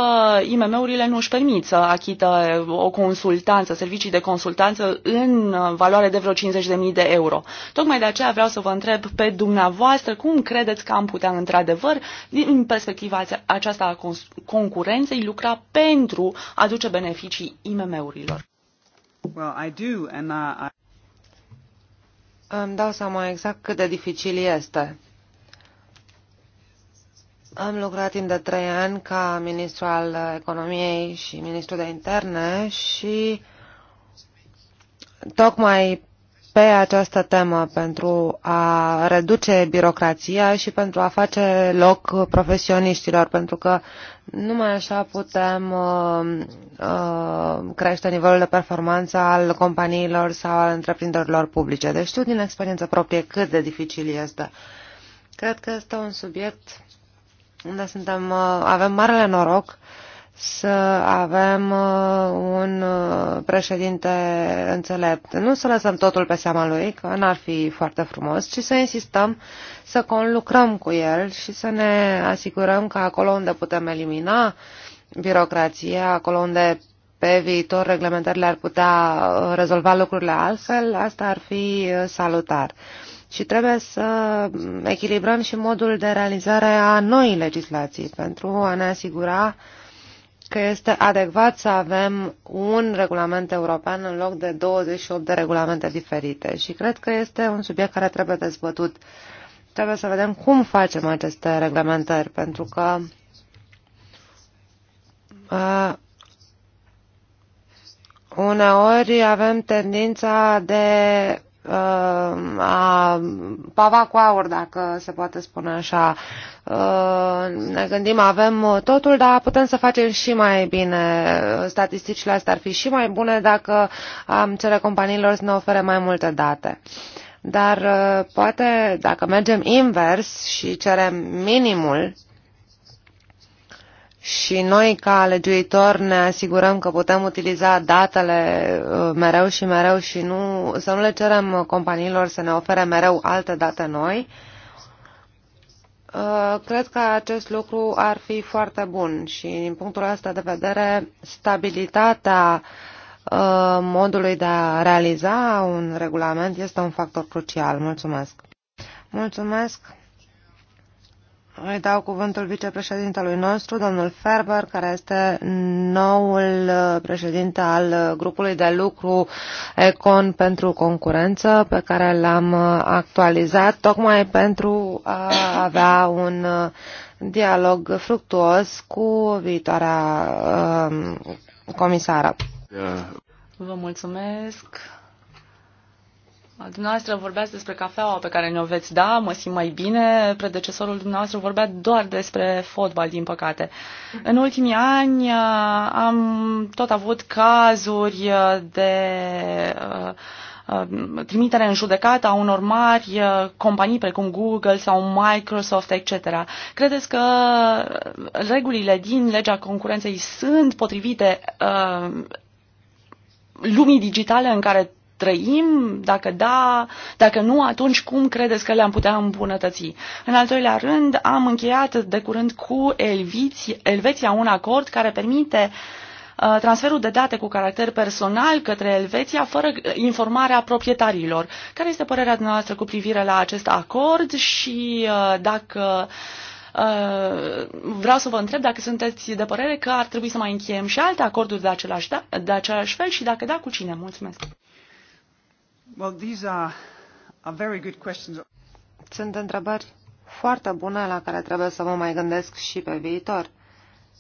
IMM-urile nu își permit să achită o consultanță, servicii de consultanță în valoare de vreo 50.000 de euro. Tocmai de aceea vreau să vă întreb pe dumneavoastră cum credeți că am putea într-adevăr, din perspectiva aceasta a concurenței, lucra pentru a aduce beneficii IMM-urilor. Well, I do, and I... Îmi dau seama exact cât de dificil este am lucrat timp de trei ani ca ministru al economiei și ministru de interne și tocmai pe această temă pentru a reduce birocrația și pentru a face loc profesioniștilor, pentru că numai așa putem uh, uh, crește nivelul de performanță al companiilor sau al întreprinderilor publice. Deci știu din experiență proprie cât de dificil este. Cred că este un subiect unde suntem, uh, avem marele noroc să avem uh, un uh, președinte înțelept. Nu să lăsăm totul pe seama lui, că n-ar fi foarte frumos, ci să insistăm să conlucrăm cu el și să ne asigurăm că acolo unde putem elimina birocrația, acolo unde pe viitor reglementările ar putea rezolva lucrurile altfel, asta ar fi salutar și trebuie să echilibrăm și modul de realizare a noii legislații pentru a ne asigura că este adecvat să avem un regulament european în loc de 28 de regulamente diferite. Și cred că este un subiect care trebuie dezbătut. Trebuie să vedem cum facem aceste reglementări, pentru că uh, uneori avem tendința de Uh, a pava cu aur, dacă se poate spune așa. Uh, ne gândim, avem totul, dar putem să facem și mai bine. Statisticile astea ar fi și mai bune dacă am cere companiilor să ne ofere mai multe date. Dar uh, poate dacă mergem invers și cerem minimul, și noi ca legiuitori, ne asigurăm că putem utiliza datele uh, mereu și mereu și nu, să nu le cerem companiilor să ne ofere mereu alte date noi, uh, cred că acest lucru ar fi foarte bun și din punctul ăsta de vedere stabilitatea uh, modului de a realiza un regulament este un factor crucial. Mulțumesc! Mulțumesc! Îi dau cuvântul vicepreședintelui nostru, domnul Ferber, care este noul uh, președinte al uh, grupului de lucru Econ pentru concurență, pe care l-am uh, actualizat tocmai pentru a avea un dialog fructuos cu viitoarea comisară. Vă mulțumesc. Dumneavoastră vorbeați despre cafeaua pe care ne-o veți da, mă simt mai bine. Predecesorul dumneavoastră vorbea doar despre fotbal, din păcate. În ultimii ani uh, am tot avut cazuri uh, de uh, trimitere în judecată a unor mari companii precum Google sau Microsoft, etc. Credeți că regulile din legea concurenței sunt potrivite lumii digitale în care trăim? Dacă da, dacă nu, atunci cum credeți că le-am putea îmbunătăți? În al doilea rând, am încheiat de curând cu Elviți, Elveția un acord care permite uh, transferul de date cu caracter personal către Elveția fără informarea proprietarilor. Care este părerea noastră cu privire la acest acord și uh, dacă uh, vreau să vă întreb dacă sunteți de părere că ar trebui să mai încheiem și alte acorduri de același, de același fel și dacă da, cu cine? Mulțumesc! Sunt întrebări foarte bune la care trebuie să mă mai gândesc și pe viitor.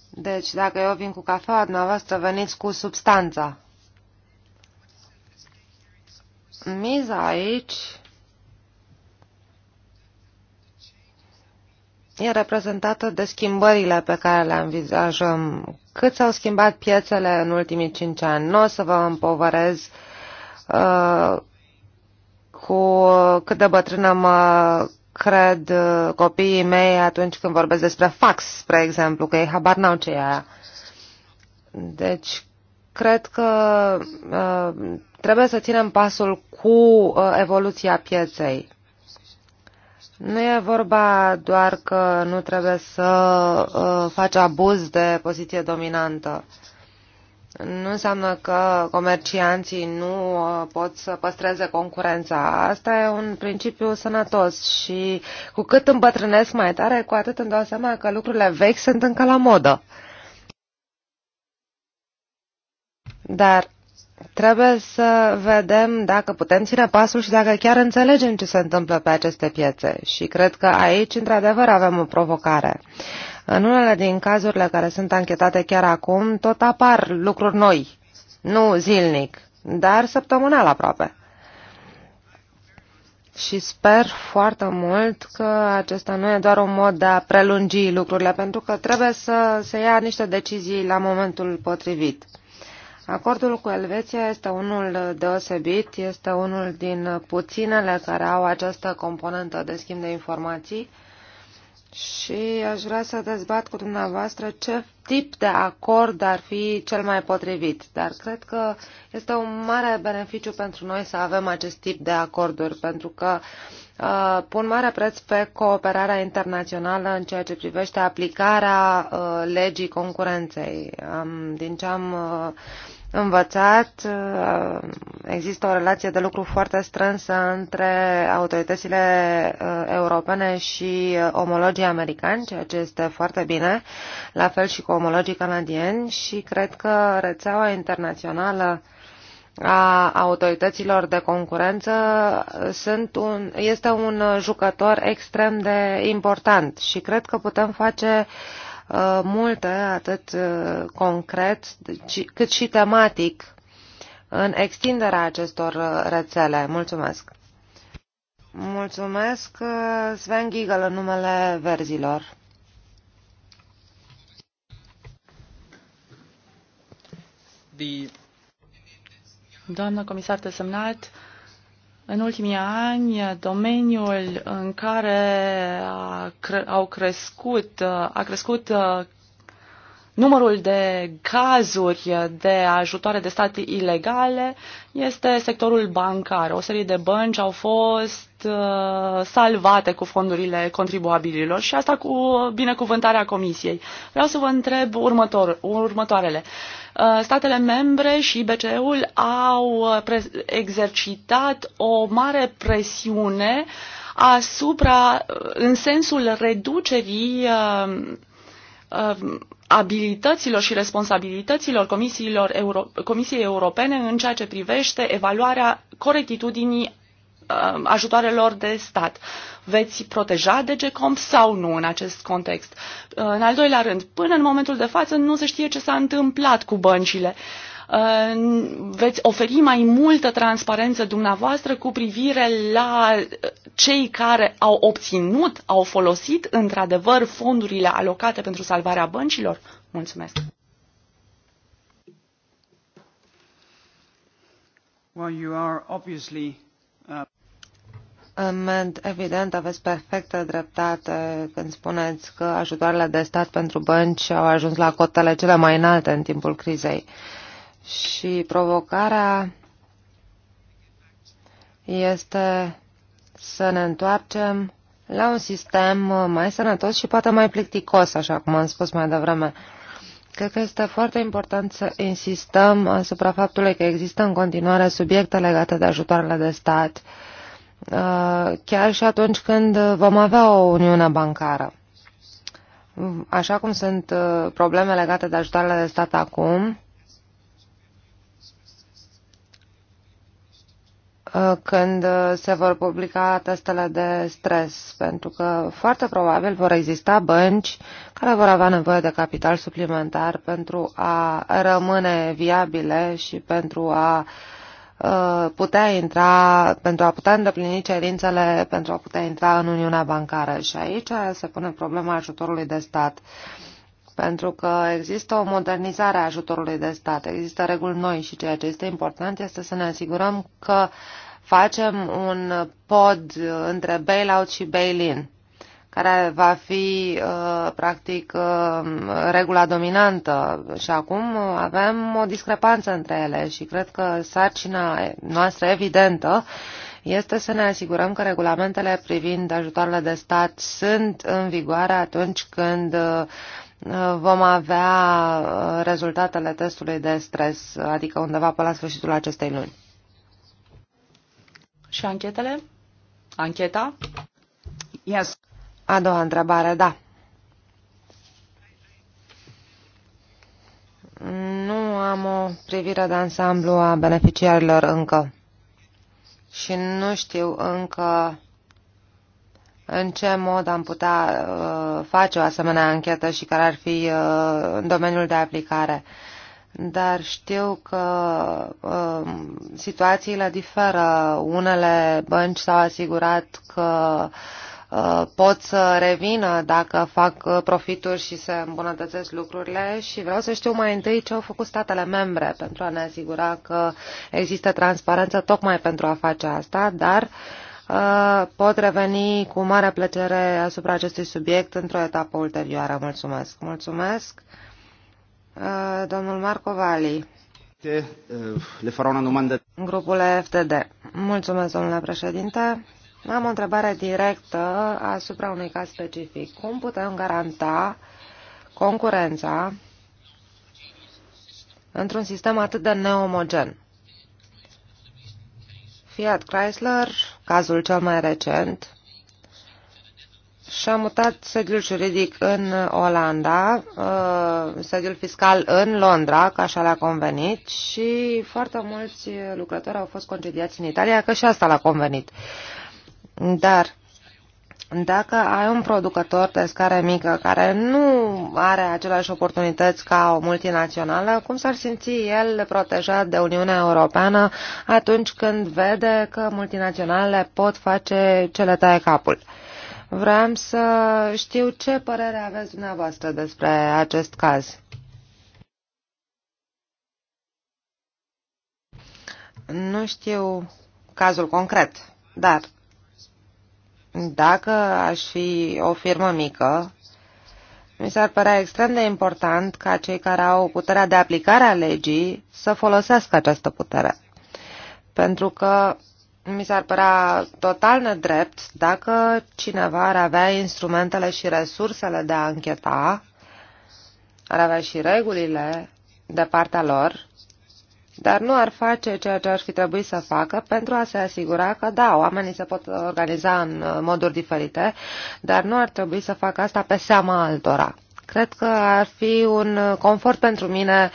Deci, dacă eu vin cu cafeaua, dumneavoastră veniți cu substanța. Miza aici e reprezentată de schimbările pe care le învizajăm. Cât s-au schimbat piețele în ultimii cinci ani? Nu o să vă împovărez uh, cu cât de bătrână mă cred uh, copiii mei atunci când vorbesc despre fax, spre exemplu, că ei habar n-au ce aia. Deci, cred că uh, trebuie să ținem pasul cu uh, evoluția pieței. Nu e vorba doar că nu trebuie să uh, faci abuz de poziție dominantă. Uh, nu înseamnă că comercianții nu uh, pot să păstreze concurența. Asta e un principiu sănătos și cu cât îmbătrânesc mai tare, cu atât îmi dau seama că lucrurile vechi sunt încă la modă. Dar Trebuie să vedem dacă putem ține pasul și dacă chiar înțelegem ce se întâmplă pe aceste piețe. Și cred că aici, într-adevăr, avem o provocare. În unele din cazurile care sunt anchetate chiar acum, tot apar lucruri noi. Nu zilnic, dar săptămânal aproape. Și sper foarte mult că acesta nu e doar un mod de a prelungi lucrurile, pentru că trebuie să se ia niște decizii la momentul potrivit. Acordul cu Elveția este unul deosebit, este unul din puținele care au această componentă de schimb de informații și aș vrea să dezbat cu dumneavoastră ce tip de acord ar fi cel mai potrivit. Dar cred că este un mare beneficiu pentru noi să avem acest tip de acorduri, pentru că Uh, pun mare preț pe cooperarea internațională în ceea ce privește aplicarea uh, legii concurenței. Din ce am uh, învățat, există o relație de lucru foarte strânsă între autoritățile europene și omologii americani, ceea ce este foarte bine, la fel și cu omologii canadieni și cred că rețeaua internațională a autorităților de concurență sunt un, este un jucător extrem de important și cred că putem face uh, multe, atât uh, concret, cât și tematic, în extinderea acestor uh, rețele. Mulțumesc! Mulțumesc, Sven Giegel, în numele verzilor. The Doamnă comisar semnat, în ultimii ani, domeniul în care a cre- au crescut, a crescut numărul de cazuri de ajutoare de stat ilegale este sectorul bancar. O serie de bănci au fost uh, salvate cu fondurile contribuabililor și asta cu binecuvântarea Comisiei. Vreau să vă întreb următor, următoarele. Uh, statele membre și BCE-ul au uh, exercitat o mare presiune asupra, în sensul reducerii Um, abilităților și responsabilităților Comisiilor Euro- Comisiei Europene în ceea ce privește evaluarea corectitudinii um, ajutoarelor de stat. Veți proteja DGCOM sau nu în acest context? Uh, în al doilea rând, până în momentul de față nu se știe ce s-a întâmplat cu băncile. Uh, Uh, veți oferi mai multă transparență dumneavoastră cu privire la uh, cei care au obținut, au folosit într-adevăr fondurile alocate pentru salvarea băncilor? Mulțumesc! Well, you are obviously, uh... În evident, aveți perfectă dreptate când spuneți că ajutoarele de stat pentru bănci au ajuns la cotele cele mai înalte în timpul crizei. Uh, și provocarea este să ne întoarcem la un sistem mai sănătos și poate mai plicticos, așa cum am spus mai devreme. Cred că este foarte important să insistăm asupra faptului că există în continuare subiecte legate de ajutoarele de stat, uh, chiar și atunci când vom avea o uniune bancară. Așa cum sunt uh, probleme legate de ajutoarele de stat acum, Uh, când uh, se vor publica testele de stres, pentru că foarte probabil vor exista bănci care vor avea nevoie de capital suplimentar pentru a rămâne viabile și pentru a uh, putea intra, pentru a putea îndeplini cerințele, pentru a putea intra în Uniunea Bancară. Și aici se pune problema ajutorului de stat. Uh, pentru că există o modernizare a ajutorului de stat, există reguli noi și ceea ce este important este să ne asigurăm că facem un pod între bailout și bail-in, care va fi uh, practic uh, regula dominantă și acum avem o discrepanță între ele și cred că sarcina noastră evidentă este să ne asigurăm că regulamentele privind ajutoarele de stat sunt în vigoare atunci când uh, vom avea uh, rezultatele testului de stres, adică undeva pe la sfârșitul acestei luni. Și anchetele? Ancheta? Yes. A doua întrebare, da. Nu am o privire de ansamblu a beneficiarilor încă. Și nu știu încă în ce mod am putea uh, face o asemenea anchetă și care ar fi uh, în domeniul de aplicare. Dar știu că uh, situațiile diferă. Unele bănci s-au asigurat că pot să revină dacă fac profituri și se îmbunătățesc lucrurile și vreau să știu mai întâi ce au făcut statele membre pentru a ne asigura că există transparență tocmai pentru a face asta, dar uh, Uh, pot reveni cu mare plăcere asupra acestui subiect într-o etapă ulterioară. Mulțumesc! Mulțumesc! Uh, domnul Marco Vali. Uh, le farò una domanda. Grupul FTD. Mulțumesc, domnule președinte. Am o întrebare directă asupra unui caz specific. Cum putem garanta concurența într-un sistem atât de neomogen? Fiat Chrysler, cazul cel mai recent, și-a mutat sediul juridic în Olanda, uh, sediul fiscal în Londra, ca așa le-a convenit, și foarte mulți lucrători au fost concediați în Italia, că și asta l-a convenit. Dar dacă ai un producător de scară mică care nu are aceleași oportunități ca o multinațională, cum s-ar simți el protejat de Uniunea Europeană atunci când vede că multinaționale pot face ce le taie capul? Vreau să știu ce părere aveți dumneavoastră despre acest caz. Nu știu cazul concret, dar dacă aș fi o firmă mică, mi s-ar părea extrem de important ca cei care au puterea de aplicare a legii să folosească această putere. Pentru că mi s-ar părea total nedrept dacă cineva ar avea instrumentele și resursele de a încheta, ar avea și regulile de partea lor dar nu ar face ceea ce ar fi trebuit să facă pentru a se asigura că, da, oamenii se pot organiza în uh, moduri diferite, dar nu ar trebui să facă asta pe seama altora. Cred că ar fi un confort pentru mine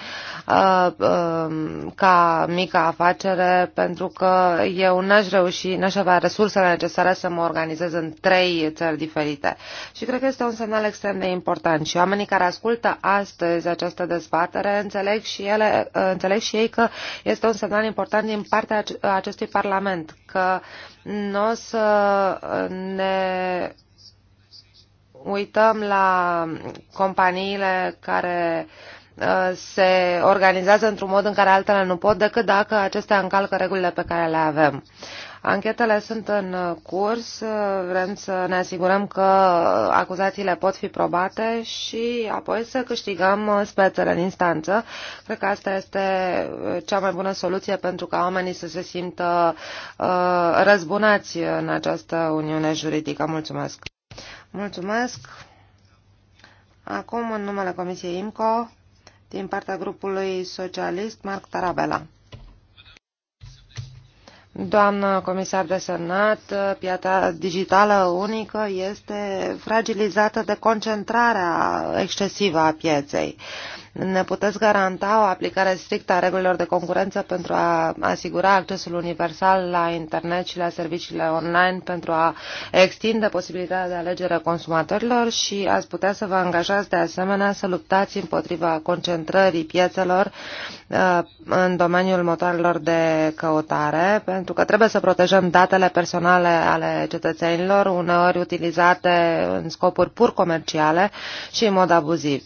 uh, um, ca mică afacere, pentru că eu n-aș reuși, n-aș avea resursele necesare să mă organizez în trei țări diferite. Și cred că este un semnal extrem de important. Și oamenii care ascultă astăzi această dezbatere înțeleg și, ele, uh, înțeleg și ei că este un semnal important din partea acestui Parlament, că nu o să ne uităm la companiile care uh, se organizează într-un mod în care altele nu pot, decât dacă acestea încalcă regulile pe care le avem. Anchetele sunt în uh, curs, uh, vrem să ne asigurăm că acuzațiile pot fi probate și apoi să câștigăm spețele în instanță. Cred că asta este cea mai bună soluție pentru ca oamenii să se simtă răzbunați în această uniune juridică. Mulțumesc! Mulțumesc. Acum, în numele Comisiei IMCO, din partea grupului socialist, Marc Tarabela. Doamnă comisar de semnat, piața digitală unică este fragilizată de concentrarea excesivă a pieței. Ne puteți garanta o aplicare strictă a regulilor de concurență pentru a asigura accesul universal la internet și la serviciile online pentru a extinde posibilitatea de alegere consumatorilor și ați putea să vă angajați de asemenea să luptați împotriva concentrării piețelor uh, în domeniul motoarelor de căutare, pentru că trebuie să protejăm datele personale ale cetățenilor, uneori utilizate în scopuri pur comerciale și în mod abuziv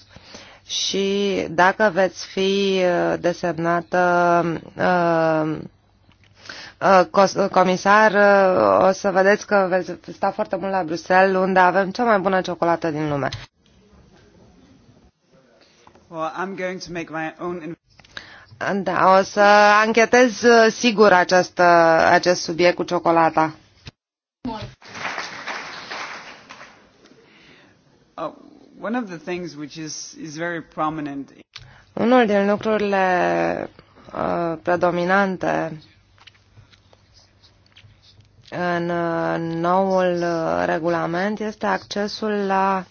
și dacă veți fi uh, desemnată uh, uh, comisar, o să vedeți că veți sta foarte mult la Bruxelles, unde avem cea mai bună ciocolată din lume. Da, o să anchetez sigur această, acest subiect cu ciocolata. One of the things which is, is very prominent. Unul din lucrurile uh, predominante în uh, noul uh, regulament este accesul la,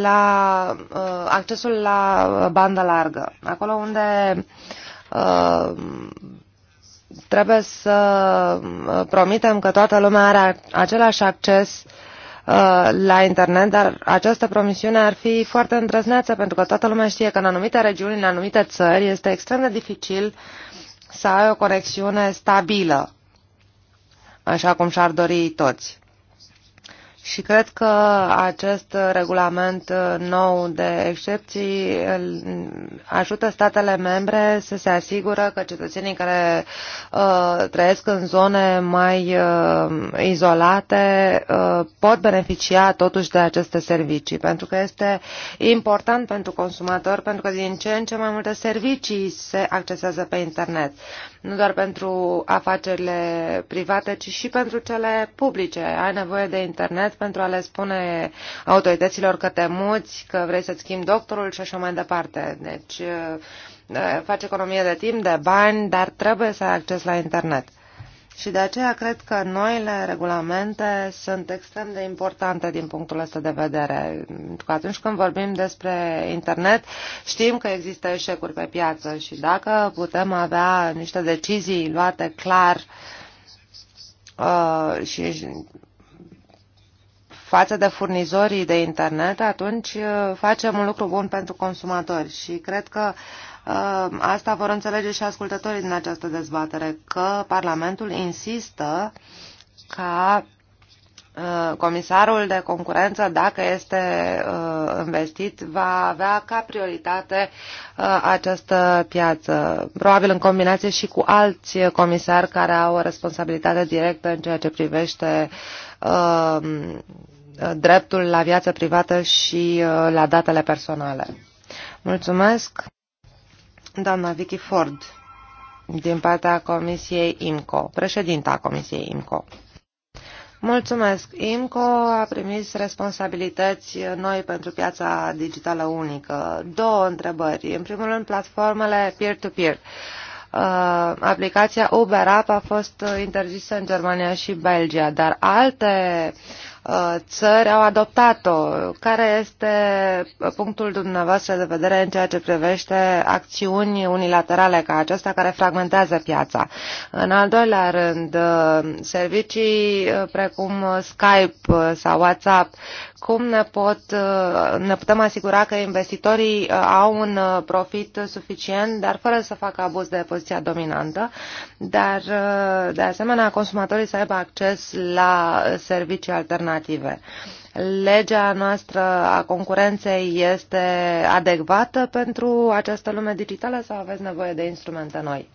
la uh, accesul la bandă largă. Acolo unde uh, trebuie să uh, promitem că toată lumea are același acces uh, Uh, la internet, dar această promisiune ar fi foarte îndrăzneață, pentru că toată lumea știe că în anumite regiuni, în anumite țări, este extrem de dificil să ai o conexiune stabilă, așa cum și-ar dori toți. Și cred că acest regulament nou de excepții ajută statele membre să se asigură că cetățenii care uh, trăiesc în zone mai uh, izolate uh, pot beneficia totuși de aceste servicii, pentru că este important pentru consumator, pentru că din ce în ce mai multe servicii se accesează pe internet nu doar pentru afacerile private, ci și pentru cele publice. Ai nevoie de internet pentru a le spune autorităților că te muți, că vrei să-ți schimbi doctorul și așa mai departe. Deci eh, faci economie de timp, de bani, dar trebuie să ai acces la internet. Și de aceea cred că noile regulamente sunt extrem de importante din punctul ăsta de vedere. Pentru că atunci când vorbim despre internet, știm că există eșecuri pe piață și dacă putem avea niște decizii luate clar uh, și față de furnizorii de internet, atunci uh, facem un lucru bun pentru consumatori. Și cred că Uh, asta vor înțelege și ascultătorii din această dezbatere, că Parlamentul insistă ca uh, comisarul de concurență, dacă este uh, investit, va avea ca prioritate această piață, probabil în combinație și cu alți comisari care au o responsabilitate directă în ceea ce privește dreptul la viață privată și la datele personale. Mulțumesc! doamna Vicky Ford, din partea Comisiei IMCO, președinta Comisiei IMCO. Mulțumesc. IMCO a primit responsabilități noi pentru piața digitală unică. Două întrebări. În primul rând, platformele peer-to-peer. -peer. Uh, aplicația Uber App a fost interzisă în Germania și Belgia, dar alte Uh, țări au adoptat-o. Care este punctul dumneavoastră de vedere în ceea ce privește acțiuni unilaterale ca acestea care fragmentează piața? În al doilea rând, uh, servicii uh, precum Skype sau WhatsApp, cum ne, pot, ne putem asigura că investitorii au un profit suficient, dar fără să facă abuz de poziția dominantă, dar de asemenea consumatorii să aibă acces la servicii alternative alternative. Legea noastră a concurenței este adecvată pentru această lume digitală sau aveți nevoie de instrumente noi?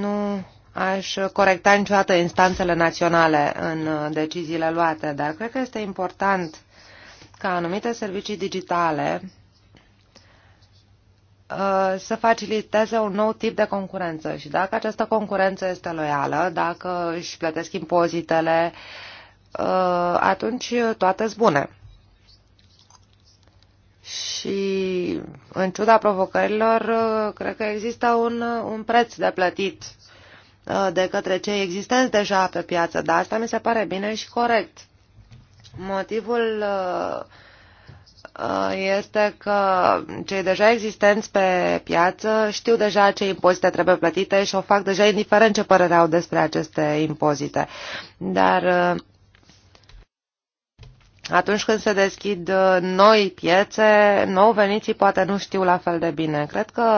Nu aș corecta niciodată instanțele naționale în deciziile luate, dar cred că este important ca anumite servicii digitale Uh, să faciliteze un nou tip de concurență și dacă această concurență este loială, dacă își plătesc impozitele, uh, atunci toate bune. Și în ciuda provocărilor, uh, cred că există un, un preț de plătit de către cei existenți deja pe piață, dar asta mi se pare bine și corect. Motivul uh, Uh, este că cei deja existenți pe piață știu deja ce impozite trebuie plătite și o fac deja indiferent ce părere au despre aceste impozite. Dar uh, atunci când se deschid uh, noi piețe, nou veniții poate nu știu la fel de bine. Cred că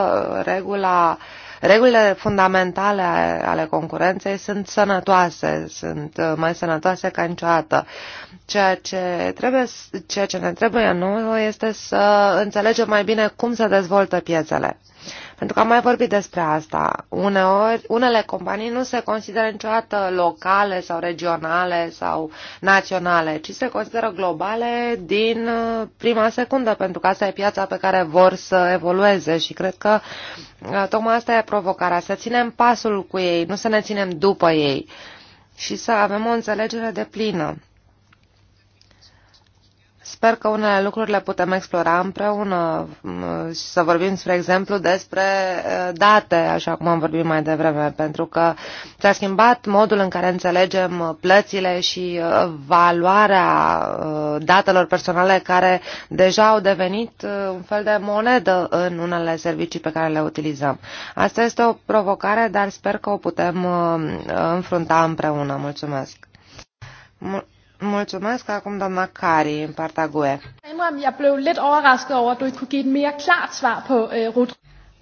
regula uh, Regulile fundamentale ale concurenței sunt sănătoase, sunt mai sănătoase ca niciodată. Ceea ce, trebuie, ceea ce ne trebuie nouă este să înțelegem mai bine cum se dezvoltă piețele. Pentru că am mai vorbit despre asta. Uneori, unele companii nu se consideră niciodată locale sau regionale sau naționale, ci se consideră globale din uh, prima secundă, pentru că asta e piața pe care vor să evolueze și cred că uh, tocmai asta e provocarea, să ținem pasul cu ei, nu să ne ținem după ei și să avem o înțelegere de plină Sper că unele lucruri le putem explora împreună și mm, să vorbim, spre exemplu, despre date, așa cum am vorbit mai devreme, pentru că s-a schimbat modul în care înțelegem plățile și valoarea datelor personale care deja au devenit un fel de monedă în unele servicii pe care le utilizăm. Asta este o provocare, dar sper că o putem înfrunta împreună. Mulțumesc! Mulțumesc acum doamna Cari în partea GUE. Øh,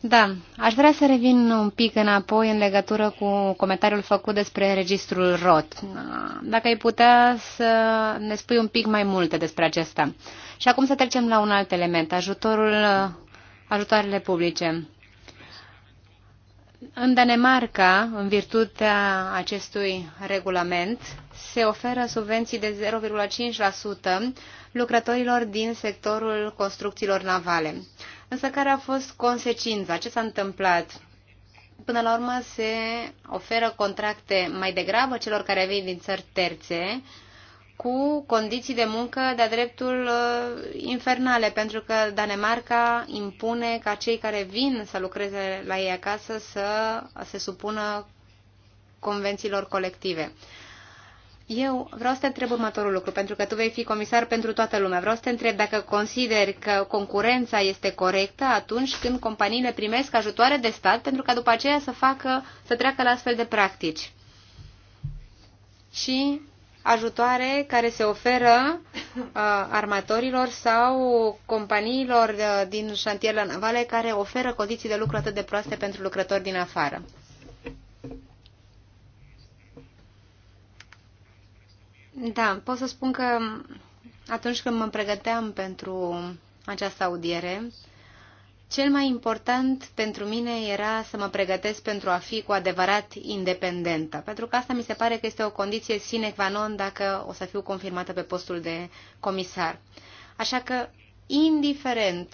da, aș vrea să revin un pic înapoi în legătură cu comentariul făcut despre registrul ROT. Dacă ai putea să ne spui un pic mai multe despre acesta. Și acum să trecem la un alt element, ajutorul, ajutoarele publice. În Danemarca, în virtutea acestui regulament, se oferă subvenții de 0,5% lucrătorilor din sectorul construcțiilor navale. Însă care a fost consecința? Ce s-a întâmplat? Până la urmă se oferă contracte mai degrabă celor care vin din țări terțe, cu condiții de muncă de-a dreptul uh, infernale, pentru că Danemarca impune ca cei care vin să lucreze la ei acasă să se supună convențiilor colective. Eu vreau să te întreb următorul lucru, pentru că tu vei fi comisar pentru toată lumea. Vreau să te întreb dacă consideri că concurența este corectă atunci când companiile primesc ajutoare de stat pentru ca după aceea să facă, să treacă la astfel de practici. Și ajutoare care se oferă uh, armatorilor sau companiilor uh, din șantierele navale care oferă condiții de lucru atât de proaste pentru lucrători din afară. Da, pot să spun că atunci când mă pregăteam pentru această audiere, uh, cel mai important pentru mine era să mă pregătesc pentru a fi cu adevărat independentă, pentru că asta mi se pare că este o condiție sine qua non dacă o să fiu confirmată pe postul de comisar. Așa că, indiferent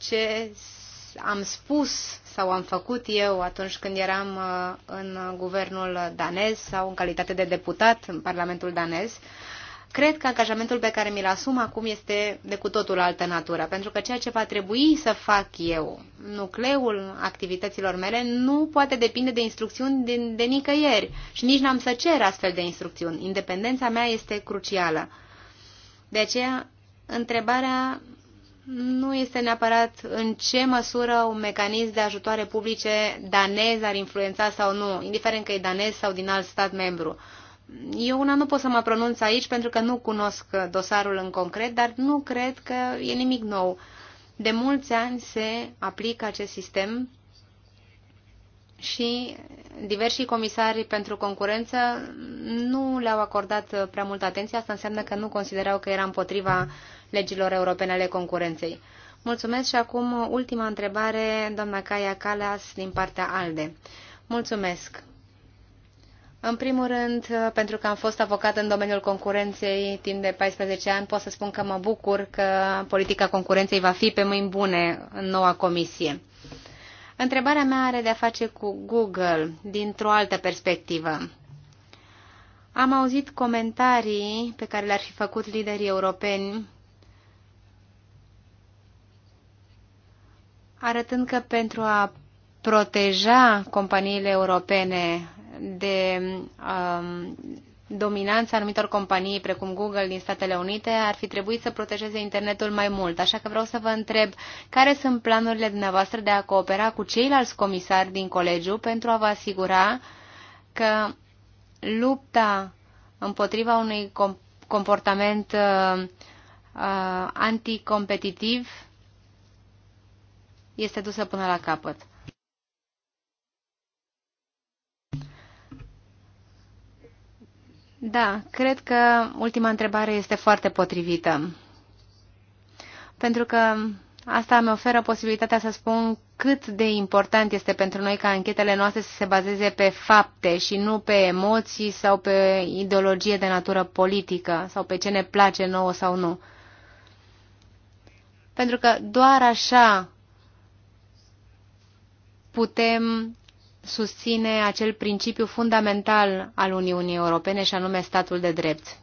ce am spus sau am făcut eu atunci când eram uh, în guvernul danez sau în calitate de deputat în Parlamentul danez, Cred că angajamentul pe care mi-l asum acum este de cu totul altă natură, pentru că ceea ce va trebui să fac eu, nucleul activităților mele, nu poate depinde de instrucțiuni de, de nicăieri și nici n-am să cer astfel de instrucțiuni. Independența mea este crucială. De aceea, întrebarea nu este neapărat în ce măsură un mecanism de ajutoare publice danez ar influența sau nu, indiferent că e danez sau din alt stat membru. Eu una nu pot să mă pronunț aici pentru că nu cunosc dosarul în concret, dar nu cred că e nimic nou. De mulți ani se aplică acest sistem și diversi comisari pentru concurență nu le-au acordat prea multă atenție. Asta înseamnă că nu considerau că era împotriva legilor europene ale concurenței. Mulțumesc și acum ultima întrebare, doamna Caia Calas, din partea ALDE. Mulțumesc. În primul rând, pentru că am fost avocat în domeniul concurenței timp de 14 ani, pot să spun că mă bucur că politica concurenței va fi pe mâini bune în noua comisie. Întrebarea mea are de-a face cu Google dintr-o altă perspectivă. Am auzit comentarii pe care le-ar fi făcut liderii europeni arătând că pentru a proteja companiile europene de um, dominanța anumitor companii precum Google din Statele Unite ar fi trebuit să protejeze internetul mai mult. Așa că vreau să vă întreb care sunt planurile dumneavoastră de a coopera cu ceilalți comisari din colegiu pentru a vă asigura că lupta împotriva unui comportament uh, uh, anticompetitiv este dusă până la capăt. Da, cred că ultima întrebare este foarte potrivită. Pentru că asta mi oferă posibilitatea să spun cât de important este pentru noi ca anchetele noastre să se bazeze pe fapte și nu pe emoții sau pe ideologie de natură politică sau pe ce ne place nouă sau nu. Pentru că doar așa putem susține acel principiu fundamental al Uniunii Europene și anume statul de drept.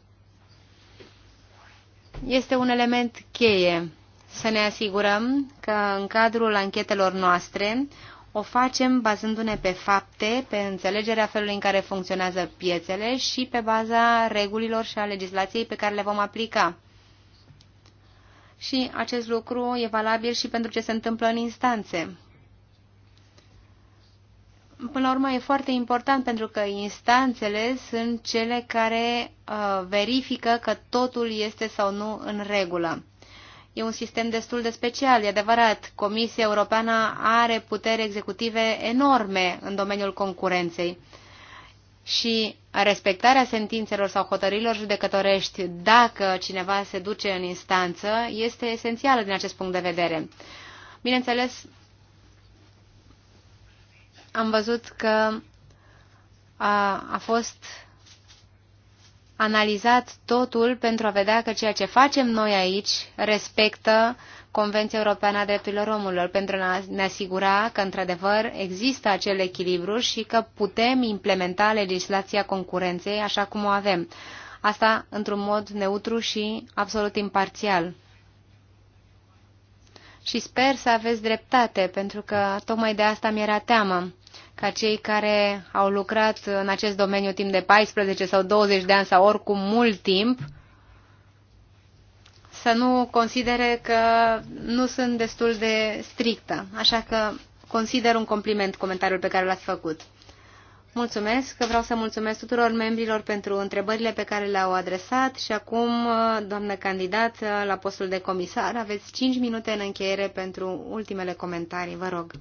Este un element cheie să ne asigurăm că în cadrul anchetelor noastre o facem bazându-ne pe fapte, pe înțelegerea felului în care funcționează piețele și pe baza regulilor și a legislației pe care le vom aplica. Și acest lucru e valabil și pentru ce se întâmplă în instanțe până la urmă e foarte important pentru că instanțele sunt cele care uh, verifică că totul este sau nu în regulă. E un sistem destul de special, e adevărat. Comisia Europeană are putere executive enorme în domeniul concurenței și respectarea sentințelor sau hotărârilor judecătorești dacă cineva se duce în instanță este esențială din acest punct de vedere. Bineînțeles, am văzut că a, a fost analizat totul pentru a vedea că ceea ce facem noi aici respectă Convenția Europeană a Drepturilor Omului, pentru a ne asigura că, într-adevăr, există acel echilibru și că putem implementa legislația concurenței așa cum o avem. Asta într-un mod neutru și absolut imparțial. Și sper să aveți dreptate, pentru că tocmai de asta mi-era teamă ca cei care au lucrat în acest domeniu timp de 14 sau 20 de ani sau oricum mult timp, să nu considere că nu sunt destul de strictă. Așa că consider un compliment comentariul pe care l-ați făcut. Mulțumesc, că vreau să mulțumesc tuturor membrilor pentru întrebările pe care le-au adresat și acum, doamnă candidat la postul de comisar, aveți 5 minute în încheiere pentru ultimele comentarii, vă rog.